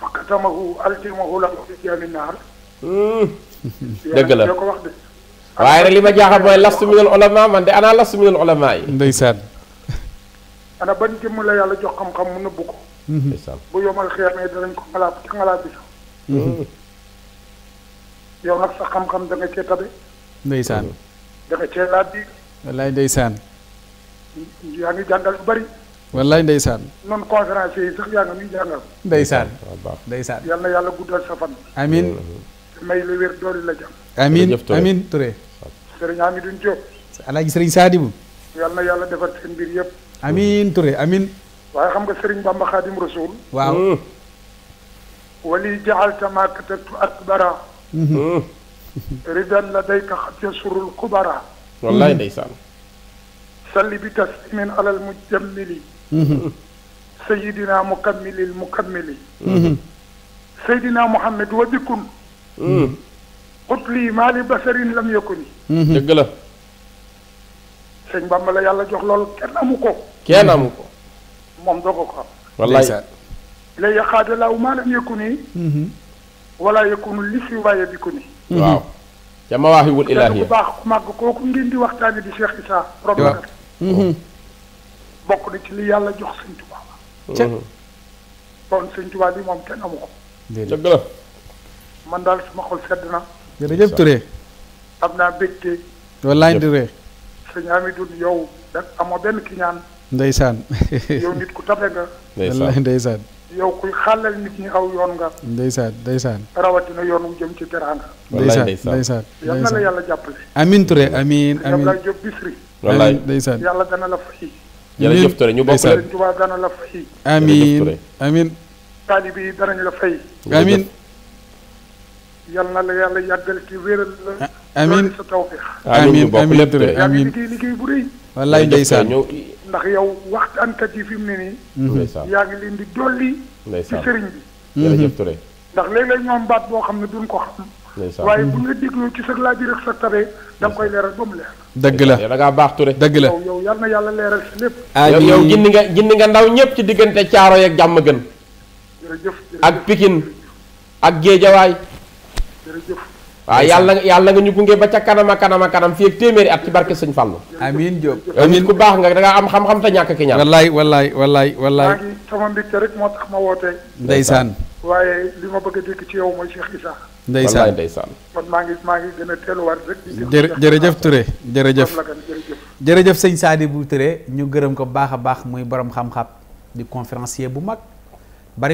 fakatamahu altimahu lahu fi jaami naar. Hmm. dëgg la waaye nag li ma jaaxal mooy lastu minal ulama man de ana lastu minal ulama yi. ndeysaan. ana ban jëmm la yàlla jox xam-xam mu nëbbu ko. Mhm. bu yomal xeemee danañ ko ngalaat ci ngalaat bi sax. Mhm. yow nag sa xam-xam da nga cee tabe. ndeysaan. da nga cee laaj bi. wallaay ndeysaan. yaa ngi jàngal lu bari. wallaay ndeysaan. non conférence yi sax yaa ngi ñuy jàngal. ndeysaan ndeysaan. yal na yàlla guddal sa fan. amiin. may lu wér dooli la jàmm. amiin amiin Touré. sëriñ Amidou Diop. Alaaji sëriñ Sadibou. yal na yàlla defar seen mbir yëpp. amiin Touré amiin. waaye xam nga Serigne Bamba Khadim Rasoul. waaw. Mm. wali jaalta maa katabtu akbara. Mm-hmm. Mm. ridan ladayka xat yasurul kubara. wallaay mm. ndeysaan. salli bi taslimin alal mujammili. Mm-hmm. sayidina mukammilil mukammili. Mm-hmm. sayidina Muhammad wa bikun. qutli maali basarin lam yakuni. dëgg la. sëñ Bamba la yàlla jox loolu kenn amu ko. kenn amu ko. moom doo ko xam. wallaay lay yaxaade laaw maa yëkku nii. Mhm. wala yëkkunu li si waaye bi mhm. ku nii. waaw. ca mawaahiwul ilaahiya bu baax ku màgg kooku ngeen di waxtaanee di Cheikh Issa. problème mhm. bokk na ci li yàlla jox sëñ Tuubaa. kon sëñ Tuubaa bi moom kenn amu ko. man daal sama xol sedd na. jërëjëf Touré. am naa mbégte. wallaay Touré. sëñ Amidou yow rek amoo benn kiñaan ndeysaan yow nit ku tabe nga ndeysaan ndeysaan yow kuy xàllal nit ñi aw yoon nga ndeysaan ndeysaan rawatina yoonu jëm ci teraanga ndeysaan ndeysaan yal na la yàlla jàppale amin Touré amin amin lay job bisri wallaay ndeysaan yàlla dana la fay jërëjëf Touré ñu bokk leen la fay amin amin yi danañ la fay amin yal na la yàlla yàggal ci wéral la. Ah, amiin sa tawfeex. amiin amiin amiin liggéey liggéey bu rëy. wallaay ndeysaan ndax yow waxtaankat yi fi mu ne nii. Mhm. yaa ngi leen di dolli. ci sëriñ bi. Mhm. ndax léeg-léeg ñoom boo xam ne duñ ko xam. waaye bu la dégloo ci sa sa tabee da nga koy leeral ba mu leer. dëgg la da ngaa baax Touré dëgg la yow yal na yàlla leeral si lépp. amiin yow gindi nga gindi nga ndaw ñëpp ci diggante caaro yeeg jàmm gën. ak Pikine ak Géejawaay waaw yàlla yàlla nga ñu gunge ba ca kanam a kanam a kanam fii ak téeméeri at ci barke sëñ Fallou amiin Diop amiin ku baax nga da am xam-xam te ñàkk ki ñaan wallaay wallaay wallaay wallaay maa ngi sama mbégte rek moo tax ma wootee waaye li yow mooy Cheikh Issa ndeysaan ndeysaan maa ngi maa ngi gën a jërëjëf Touré jërëjëf jërëjëf sëñ bu Touré ñu gërëm ko baax a baax muy borom xam-xam di conférencier bu mag bari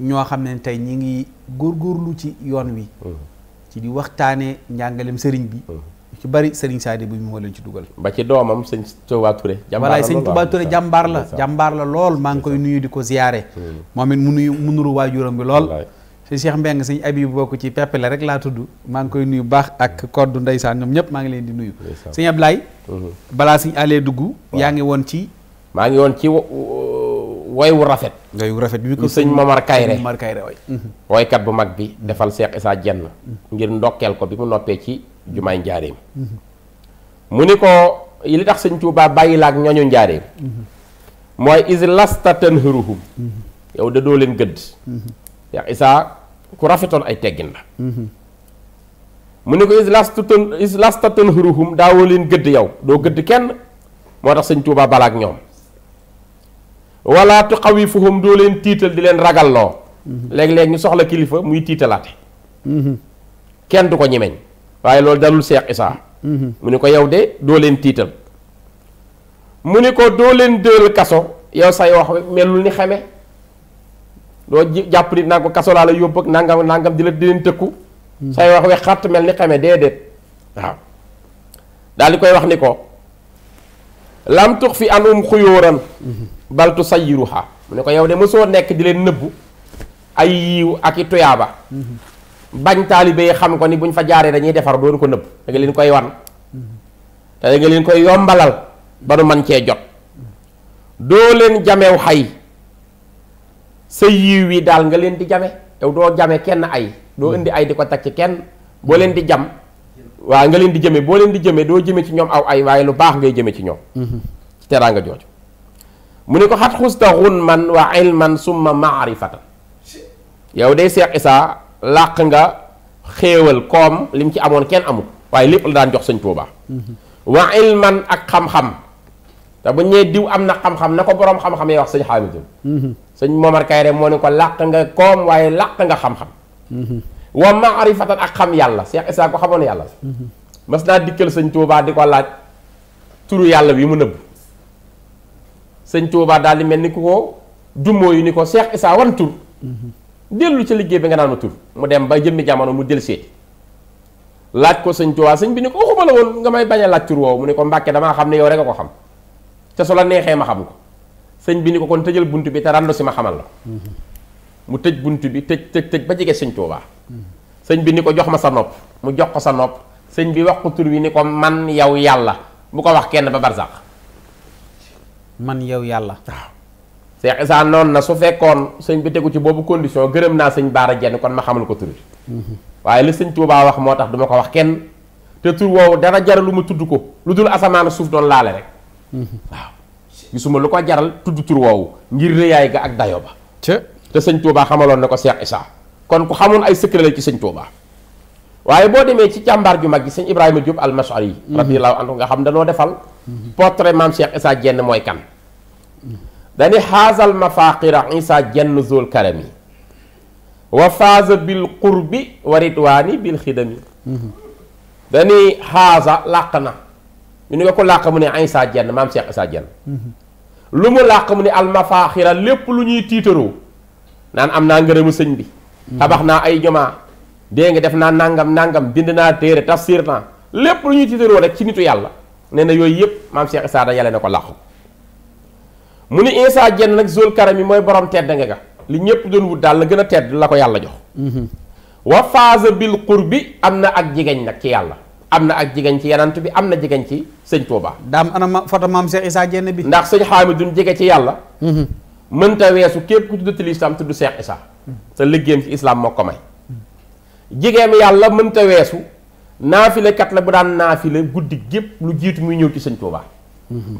ñoo xam ne tey ñi ngi góor góorlu ci yoon wi mm-hmm. ci di waxtaane njàngalem sëriñ bi mm-hmm. ci bari Serigne Saadi bi moo leen ci dugal. ba ci doomam sëñ Touba Touré. jàmbaar la sëñ jàmbaar la jàmbaar la lool maa ngi koy nuyu di ko ziyaare. Mm-hmm. moom it mu nuyu mu nuru waajuram bi lool. si Cheikh Mbeng sëñ Habib bokk ci pepp la rek laa tudd maa ngi koy nuyu baax ak koddu ndeysaan ñoom ñëpp maa ngi leen di nuyu. sëñ Ablaye. balaa sëñ Allé dugg. yaa ngi woon ci. maa ngi woon ci way wu rafet. way wu rafet sëñ Momar Kayre Momar Kayre mhm. bu mag bi defal Cheikh Issa Dieng ngir ndokkeel ko bi mu noppee ci jumaay njaareem. Mhm. mu ni ko li tax sëñ Touba bàyyi la ak ñooñu njaareem. Mhm. mooy is lasta tanhiruhum yow da doo leen gëdd. Cheikh Issa ku rafetoon ay teggin la. mu ni ko is lasta tan is lasta tanhiruhum leen gëdd yow doo gëdd kenn moo tax sëñ Touba bala ak ñoom. wala tuxawifuhum doo leen tiital di leen ragalloo mhm. léeg-léeg ñu soxla kilifa muy tiitalaate mhm. kenn du ko ñemeñ waaye loolu dalul Seex Isaa mhm. mu ni ko yow de doo leen tiital mu ni ko doo leen dëral kaso yow say wax melul ni xeme doo jàpp nit naa ko kaso laa la yóbbu nangam nangam di la di leen tëkku say wax we xàtt mel ni xeme déedéet waaw daal di koy wax ni ko lam tux fi anum xuyóoran baltu sayyiruha mu ne ko yow de mosoo nekk di leen nëbbu ay yiiw ak i tuyaaba bañ taalibe xam ko ni buñ fa jaaree dañuy defar doon ko nëbb da nga leen koy wan te nga leen koy yombalal ba nu man cee jot doo leen jamew xay sa yiiw wi daal nga leen di jame yow doo jame kenn ay doo indi ay di ko takk ci kenn boo leen di jam waaw nga leen di jëmee boo leen di jëmee doo jëmee ci ñoom aw ay waaye lu baax ngay jëmee ci ñoom mm-hmm. ci teraanga jooju mu ne ko xat xusta man wa ilman summa yow day Seex Isaa làq nga xéewal koom lim ci amoon kenn amul waaye lépp la daan jox sañ Tuubaa mm-hmm. wa ilman ak xam-xam te bu ñee diw am na xam-xam na ko boroom xam-xam yi wax sëñ Xaamidu mm-hmm. sëñ Momar Kayre moo ne ko làq nga koom waaye làq nga xam-xam wa fatal ak xam yàlla Cheikh Issa ko xamoon yàlla mas naa dikkal sëñ Touba di ko laaj turu yàlla wi mu nëbb sëñ Touba daal di mel ni ku ko dummoo yu ni ko Cheikh Issa wan tur dellu ci liggéey bi nga naan ma tur mu dem ba jëmmi jamono mu del seeti laaj ko sëñ Touba sëñ bi ni ko waxuma la woon nga may bañ a laaj tur woowu mu ne ko Mbàkke damaa xam ne yow rek a ko xam te solo neexee ma xam ko sëñ bi ni ko kon tëjal bunt bi te randu si ma xamal la mu tëj bunt bi tëj tëj tëj ba jege sëñ Tuubaa sëñ bi ni ko jox ma sa nopp mu jox ko sa nopp sëñ bi wax ko tur wi ni ko man yow yàlla bu ko wax kenn ba barsàq man yow yàlla waaw Cheikh Issa na su fekkoon sëñ bi tegu ci boobu gërëm naa sëñ Baara Jenn kon ma xamal ko tur wi mhm. waaye li sëñ Tuubaa wax moo tax duma ko wax kenn te tur woowu dara jaral lu ma tudd ko lu dul asamaan suuf doon laale rek mhm. waaw gisuma lu ko jaral tudd tur woowu ngir rëyaay ga ak dayo ba te sëñ Touba xamaloon na ko Cheikh Issa kon ku xamoon ay secret la ci sëñ Touba waaye boo demee ci càmbaar ju mag gi sëñ Ibrahima Diop al-Mashari yi mhm. radiyallahu anhu nga xam danoo defal mhm. portrait maam Cheikh Issa Diène mooy kan mhm. dani xaasal mafaqira Issa Diène zul karami wa faaza bil qurbi wa ridwaani bil xidami dani làq na ñu ni nga ko làq mu ne Issa Diène maam Cheikh Issa Diène lu mu làq mu ne al lépp lu ñuy tiitaroo naan am naa ngërëmu sëñ bi tabax naa ay jumaa dégg nga def naa nangam nangam bind naa téere tafsir naa lépp lu ñuy tiitaroo rek ci nitu yàlla nee na yooyu yëpp maam Cheikh Issa da ne ko làqu mu ni Issa Diène nag zol karam yi mooy borom tedd nga ga li ñëpp doon wut daal la gën a tedd la ko yàlla jox mhm. wa faasa kur bi am na ak jigéen nag ci yàlla am na ak jigéen ci yenant bi am na jigéen ci sëñ Touba. daam ana foto maam Cheikh Issa Diène bi ndax sëñ Hamidou jege ci yàlla mhm. mënta weesu képp ku tudd ci lislaam tudd Seex Isaa te liggéeyam ci islaam moo ko may jigéen yàlla mënta weesu naafile kat la bu daan naafile guddi gépp lu jiitu muy ñëw ci sëñ Tuubaa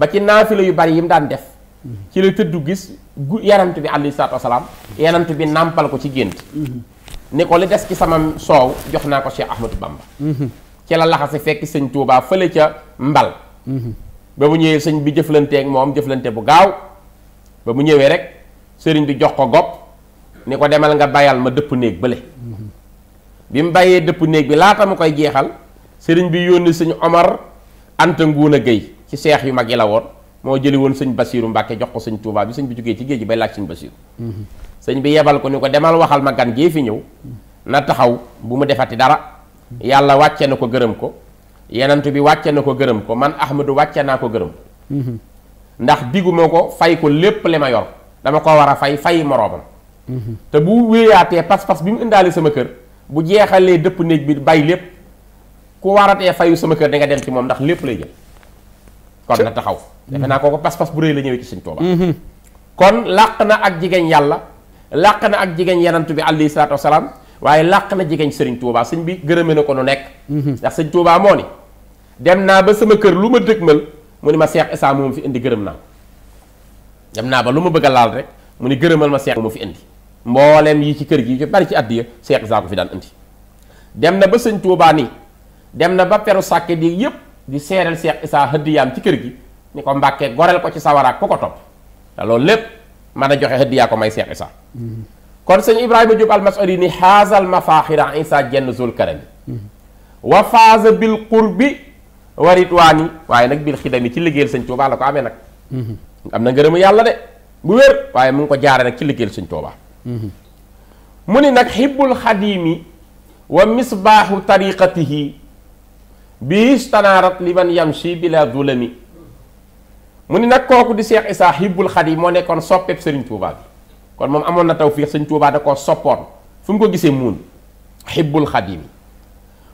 ba ci naafile yu bari yi mu daan def ci la tëddu gis gu yanant bi alayhi salaatu wasalaam bi nàmpal ko ci gént ni ko li des ci sama soow jox naa ko Cheikh Ahmadou Bamba ci la laxasi fekk sëñ Tuubaa fële ca mbal ba mu ñëwee sëñ bi jëflanteek moom jëflante bu gaaw ba mu ñëwee rek sëriñ bi jox ko gopp ni ko demal nga bayal ma dëpp néeg bële bi mu bàyyee dëpp néeg bi laata mu koy jeexal sëriñ bi yónni sëñ Omar Anta Nguuna Gueye ci seex yu mag yi la woon moo jëli woon sëñ Basiiru Mbàkke jox ko sëñ Tuubaa bi sëñ bi jógee ci géej gi bay laaj sëñ Basiiru sëñ bi yebal ko ni ko demal waxal ma gan gee fi ñëw na taxaw bu mu defati dara yàlla wàcce na ko gërëm ko yenantu bi wàcce na ko gërëm ko man Ahmadu wàcce naa ko gërëm ndax diguma ko fay ko lépp li ma yor dama ko war a fay fay moroomam te bu wéyaatee pas-pas bi mu indaale sama kër bu jeexalee dëpp néeg bi bay lépp ku waratee fayu sama kër danga nga dem ci moom ndax lépp lay jël kon na taxaw defe naa ko pas-pas bu rëy la ñëwee ci Sëñ Tuuba mm-hmm. kon làq na ak jigéen yàlla làq na ak jigéen yenant bi alayhi salaatu wasalaam waaye làq na jigéen sëriñ Tuuba sëñ bi gërëme na ko nu nekk mm-hmm. ndax Sëñ Tuuba moo ni dem naa ba sama kër lu ma dëgmal mu ni ma Cheikh Issa moom fi indi gërëm naa dem naa ba lu ma bëgg laal rek mu ni gërëmal ma Cheikh moo fi indi mbooleem yii ci kër gi ci bari ci àddiya Cheikh Issa ko fi daan indi dem na ba sëñ Tuubaa nii dem na ba peru sàkke di yépp di seereel Cheikh Issa hëddiyaam ci kër gi ni ko mbàkkee goreel ko ci sawaraak ku ko topp te loolu lépp mën a joxe hëddiyaa ko may seex Issa kon sëñ Ibrahima Diop almasori ni xaasal ma Issa jenn zul karami wa faaza warit waa ni waaye nag bil xidami ci liggéeyal sëñ Tuubaa la ko amee nag mm-hmm. am na ngërëmu yàlla de bu wér waaye mu ngi ko jaare nag ci liggéeyal sañ Tuubaa mm-hmm. mu ni nag xibbul xadimi wa misbaaxu tariqatihi bi istanaarat liman yamshi bila dulami mu ni nag kooku di Seex Isaa xibbul xadim moo nekkoon soppeeb sëriñ Tuubaa bi kon moom amoon na tawfiix sëñ Tuubaa da koo soppoon fu mu ko gisee muun xibbul xadimi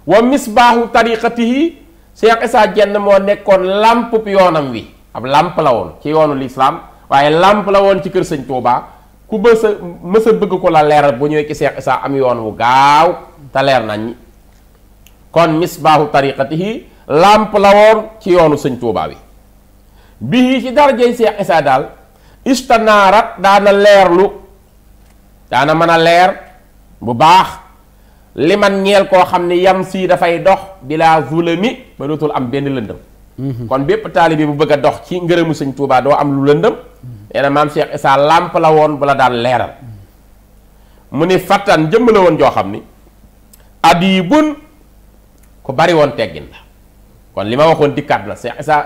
wa misbaaxu tariqatihi Cheikh Issa moo nekkoon làmp yoonam wi ab làmp la woon ci yoonu lislaam waaye làmp la woon ci kër sëñ Touba ku mës a mës bëgg ko la leeral bu ñëwee ci Cheikh am yoon wu gaaw te leer nañ kon misbaahu tariqatihi làmp la woon ci yoonu sëñ Touba wi bii ci darajey Cheikh Issa daal istanaarat daana leerlu daana mën a leer bu baax li man ñeel koo xam ne yam si dafay dox bilaa zulami ba dootul am benn lëndëm mhm. kon bépp taalibe bu bëgg a dox ci ngërëmu sëñ Tuubaa doo am lu lëndëm mhm. nee maam Cheikh Issa làmp la woon bu la daan leeral mu ni fattan jëmm la woon joo xam ni adibun ku bari woon teggin la kon li ma waxoon dikkaat na Cheikh Issa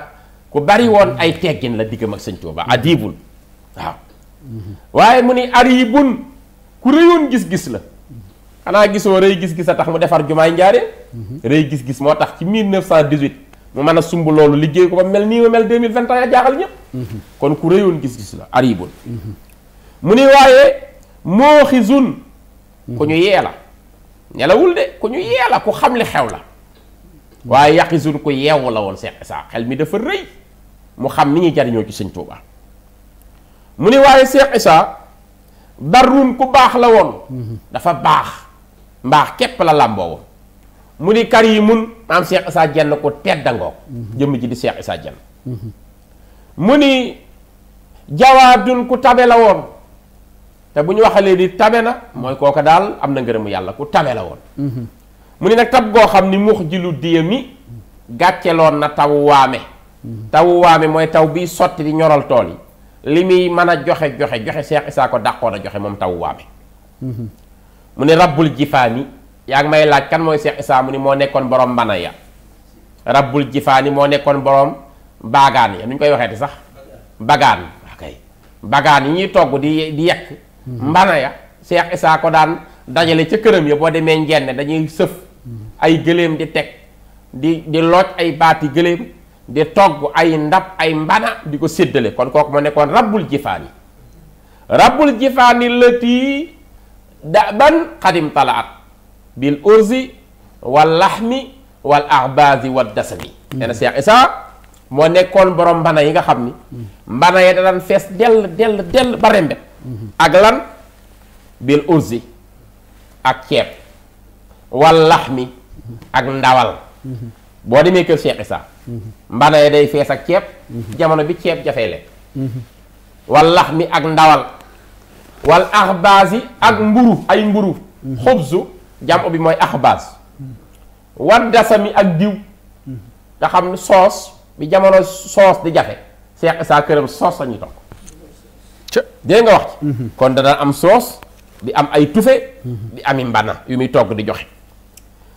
ku bari woon ay teggin la diggam ak sëñ Tuubaa adibun waaw mhm. waaye mu ni aribun ku rëyoon gis-gis la xanaa gisoo rëy gis-gis a tax mu defar jumaay njaaree rëy gis-gis moo tax ci 1918 mu mën a sumb loolu liggéey ko ba mel nii ma mel 2021 a jaaxal ñëpp kon ku rëyoon gis-gis la aribun mu ni waaye mooxizun ku ñu yee la ñelawul de ku ñu yee la ku xam li xew la waaye yaqizun ku yeewu la woon Seex Isaa xel mi dafa rëy mu xam ni ñuy jariñoo ci sëñ Tuubaa mu ni waaye Seex Isaa darrun ku baax la woon dafa baax mbaax képp la làmboowu mu ni kar yi mun maam Cheikh Issa Diène ko teddangoo mhm. jëmm ji di Cheikh Issa Diène mhm. mu ni jawaadun ku tabe la woon te bu ñu waxalee ni tabe na mooy kooka daal am na ngërëmu yàlla ku tabe la woon mhm. mu ni nag tab goo xam ni mux ji lu diyami gàcceloon na taw waame taw waame mooy taw bi sotti di ñoral tool yi li muy mën a joxe joxe joxe Cheikh Issa ko dàqoon a joxe moom taw waame mu ne rabbul jifaani yaa ngi may laaj kan mooy Cheikh Issa mu ni moo nekkoon borom mbana ya rabbul jifaani moo nekkoon boroom baagaan ya nu ñu koy waxeeti sax bagaan kay bagaan yi ñuy togg di di yekk mhm. mbana ya Cheikh Issa ko daan dajale ca këram ya boo demee ngenne dañuy sëf mhm. ay gëléem di teg di di looj ay baati gëléem di togg ay ndab ay mbana di ko séddale kon kooku moo nekkoon rabbul jifaani rabbul jifaani lëtii daban xadim talaat bil urzi wal laxmi wal ahbazi wad dasami hmm. nee na Cheikh Issa moo nekkoon borom mbana yi nga xam ni hmm. mbana ya daan fees dell dell dell ba rembet hmm. ak lan bil urzi ak ceeb wal laxmi ak ndawal boo demee kër Cheikh Issa mbana ya day fees ak ceeb jamono bi ceeb jafee lekk wal ak ndawal wal axbaasi ak mburu ay mburu xubsu jàmm bi mooy axbaas war dasami ak diw nga xam soos bi jamono soos di jafe Cheikh Issa këram soos la togg dégg nga wax ci mhm. kon dana am soos di am ay tufe mhm. di ami mbana yu muy togg di joxe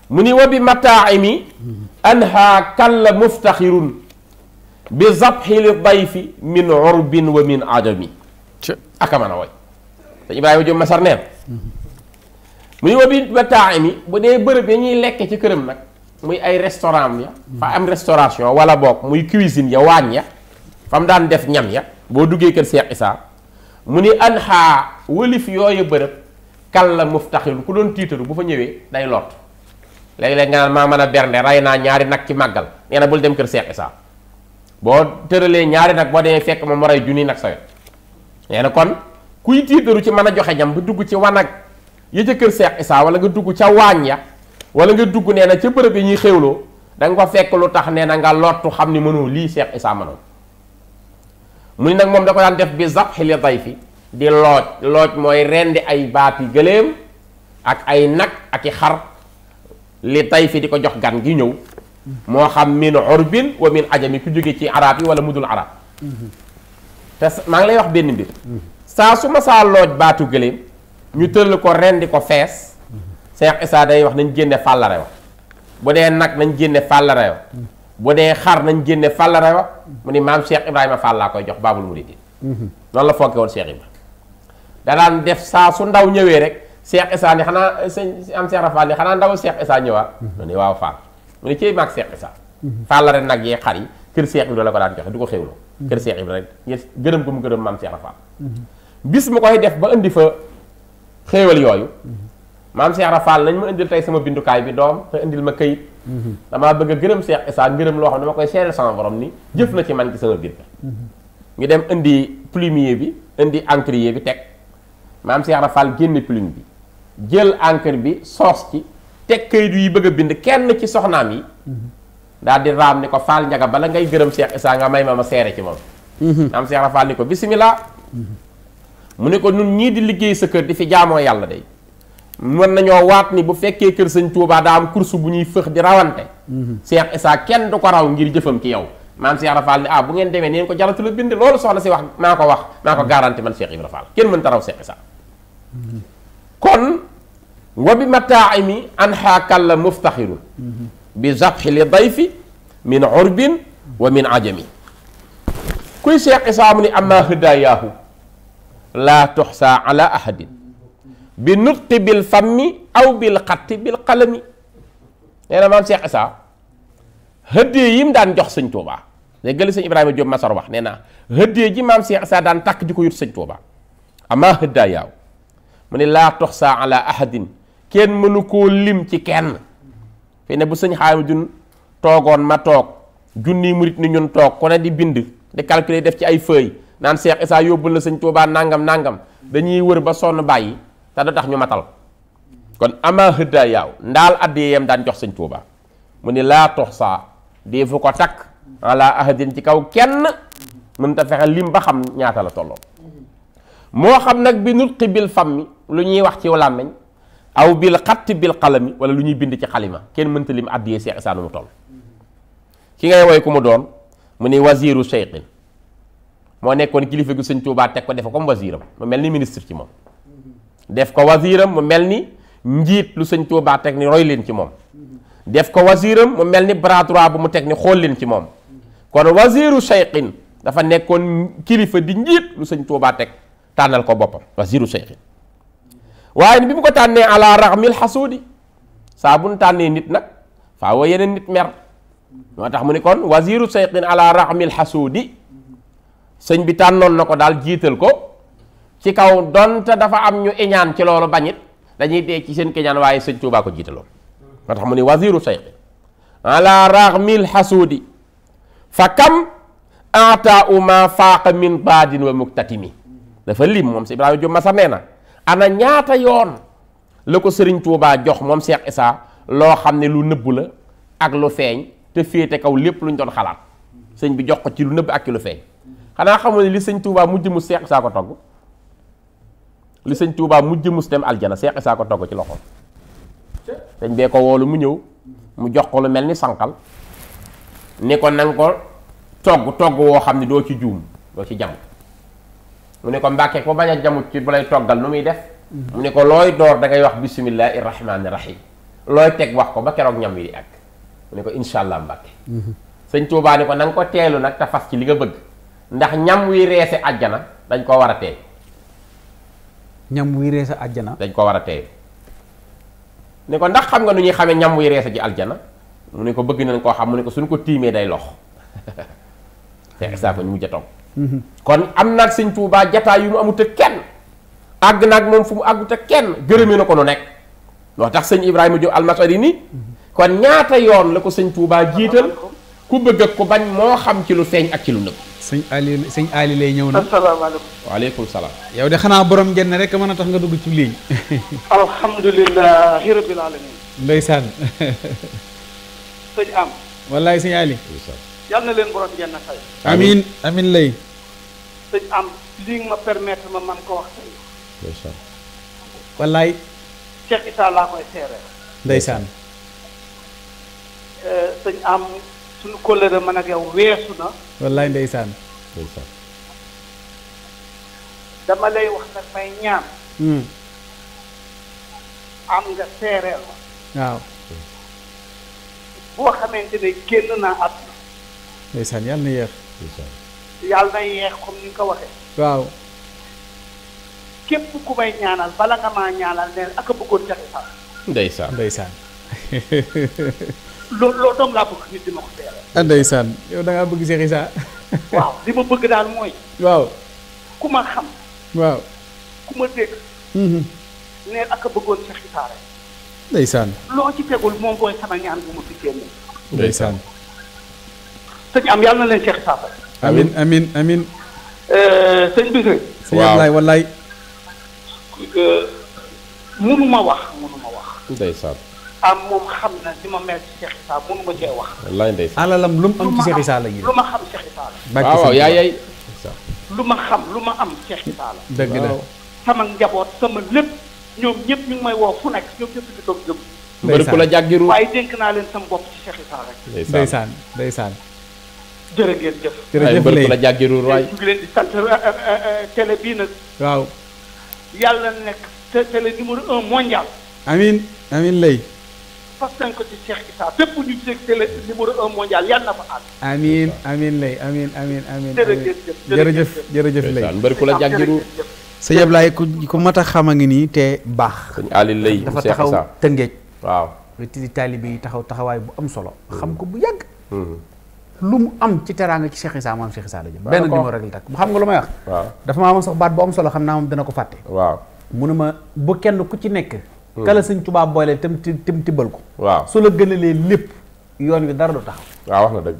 mu ni wa bi mataimi mhm. anha kalla muftaxirun bi zabxi li dayfi min urbin wa min adami ak woy sëñ Ibrahima Diop Masar neen mu ñu ba temps mi bu dee bërëb ya ñuy lekke ci këram nag muy ay restaurant ya fa am restauration wala boog muy cuisine ya waañ ya fa mu daan def ñam ya boo duggee kër Cheikh Issa mu ni anxaa wëlif yooyu bërëb kal la muftaxil ku doon tiitaru bu fa ñëwee day lot léeg-léeg nga naan maa mën a bernde rey naa ñaari nag ci màggal nee bul dem kër Cheikh Issa boo tëralee ñaari nag boo demee fekk ma mu rey junni nag sa kuy tiitaru ci mën a joxe ñam nga dugg ci wanag ya ca kër Seex Isaa wala nga dugg ca waañ ya wala nga dugg nee na ca bërëb yi ñuy xewloo da nga ko fekk lu tax nee na nga lottu xam ni mënoo lii Seex Isaa mënoon mu ni nag moom da ko daan def bi zabxi li dayfi di looj looj mooy rendi ay baat baati gëléem ak ay nag ak i xar li tay fi di ko jox gan gi ñëw moo xam min urbin wa min ajami ku jóge ci arab yi wala mudul arab mm-hmm. te maa ngi lay wax benn mbir mm-hmm. saa su ma saa looj baatu gëléem ñu tëll ko rendi ko fees Cheikh Issa day wax nañ génne fàllare wa bu dee nag nañ génne fàllare wa bu dee xar nañ génne fàllare wa mu ni maam Cheikh Ibrahima Fall laa koy jox baabul muridiin noonu la fonke woon Cheikh Ibrahima def saa ndaw ñëwee rek Cheikh Issa ni xanaa sëñ am Cheikh Rafal ni ndaw Cheikh Issa ñëwaat mu ni waaw Fall mu ni ciy fàllare nag yee xar yi kër Cheikh Ibrahima la ko daan joxe du ko xewloo kër Cheikh Ibrahima gërëm ko mu gërëm maam Cheikh Rafal bis mu koy def ba indi fa xéewal yooyu maam Cheikh Rafaal nañ ma indil tey sama bindukaay bi doom te indil ma kayit damaa bëgg a gërëm Cheikh Issa ngërëm loo xam ne dama koy seereel sama borom ni jëf na ci man ci sama bind dem indi plumier bi indi encrier bi teg maam Cheikh Rafaal génne plume bi bi soos ci teg kayit yi bëgg bind kenn ci soxnaam yi daal di raam ko faal njaga bala ngay gërëm Cheikh Issa nga may ma ma seere ci moom mhm. maam Cheikh Rafaal ni ko bisimilah mu ne ko nun ñii di liggéey sa kër di fi jaamoo yàlla day mën nañoo waat ni bu fekkee kër sëñ Touba daa am course bu ñuy fëx di rawante mhm. Cheikh Issa kenn du ko raw ngir jëfam ci yow maam Cheikh Ibra ah, bu ngeen demee neen ko jaratu la bind loolu si wax maa ko wax maa ko garanti man Cheikh Ibra Fall kenn mën ta raw Cheikh Issa mhm. kon wa bi mataimi anxaakalla muftaxirun mhm. bi zabxi li dayfi min urbin wa min ajami kuy Cheikh Issa mu ni amma hëddaayaahu laa tuxsa ala ahadin bi nutqi bil fammi aw bil xatti bil qalami nee maam Cheikh hëddee yim daan jox sëñ Tuuba léegi gëli sëñ Ibrahima Diop Masar wax nee na hëddee ji maam Cheikh Issa daan takk di ko yut sëñ Tuuba amaa hëddaa yaaw mu ne laa tuxsa ala ahadin kenn mënu koo lim ci kenn fii ne bu sëñ xaami jun toogoon ma toog junni murit ni ñun toog ku ne di bind di calculer def ci ay feuilles naan Cheikh Issa la sëñ Tuubaa nangam nangam dañuy wër ba sonn bàyyi te da tax ñu matal kon ama hëdda yaaw ndaal addiyeem daan jox sëñ Tuubaa mu ni laa tox saa dee fu ko takk ala ahadin ci kaw kenn mën ta fexe lim ba xam ñaata la tolloo moo xam nag bi nut xi bil fam mi lu ñuy wax ci làmmiñ aw bil xatti bil xalami wala lu ñuy bind ci xalima kenn mënta lim addiyee Cheikh Issa nu mu toll ki ngay woy ku mu doon mu ni wasiru cheikhin moo nekkoon kilifa gu sëñ Tuubaa teg ko defe comme wasiiram mu mel ni ministre ci moom def ko wasiiram mu mel ni njiit lu sëñ Tuubaa teg ni roy leen ci moom def ko wasiiram mu mel ni bras droit bu mu teg ni xool leen ci moom kon wasiiru cheykhin dafa nekkoon kilifa di njiit lu sëñ Tuubaa teg tànnal ko boppam wasiiru cheykhin waaye bi mu ko tànnee ala raxmil xasuudi saabu nu tànnee nit nag faawa yeneen nit mer moo tax mu ni kon wasiiru cheykhin ala raxmil xasuudi sëñ bi tànnoon na ko daal jiital ko ci kaw donte dafa am ñu iñaan ci loolu bañit dañuy dee ci seen kiñaan waaye sëñ Tuubaa ko jiitaloon moo tax mu ni waziru cheikh ala raxmil xasuudi fa kam ata dafa lim moom si nee na ana ñaata yoon la ko sëriñ Tuubaa jox moom Cheikh Issa loo xam ne lu nëbb la ak lu feeñ te féete kaw lépp luñ doon xalaat sëñ bi jox ko ci lu nëbb ak ci lu feeñ xanaa xamoon ne li sëñ Touba mujj mu Seex Isaa ko togg li sëñ Touba mujj mu dem aljana Seex Isaa ko togg ci loxoom sëñ bee ko lu mu ñëw mu jox ko lu mel ni sànqal ni ko nanga ko togg togg woo xam ne doo ci juum doo ci jam mu ne ko mbàkke ko bañ a jamut ci bu lay toggal nu muy def mu ne ko looy door da ngay wax bisimillahi rahmaani rahim looy teg wax ko ba keroog ñam wi di ak mu ne ko incha allah mbàkke mhm. sëñ Tuubaa ni ko na ko teelu nag te fas ci li nga bëgg ndax ñam wuy reese àjjana dañ koo war a teey ñam wuy reese àjjana dañ koo war a teey ne ko ndax xam nga nu ñuy xamee ñam wi reese ji aljana mu ne ko bëgg nañ koo xam mu ne ko suñ ko tiimee day lox te isaa ko ñu mujj a mhm. kon am naag sëñ Tuubaa jataay yu mu amut ak kenn àgg naag moom fu mu àggut ak kenn gërëme na ko nu nekk noo tax sëñ Ibrahima Diop yi ni kon ñaata yoon la ko sëñ Tuubaa jiital ku bëgg ak ku bañ moo xam ci lu feeñ ak ci lu nëbb sëñ Ali sëñ Ali lay ñëw na. asalaamaaleykum. waaleykum salaam. yow de xanaa borom ngeen rek mën a tax nga dugg ci ligne. alhamdulilah rabbil alamin. ndeysaan. sëñ am. wallaay sëñ Ali. yal na leen borom ngeen na fay. amiin amiin lay. sëñ am lii ma permettre ma man ko wax tey. wallaay. Cheikh Issa laa koy seere. ndeysaan. Eh, sëñ am. suñu kóllëre man ak yow weesu na. wallaay ndeysaan. ndeysaan. dama lay wax nag may ñaan. Hmm. am nga seereel ma. waaw. boo xamante ne génn naa at. ndeysaan yàlla na yeex. yàlla na yeex comme ni nga ko waxee. waaw. képp ku ñaanal bala nga maa ñaanal neen ak a bëggoon jafe sax. ndeysaan. lool loolu dong laa bëgg nit di ma ko seere. Ah, ndeysaan yow da bëgg Cheikh Issa. waaw li ma bëgg daal mooy. waaw ku ma xam. waaw ku ma dégg. Mm-hmm. ne ak a bëggoon Cheikh Issa rek. ndeysaan loo ci tegul moom mooy sama ñaan bu ma fi génne. ndeysaan. sëñ am yàlla na leen Cheikh Issa fay. amiin amiin amiin. Euh, sëñ bi waaw wallaay euh, mënu wax mënu wax. ndeysaan. am moom xam na li ma mel ci moom Issa mënu ma cee wax. wallaay ndeysaan alalam lu mu am ci Cheikh la ñu. lu ma xam Cheikh Issa la. lu ma xam lu ma am Cheikh Issa la. dëgg la sama njaboot sama lépp ñoom ñëpp ñu may woo fu nekk ñoom ñëpp di toog jëm. la jàggiru waaye dénk naa leen sama bopp ci Cheikh Issa rek. ndeysaan ndeysaan. jërë ngeen jëf. jërëjëf bëri ku la jàggiru waay ñu ngi leen di sant euh, euh, euh, télé bii nag. waaw. yàlla nekk télé numéro mondial. fastan ko ci Cheikh Issa fépp ñu gisee télé jërëjëf jërëjëf jërëjëf lay. mbër ku la jàggiru. sëñ Ablaye ku ku mat a xam a ngi nii te baax. sëñ Aliou lay dafa taxaw tëngeej. waaw di taalibe yi taxaw taxawaay bu am solo. Hmm. xam ko bu yàgg. Hmm. lu mu am ci teraanga ci Cheikh Issa maam Cheikh Issa la jëm. benn numéro rek la takk xam nga lu may wax. waaw dafa maa amoon sax baat bu am solo xam naa moom dana ko fàtte. waaw mu ma bu kenn ku ci nekk Hmm. kala sañ Tuubaa boole tam ti tam tibbal ko. waaw su la gënalee lépp yoon wi dara du taxaw. waaw wax na dëgg.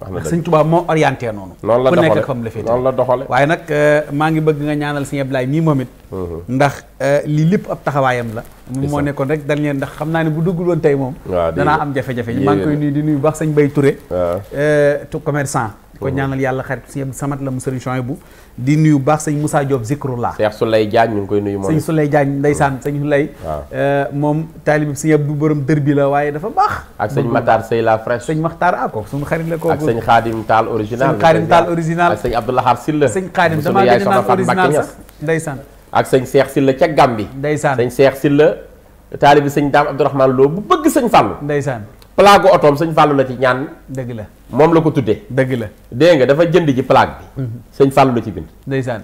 wax na dëgg sëñ Tuubaa moo orienté noonu. noonu la doxalee ku nekk fam la féetee noonu la doxalee. waaye nag euh, maa ngi bëgg nga ñaanal si Ablaye nii moom it. Hmm. ndax euh, lii lépp ab taxawaayam la. moom moo nekkoon rek dañ leen ndax xam naa ne bu duggul woon tey moom. danaa am jafe-jafe yi maa ngi koy nuyu di nuyu baax sañ Bay ture tout euh, commerçant. ko hmm. ñaanal yàlla xarit si samat la mu yi bu di nuyu baax sëñ Moussa Diop Zikrullah. Cheikh Souley Diagne ñu ngi koy nuyu moom. sëñ Souley Diagne ndeysaan sëñ Souley. waaw euh, moom taalib sëñ Abdou borom dër bi la waaye dafa baax. ak sañ Matar Sey la fraîche. sëñ Matar ah ko suñu xarit la kooku. ak sëñ Xaadim Taal original. sëñ Xaadim Taal original ak sëñ Abdou Lahad Sylla. sëñ Xaadim damaa gën a naan original sax ndeysaan. ak sëñ Cheikh Sylla ca Gambi. ndeysaan sëñ Cheikh Sylla taalib sëñ Daam Abdourahmane Lo bu bëgg sëñ Fallou ndeysaan plaque otoom sëñ Fallou la ci ñaan. dëgg la moom la ko tuddee. dëgg la dégg nga dafa jënd ji plaque bi. Mhm. sëñ Fallou la ci bind. ndeysaan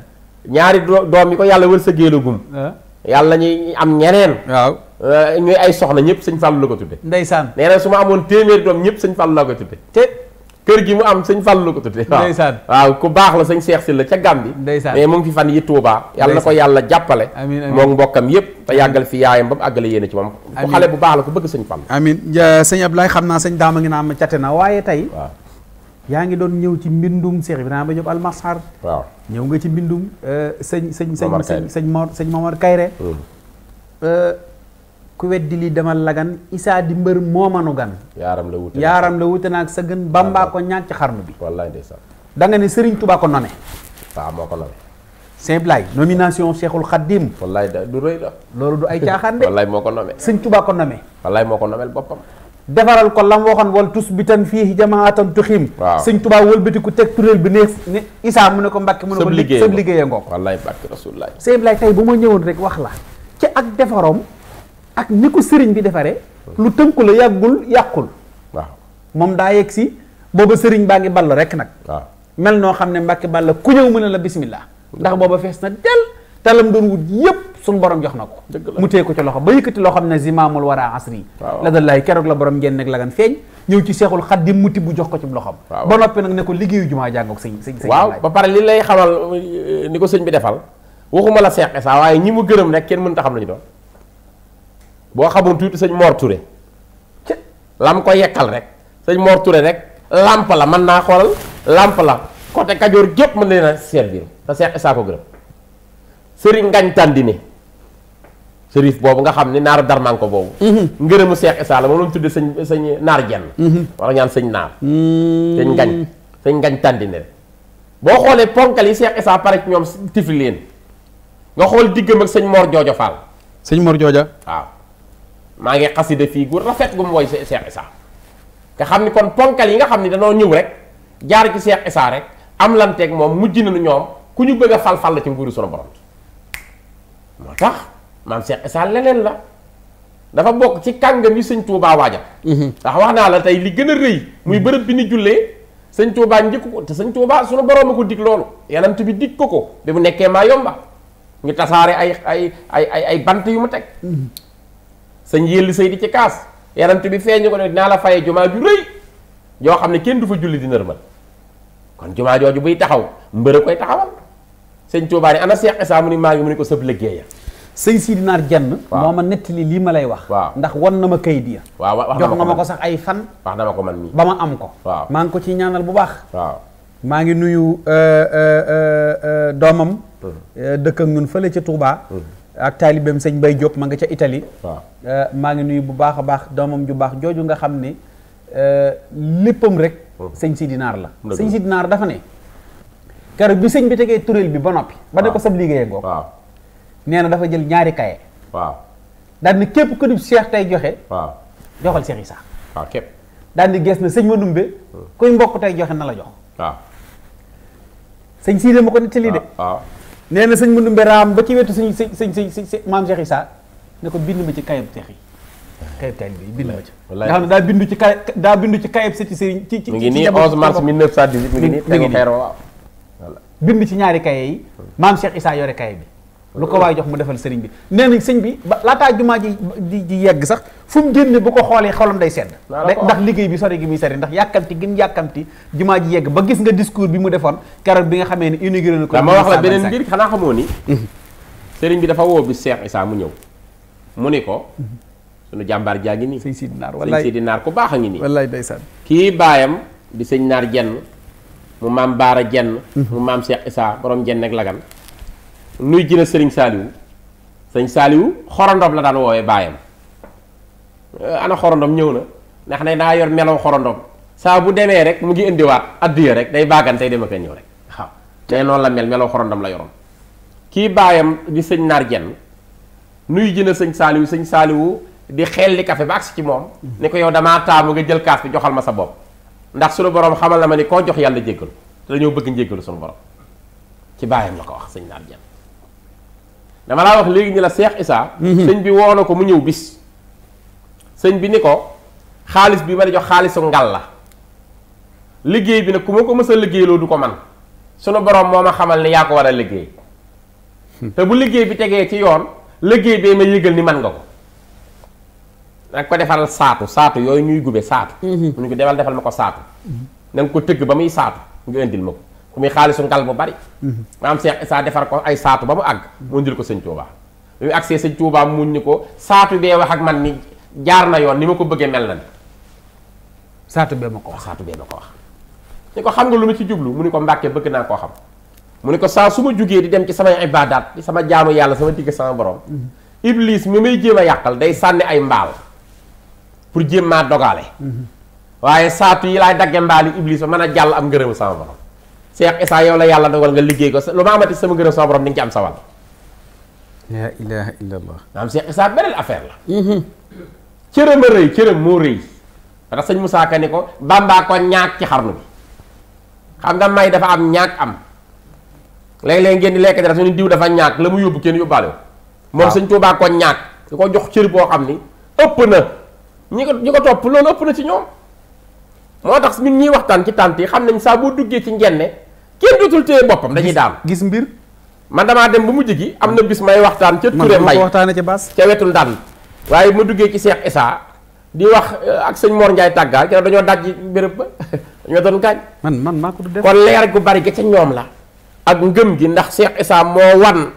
ñaari doom yi ko yàlla wërsëgee la gum. Ah. yàlla ñuy am ñeneen. waaw eh, ñuy ay soxna ñëpp sëñ Fallou la ko tuddee. ndeysaan nee na su ma amoon téeméeri doom ñëpp sëñ Fallou la ko tuddee. te. kër gi mu am sëñ Fall la ko tudde ndeysaan waaw ku baax la sëñ Cheikh si la ca Gàmbi ndeysaan mais mu ngi fi fan yi Touba yàlla na ko yàlla jàppale moom mbokkam yëpp te yàggal fi yaayam ba mu àggale yéene ci moom ku xale bu baax la ku bëgg sëñ Fall amin sëñ Abdoulaye xam naa sëñ daama ngi naa ma cate na waaye tey yaa ngi doon ñëw ci mbindum Cheikh Ibrahima Diop almasar waaw ñëw nga ci mbindum sëñ euh, sëñ sëñ sëñ Momar sëñ Momar Kayre hmm. euh, ku weddi lii demal lagan isaa di mbër moo gan yaaram la wute yaaram la wute naag sa gën bambaa ko ñaag ci xarnu bi wallaay ndeysaan da nga ne sëriñ tubaa ko none waaw moo ko none Saint-Blaye nomination Cheikhul Khadim wallaay da du rëy la loolu du ay caaxaan de wallaay moo ko nome sëñ tubaa ko nome wallaay moo ko nomel boppam defaral ko lam waxoon wal tus bi tam fii jamaatan tuxim waaw sëñ tubaa wëlbatiku teg turéel bi ne ne isaa mu ne ko mbàkke mu ne ko sëb liggéeya ngoo ko wallaay barke rasulullah Saint-Blaye tey bu ma ñëwoon rek wax la ci ak defaroom ak ni ko sëriñ bi defaree lu tënku la yàggul yàqul waaw moom daa yegg si booba sëriñ baa ngi ball rek nag waaw mel noo xam ne mbàkki ball ku ñëw mën a la bismillah ndax booba fees na del talam doon wut yëpp suñ borom jox na ko mu tee ko ci loxo ba yëkkati loo xam ne zimaamul war a asri la da lay keroog la borom ngeen nag lagan feeñ ñëw ci seexul xaddim muti bu jox ko ci loxom ba noppi nag ne ko liggéeyu jumaa jàngoog sëñ sëñ waaw ba pare li lay xamal euh, ni ko sëñ bi defal waxuma la seeqe saa waaye ñi mu gërëm rek kenn mën ta xam lañu doon boo xamoon tuuti sëñ Mor Touré lam ko yekkal rek sëñ Mor Touré rek làmp la mën naa xoolal làmp la côté Kajoor gépp mën leen a servir te Seex Isaa ko gërëm sëriñ Ngañ Tandine sërif boobu nga xam ni naaru darman ko boobu mhm. ngërëmu Seex Isaa la moom lañu tudde sëñ sëñ naar jenn mhm. wala ñaan sëñ naar mhm. sëñ Ngañ sëñ Ngañ Tandine boo xoolee ponkal yi Seex Isaa pare ci ñoom tifli leen nga xool diggam ak sëñ moor Joojo Fall sëñ Mor Jooja waaw maa ngi xasida fii gu rafet gu mu woy Cheikh Issa nga xam ni kon ponkal yi nga xam ni danoo ñëw rek jaar ci Cheikh Issa rek am lanteek moom mujj nañu ñoom ku ñu bëgg a fal-fal la ci nguuru sunu borom leneen la dafa bokk ci kàngam yi sëñ Touba waajal mhm. ndax wax naa la tey li gën a rëy muy mhm. bërëb bi ni jullee sëñ Touba njëkk ko te sañ Touba sunu borom a ko dig loolu yanant bi dig ko ko bi mu nekkee maa yomba ñu tasaare ay ay ay ay ay bant yu mu teg mhm. sa njëlli sëy di ci kaas yarant bi feeñu ko ne dinaa la faye jumaa ju rëy yoo xam ne kenn du fa julli di nërmal kon jumaa jooju buy taxaw mbër koy taxawal sëñ Tuubaa ni ana Seex Isaa mu ni maa ngi mu ni ko sëb liggéeya sëñ Sidi Naar Jenn moo ma nettali lii ma lay wax waaw ndax wan na ma kayit ya waaw jox na ma ko sax ay fan wax na ma ko man mii ba ma am ko waaw maa ngi ko ci ñaanal bu baax waaw maa ngi nuyu euh, euh, euh, doomam hmm. dëkk ak fa fële ca tuubaa hmm. ak taalibeem sëñ Bay Diop ma nga ca Italie. Euh, maa ngi nuyu bu baax a baax doomam ju baax jooju nga xam ne euh, léppam rek. Oh. sëñ si dinaar la. sëñ si dinaar dafa ne. keroog bi sëñ bi tegee tureel bi ba noppi. ba ne ko sab liggéeyee ngoog. nee na dafa jël ñaari kaye. waaw daal képp ku di seex tey joxe. waaw joxal seex Isaa. waaw képp daal di gees na sëñ ma numbe hmm. kuy mbokk tey joxe na la jox. sëñ si de ma ko nettali de. nee na sëñ Manoumbe raam ba ci wetu sëñ sëñ sëñ sëñ maam Cheikh Issa ne ko bind ma ci kayam teex yi. kayab taal bi bind ma ci. nga xam ne daa bindu ci kay daa bindu ci kayab ci sëriñ. ci ci mu ngi nii 11 mars 1918. mu ngi nii tegu xeer waaw. bind ci ñaari kaye yi. maam Cheikh Issa yore kaye bi. lu ko waay jox mu defal sëriñ bi nee sëñ bi ba laataa jumaa ji di di yegg sax fu mu génne bu ko xoolee xolam day sedd ndax liggéey bi sori gi muy sori ndax yàkkanti gin yàkkamti jumaa ji yegg ba gis nga discours bi mu defoon keroog bi nga xamee ne inauguré na ko dama wax la beneen mbir xanaa xamoo ni mhm. sëriñ bi dafa woo bi Cheikh Issa mu ñëw mu ni ko mhm. sunu jàmbaar jaa ngi nii sëñ Naar wallaay sëñ Sidi Naar ku baax a ngi nii wallaay ndeysaan kii baayam di sëñ Naar jenn mu maam Baara jenn mhm. mu maam Cheikh Issa borom jenn ak lagan nuy jina sëriñ Saaliwu sëñ Saaliwu xorandoom la daan woowee baayam Euh, ana xorondom ñëw na ndax ne naa yor melaw xorondom saa bu demee rek mu ngi indiwaat addiya rek day baagantey dem ak ñëw rek waaw te noonu la mel melaw xorondom la yoroon kii baayam di sëñ naar jenn nuy jëna sëñ saaliwu sëñ saaliwu di xel kafe ba ci moom ni ko yow damaa taamu nga jël kaas bi joxal ma sa bopp ndax sunu boroom xamal na ma ni koo jox yàlla jéggalu te dañoo bëgg njéggalu sunu borom ci baayam la ko wax sëñ naar jenn dama laa wax léegi ñu la Seex Isaa mhm. sëñ bi woo ko mu ñëw bis sëñ bi ni ko xaalis bi ma la jox xaalisu ngal la liggéey bi nag ku ma ko mës a liggéeyloo du ko man sunu borom moo ma xamal ni yaa ko war a liggéey hmm. te bu liggéey bi tegee ci yoon liggéey bee ma yëgal ni man nga ko nanga ko defal saatu saatu yooyu ñuy gube saatu hmm. mu ñu ko defal defal ma ko saatu hmm. na ko tëgg ba muy saatu nga indil ma ko ku muy xaalisu ngal bu bari maam Cheikh Issa defar ko ay saatu ba mu àgg mu indil ko sëñ Touba. bi mu agsee sëñ Touba muñ ni ko saatu bee wax ak man ni jaar na yoon ni ma ko bëggee mel na ni saatu bee ma ko wax saatu bee ma ko wax ñu ko xam nga lu ma ci jublu mu ni ko mbàkke bëgg naa ko xam mu ne ko saa su ma jugee di dem ci samay ibaadaat di sama jaamu yàlla sama digg sama borom mm-hmm. iblis mi may jéem a yàqal day sànni ay mbaal pour jéem maa dogaale mm-hmm. waaye saatu yi laay dagge mbaali iblis ba mën a jàll am ngërëmu sama borom Cheikh Issa yow la yàlla dogal nga liggéey ko lu ma amati sama ngërëm sama borom ni nga am sa wàll la la mm-hmm. cërëm a rëy cërëm moo rëy ndax sëñ Moussa Ka ni ko Bàmbaa ko ñaag ci xarnu bi xam nga may dafa am ñaag am léeg-léeg ngeen di lekk dara su ni diw dafa ñaag la mu yóbbu kenn yóbbaale ko moom sëñ Tuubaa ko ñaag su ko jox cër boo xam ni ëpp na ñi ko ko topp loolu ëpp na ci ñoom moo tax ñun ñuy waxtaan ci tànt yi xam nañ saa boo duggee ci ngenne kenn dootul téye boppam dañuy daam gis mbir man damaa dem bu mujj gi am na bis may waxtaan ca Touré Mbay waxtaane ca bas ca wetul waaye ma duggee ci Cheikh Issa di wax euh, ak sëñ Mor Ndiaye tàggaar keroog dañoo daj béréb ba dañoo doon gaañ. man man maa ko def kon leer gu bari gi ca ñoom la. ak ngëm gi ndax Cheikh Issa moo wan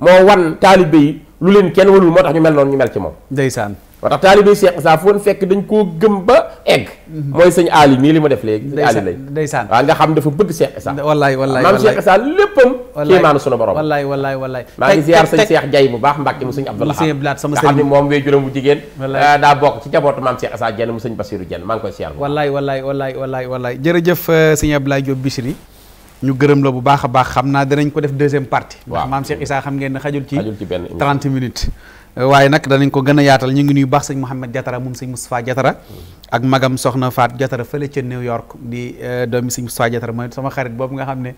moo wan taalibe yi lu leen kenn warul moo tax ñu mel noonu ñu mel ci moom. ndeysaan. moo tax taalibe Cheikh Issa foon fekk dañ koo gëm ba egg mhm. mooy sëñ Ali mii li ma def léegi Ali lay ndeysaan waaw nga xam dafa bëgg Cheikh Issa wallaay wallaay maam Cheikh Issa léppam kéemaanu sunu borom wallaay wallaay wallaay maa ngi ziar sëñ Cheikh Diaye baax Mbàkke mu sëñ Abdoulaye moom wéy juróom bu jigéen ah, daa bokk ci njabootu maam Cheikh Issa Diène mu sëñ Bassirou Diène maa ngi koy ziar wallaay wallaay wallaay jërëjëf euh, sëñ Abdoulaye Diop ñu gërëm la bu baax a baax xam naa danañ ko def deuxième partie ndax maam Cheikh Issa xam ngeen ne xajul ci 30 minutes waaye nag danañ ko gën a yaatal ñu ngi nuyu baax sëñ Mouhamed Diatara moom sëñ Moustapha Diatara ak magam soxna Faat Diatara fële ca New York di eh, doomi sëñ Moustapha Diatara mooy sama xarit boobu nga xam ne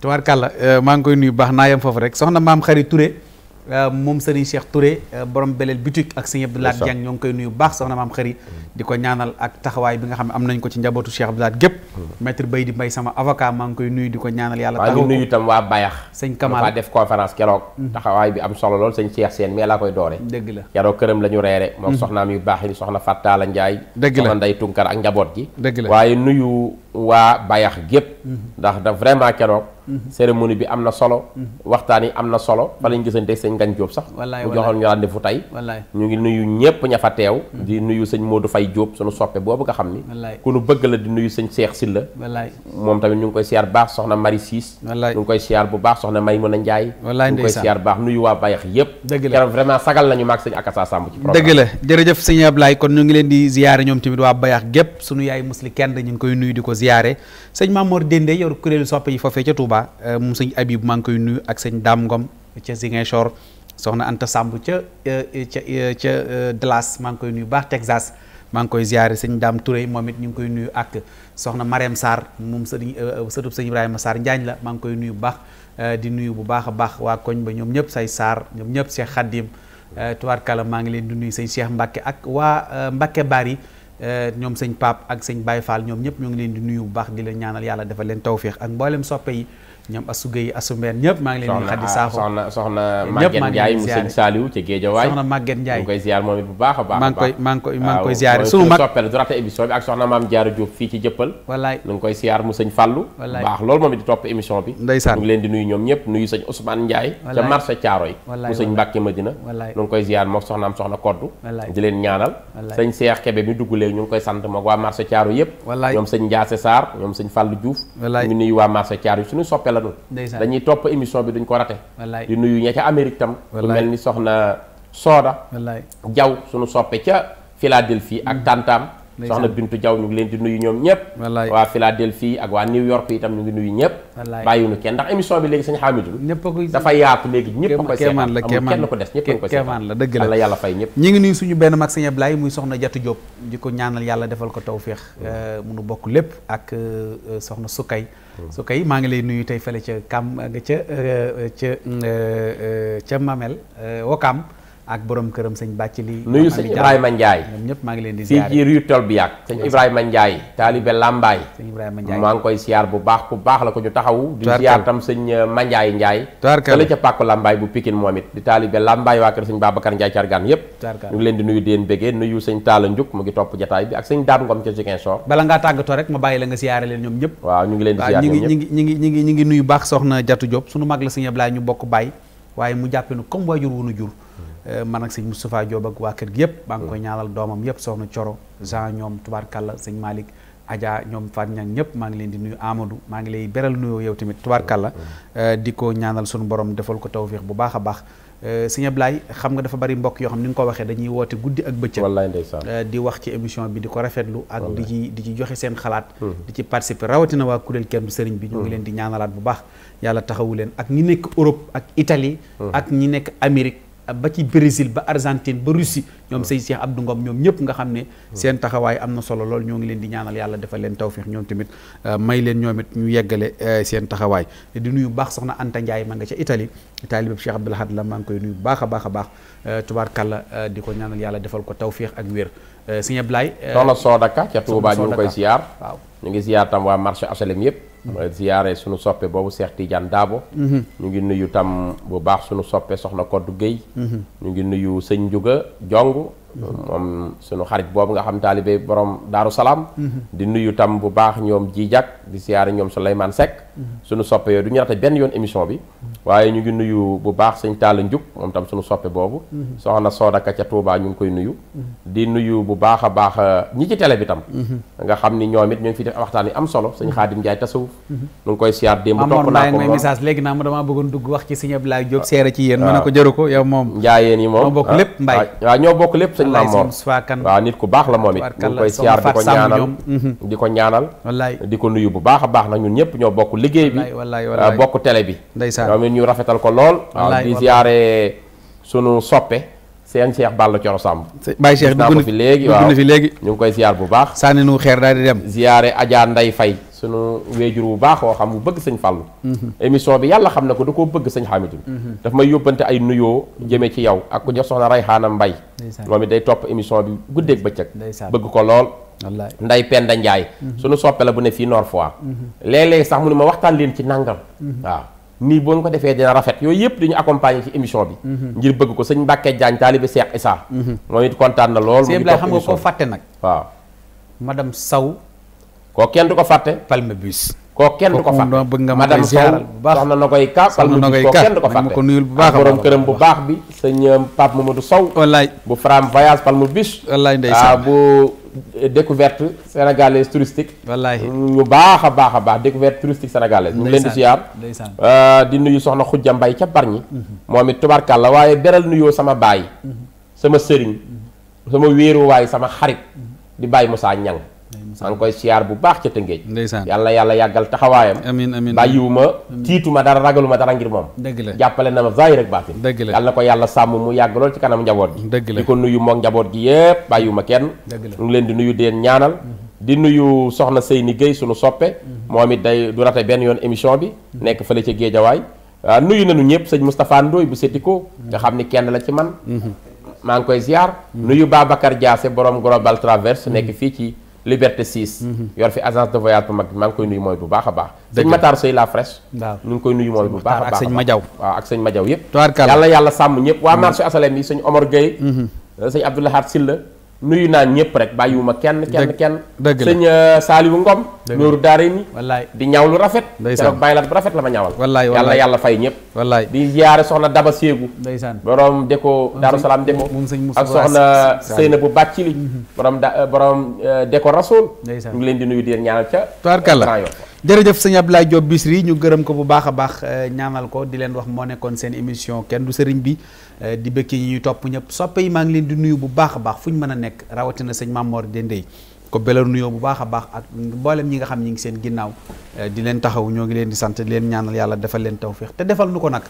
tubaarkàlla eh, maa ngi koy nuyu baax naa yem foofu rek soxna maam xarit Touré Euh, moom Serigne Cheikh Touré euh, borom beleel boutique ak Serigne Abdoulaye Dieng ñoo ngi koy nuyu baax soxna maam xëri di ko ñaanal ak taxawaay bi nga xam ne am nañ ko ci njabootu bi Abdoulaye gépp mm. maître bay di mbay sama avocat maa ngi koy nuyu di ko ñaanal yàlla maa ngi nuyu itam waa bayax sëñ Kamal dafa def mm. taxawaay bi am solo lool sañ Cheikh seen mais laa koy doore dëgg la yaroo këram la ñu reere mm. moom soxnaam yu baax yi soxna Fattala Ndiaye dëgg la soxna Ndeye Tunkar ak njaboot gi dëgg la waaye nuyu waa bayax gépp ndax da vraiment keroog Mm-hmm. cérémonie bi am na solo mm-hmm. waxtaan yi am na solo fa lañ gisante sëñ Ngagne Diop sax mu joxoon ñu rendez tey ñu ngi nuyu ñépp ña fa teew mm-hmm. di nuyu sëñ Modou Faye Diop sunu la di nuyu sëñ Cheikh Silla moom tamit ñu ngi koy siyaar baax soxna Marie Ciss ñu ngi koy siyaar bu baax soxna May a Njaay ñu ngi koy siyaar baax nuyu waa Bayax yépp keroog vraiment sagal nañu maag sëñ Akassa Samb ci programme dëgg la jërëjëf sëñ Ablaye kon ñu yi ca Touba Moustapha moom sëñ Abib maa ngi koy nuyu ak sëñ Dame Ngom ca Ziguinchor soxna Anta Samb ca euh, ca euh, ca euh, Dallas maa ngi koy nuyu baax Texas maa ngi koy ziare sëñ daam Touré moom it ñu ngi koy nuyu ak soxna Marème Sarr moom sëriñ sëtub sëñ Ibrahima Sarr Njaañ la maa ngi koy nuyu bu baax di nuyu bu baax a baax koñ ba ñëpp say Sarr ñoom ñëpp Cheikh Khadim tubaarkala maa ngi leen di nuyu sañ Cheikh Mbacke ak waa Mbacke Bari ñoom sëñ Pape ak sëñ Baye faal ñoom ñëpp ñoo ngi leen di nuyu bu baax di leen ñaanal yàlla dafa leen tawféex ak mboolem soppe yi ñoom Assou Gueye Assou Mbène ñëpp maa ngi leen di xaddi ah, saafo soxna soxna Maguette a ñaanal sëñ Cheikh Kebe mi dugg léegi ñu ngi koy sant moom waa marché Thiaroy yëpp ñoom sëñ Ndiasse Sarr ñoom sëñ Fallou Diouf ñu nuyu waa marché Thiaroy suñu soppeel lanu dañuy topp émission bi duñ ko rate di nuyu ña ca Amérique tam lu mel ni soxna Sooda Jaw suñu soppee ca Philadelphie ak mm. tantaam soxna Bintu Jaw ñu ngi leen di nuyu ñoom ñëpp waa Philadelphie ak waa New York itam ñu ngi nuyu ñëpp bàyyiwuñu kenn ndax émission bi léegi sañ xaamitul dafa yaatu léegi ñëpp a koy seetaan amul kenn ko des ñëpp a ngi koy seetaan la dëgg la yàlla fay ñëpp ñi ngi nuyu suñu benn mag sëñ Ablaye muy soxna Jatu Diop di ko ñaanal yàlla defal ko tawféex mm. euh, munu bokk lépp ak euh, soxna Sukay su kay maa ngi lay nuyu tey fële ca kam ca ca ca Mamel Wokam. Euh, ak boroom këram sëñ Bàccili nuyu sëñ Ibrahima Ndiaye ñoom ñëpp maa ngi leen di ziar ci rue Tolbiac sëñ Ibrahima Ndiaye taalibe Lambaay sëñ Ibrahima koy ziar bu baax bu baax la ko ñu taxawu di ziar tam sëñ eh, Mandiaye Ndiaye tala ca bu Pikine moom it di taalibe Lambaay waa ñu ngi leen di nuyu di leen bégee nuyu sëñ Talla Ndiouk mu ngi topp jataay bi ak sëñ Dame Ngom ca Ziguinchor bala ngaa tàggatoo rek ma bàyyi la nga ziare leen ñoom ñëpp waaw ñu ngi leen di ziar ñoom ñëpp ñi ngi ñi ngi ñi ngi nuyu baax soxna Jatu Diop suñu mag la sëñ Ablaay ñu bokk bàyyi waaye Euh, man ak sëñ Moustapha Diop waa kër gi yëpp maa ngi ko ñaanal doomam yëpp soxna Coro Jean ñoom tubaarkàlla sëñ Malick Adja ñoom Faat Ñang ñëpp maa ngi leen di nuyu Amadou maa ngi lay beral nuyoo yow tamit tubaarkàlla euh, di ko ñaanal suñu borom defal ko tawfiix bu baax a baax euh, sëñ Ablaye xam nga dafa bari mbokk yoo xam ni nga ko waxee dañuy woote guddi ak bëccëg wallaay ndeysaan di wax ci émission bi di ko rafetlu ak di ci di ci joxe seen xalaat hmm. di ci participer rawatina waa kuréel kenn du sëriñ bi ñu ngi hmm. leen di ñaanalaat bu baax yàlla taxawu leen ak ñi nekk Europe ak Italie hmm. ak ñi nekk Amérique ba ci Brésil ba Argentine ba Russie ñoom oh. sëñ Cheikh Abdou Ngom ñoom ñëpp nga xam ne oh. seen taxawaay am na solo lool ñoo ngi leen di ñaanal yàlla defal leen tawféex ñoom tamit euh, may leen ñoom it ñu yeggale euh, seen taxawaay di nuyu baax soxna Anta Ndiaye ma nga ca itali taalibe Cheikh Abdoul Ahad la maa ngi koy nuyu baax a baax a baax euh, tubaarkàlla di ko ñaanal yàlla defal ko tawféex ak wér sëñ Ablaye soxna Soodaka ca Touba ñu ngi koy siyaar waaw ñu ngi siyaar tam waa marché HLM yëpp Mm-hmm. ziyaare sunu soppee boobu Cheikh Tidiane daabo mm-hmm. ñu ngi nuyu tam bu baax sunu soppe soxna Koddu Guèye mm-hmm. ñu ngi nuyu sëñ Njuga Jong moom sunu xarit boobu nga xam taalibe borom daaru salaam mhm. di nuyu tam bu baax ñoom jiijak di siyaare ñoom Souleymane Seck mhm. sunu soppe yooyu du ñu rate benn yoon émission bi mhm. waaye ñu ngi nuyu bu baax sëñ Talla Ndiouck moom tam sunu soppee boobu soxna Soodaka ca Touba ñu ngi koy nuyu di nuyu bu baax a baax euh, ñi ci télé bi tam nga xam ni ñoom it ñu ngi fi def waxtaan yu am solo sëñ Xaadim Njaay tasawuf ñu ngi koy siyaar démb topp naa ko may message léegi naa mu damaa dugg wax ci sëñ Abdoulaye Diop ah. seere ci yéen mën ah. ko moom njaayeen yi moom bokk ah. lépp mbay ñoo bokk lépp sëñ Maam Moor nit ku baax la moom it ñu ngi koy siyaar di ko ñaanal mhm. di ko ñaanal wallaay di nuyu bu baax a baax na ñun ñëpp ñoo bokk liggéey bi ah, bokk télé bi ñoom it ñu rafetal ko lool ah, waaw di siyaare sunu soppe seen Cheikh Balla Coro Samb Baye Cheikh dugg na fi léegi waaw ñu ngi koy siyaar bu baax sànni nu xeer daal di dem siyaare Adja Nday Fay sunu weejur bu baax koo xam bu bëgg sëñ Fallou mhm. émission bi yàlla xam na ko da koo bëgg sëñ Hamidou mhm. daf may yóbbante ay nuyoo jëmee ci yow ak ku jox soxna Rayxaana Mbay moom it day topp émission bi guddeeg bëccëg bëgg ko lool wallaay nday Penda Njaay mhm. sunu soppe la bu ne fii Nord Foire léeg-léeg sax mu ne ma waxtaan leen ci nangam waaw nii boo nga ko defee dina rafet yooyu yëpp dañu accompagner fi émission bi ngir bëgg ko sëñ Mbàkke Jaañ taalibe Seex Isaa moom it kontaan na lool mu ngi topp émission bi xam nga koo fàtte nag waaw madame koo kenn du ko fàtte. Palme Bus. koo kenn du ko fàtte kooku bëgg nga ma koy ziaral bu baax soxna Nogoy Ka. Palme Bus koo kenn du ko fàtte ma ko nuyul bu baax borom bu baax bi. sëñ euh, Pape Mamadou Sow. wallaay bu Fram Voyage Palme Bus. wallaay ndeysaan ah, bu. Euh, découverte sénégalaise touristique. wallaahi ñu baax a baax a baax découverte touristique sénégalaise. mu ngi leen di siyaar euh, di nuyu soxna Khoudia mbay ca Bargny. Mhm. moom it la waaye beral nuyoo sama baay. Mhm. sama sëriñ. Mhm. sama wéeruwaay sama xarit. di bàyyi Moussa Niang. maa ngi koy siyaar bu baax ca Tëngéej yàlla yàlla yàggal taxawaayam amiin amiin bàyyiwuma tiituma dara ragaluma dara ngir moom dëgg la jàppale na ma zaahir ak baatin dëgg la yàlla na ko yàlla sàmm mu yàgg lool ci kanam njaboot gi dëgg la di ko nuyu moog njaboot gi yépp bàyyiwuma kenn mu ngi leen di nuyu deen ñaanal mhm. di nuyu soxna ni géy sunu soppe mhm. moom it day du rate benn yoon émission bi mhm. nekk fële ca Géejawaay ah, nuyu nañu ñëpp sëñ Moustapha Ndoye bu Sétiko nga xam ni kenn la ci man maa ngi koy ziar nuyu Babacar Diassé borom Global Traverse nekk fii ci Liberté 6. Mhm. yor fi agence de voyage bu mag bi maa ngi koy nuyu mooy bu baax a baax. dëgg la sëñ la fraîche. waaw ngi koy nuyu mooy bu baax a baax ak sëñ Majaw. waaw ak sëñ Majaw yëpp. tubaarkàlla yàlla yàlla sàmm ñëpp. waa mhm. marché asalem yi sëñ Omar Gueye. Mhm. sëñ Abdoulaye Haat Silla nuyu naa ñëpp rek bàyyiwuma kenn kenn kenn sëñ euh, Saliou Ngom nooru daare ni wallaay di ñaw lu rafet keroog baylaat bu rafet la ma ñawal wallaay yàlla yàlla fay ñëpp wallaay di ziyaare soxna Daba Séegu ndeysaan borom déko Daaru Salaam déko ak soxna na bu Bàccili borom da euh, borom euh, déko Rasoul ñu ngi leen di nuyu di ñaanal ca tubaarkalla jërëjëf sëñ Abdoulaye Diop Bichri ñu gërëm ko bu baax a baax euh, ñaanal ko di leen wax moo nekkoon seen émission kenn du sëriñ bi euh, di bëkki ñi ñuy topp ñëpp soppe maa ngi leen di nuyu bu baax a baax fu ñu a nekk rawatina sëñ Mamor Dendey ko belal bu baax a ak mboolem ñi nga xam ñi ngi seen ginnaaw euh, di leen taxaw ñoo ngi leen di sant leen ñaanal yàlla defal leen tawféex te defal nu ko nag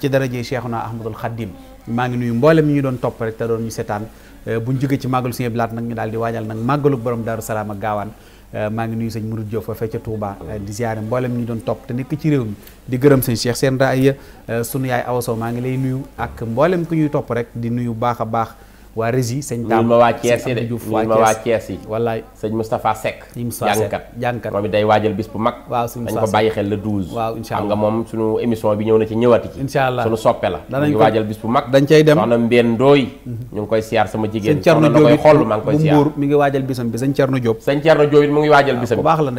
ci daraje Cheikhuna Ahmadul Khadim maa ngi nuyu mboolem ñi ñu doon topp rek te doon ñu seetaan bu ñu ci màggalu Sëñ Abdu Lahat nag ñu daal di waajal nag màggalu borom Daaru Salaam ak gaawaan Euh, maa ngi nuyu sëñ Mourou Diop foofee ca Touba euh, di ziare mboolem ñi doon topp te nekk ci réew mi di gërëm sëñ Cheikh seen raaya euh, sunu yaay Awa Sow maa ngi lay nuyu ak mboolem ku ñuy topp rek di nuyu baax a baax waa Rési sëñ Tamba waa Thiès ma waa Thiès yi wallaay sëñ Moustapha Seck jàngkat jàngkat moom it day waajal bis bu mag waaw dañ ko bàyyi xel le 12 waaw incha allah xam nga moom suñu émission bi ñëw na ci ñëwati ci incha allah suñu soppe la danañ ko waajal bu mag dañ cay dem soxna Mbène Ndoy mhm. koy siyaar sama jigéen soxna na koy xool maa ngi koy siyaar ngi waajal bisam bi sëñ Thierno Diop sëñ Thierno Diop it mu ngi waajal ah, bisam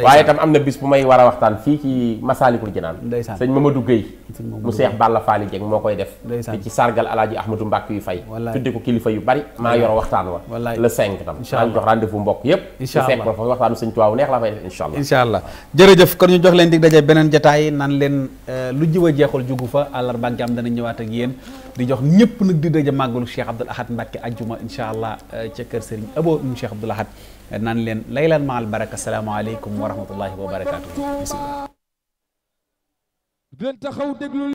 waaye itam am na bis bu may war a waxtaan fii ci Masaalikul Jinaan sëñ Mamadou Gueye mu Seex Balla Faali Jeng moo koy def ci sargal Alaaji Ahmadou Mbàkke yu fay tudde ko kilifa yu bari maa yor waxtaan wa le cinq tam maa ngi jox rendez-vous mbokk yëpp incha allah le cinq waxtaanu sëñ Tuubaa neex la fay incha allah incha allah jërëjëf kon ñu jox leen dig daje beneen jataay nan leen eh, lu jiw a jeexul jugu fa àllarba ak dana ñëwaat ak yéen di jox ñëpp nag di daje màggalu Cheikh Abdoul Ahad Mbacké ajjuma incha allah eh, ca kër Serigne Abo um Cheikh Abdoul Ahad nan leen laylan maal baraka asalaamaaleykum wa rahmatullahi wa barakatuh bismillah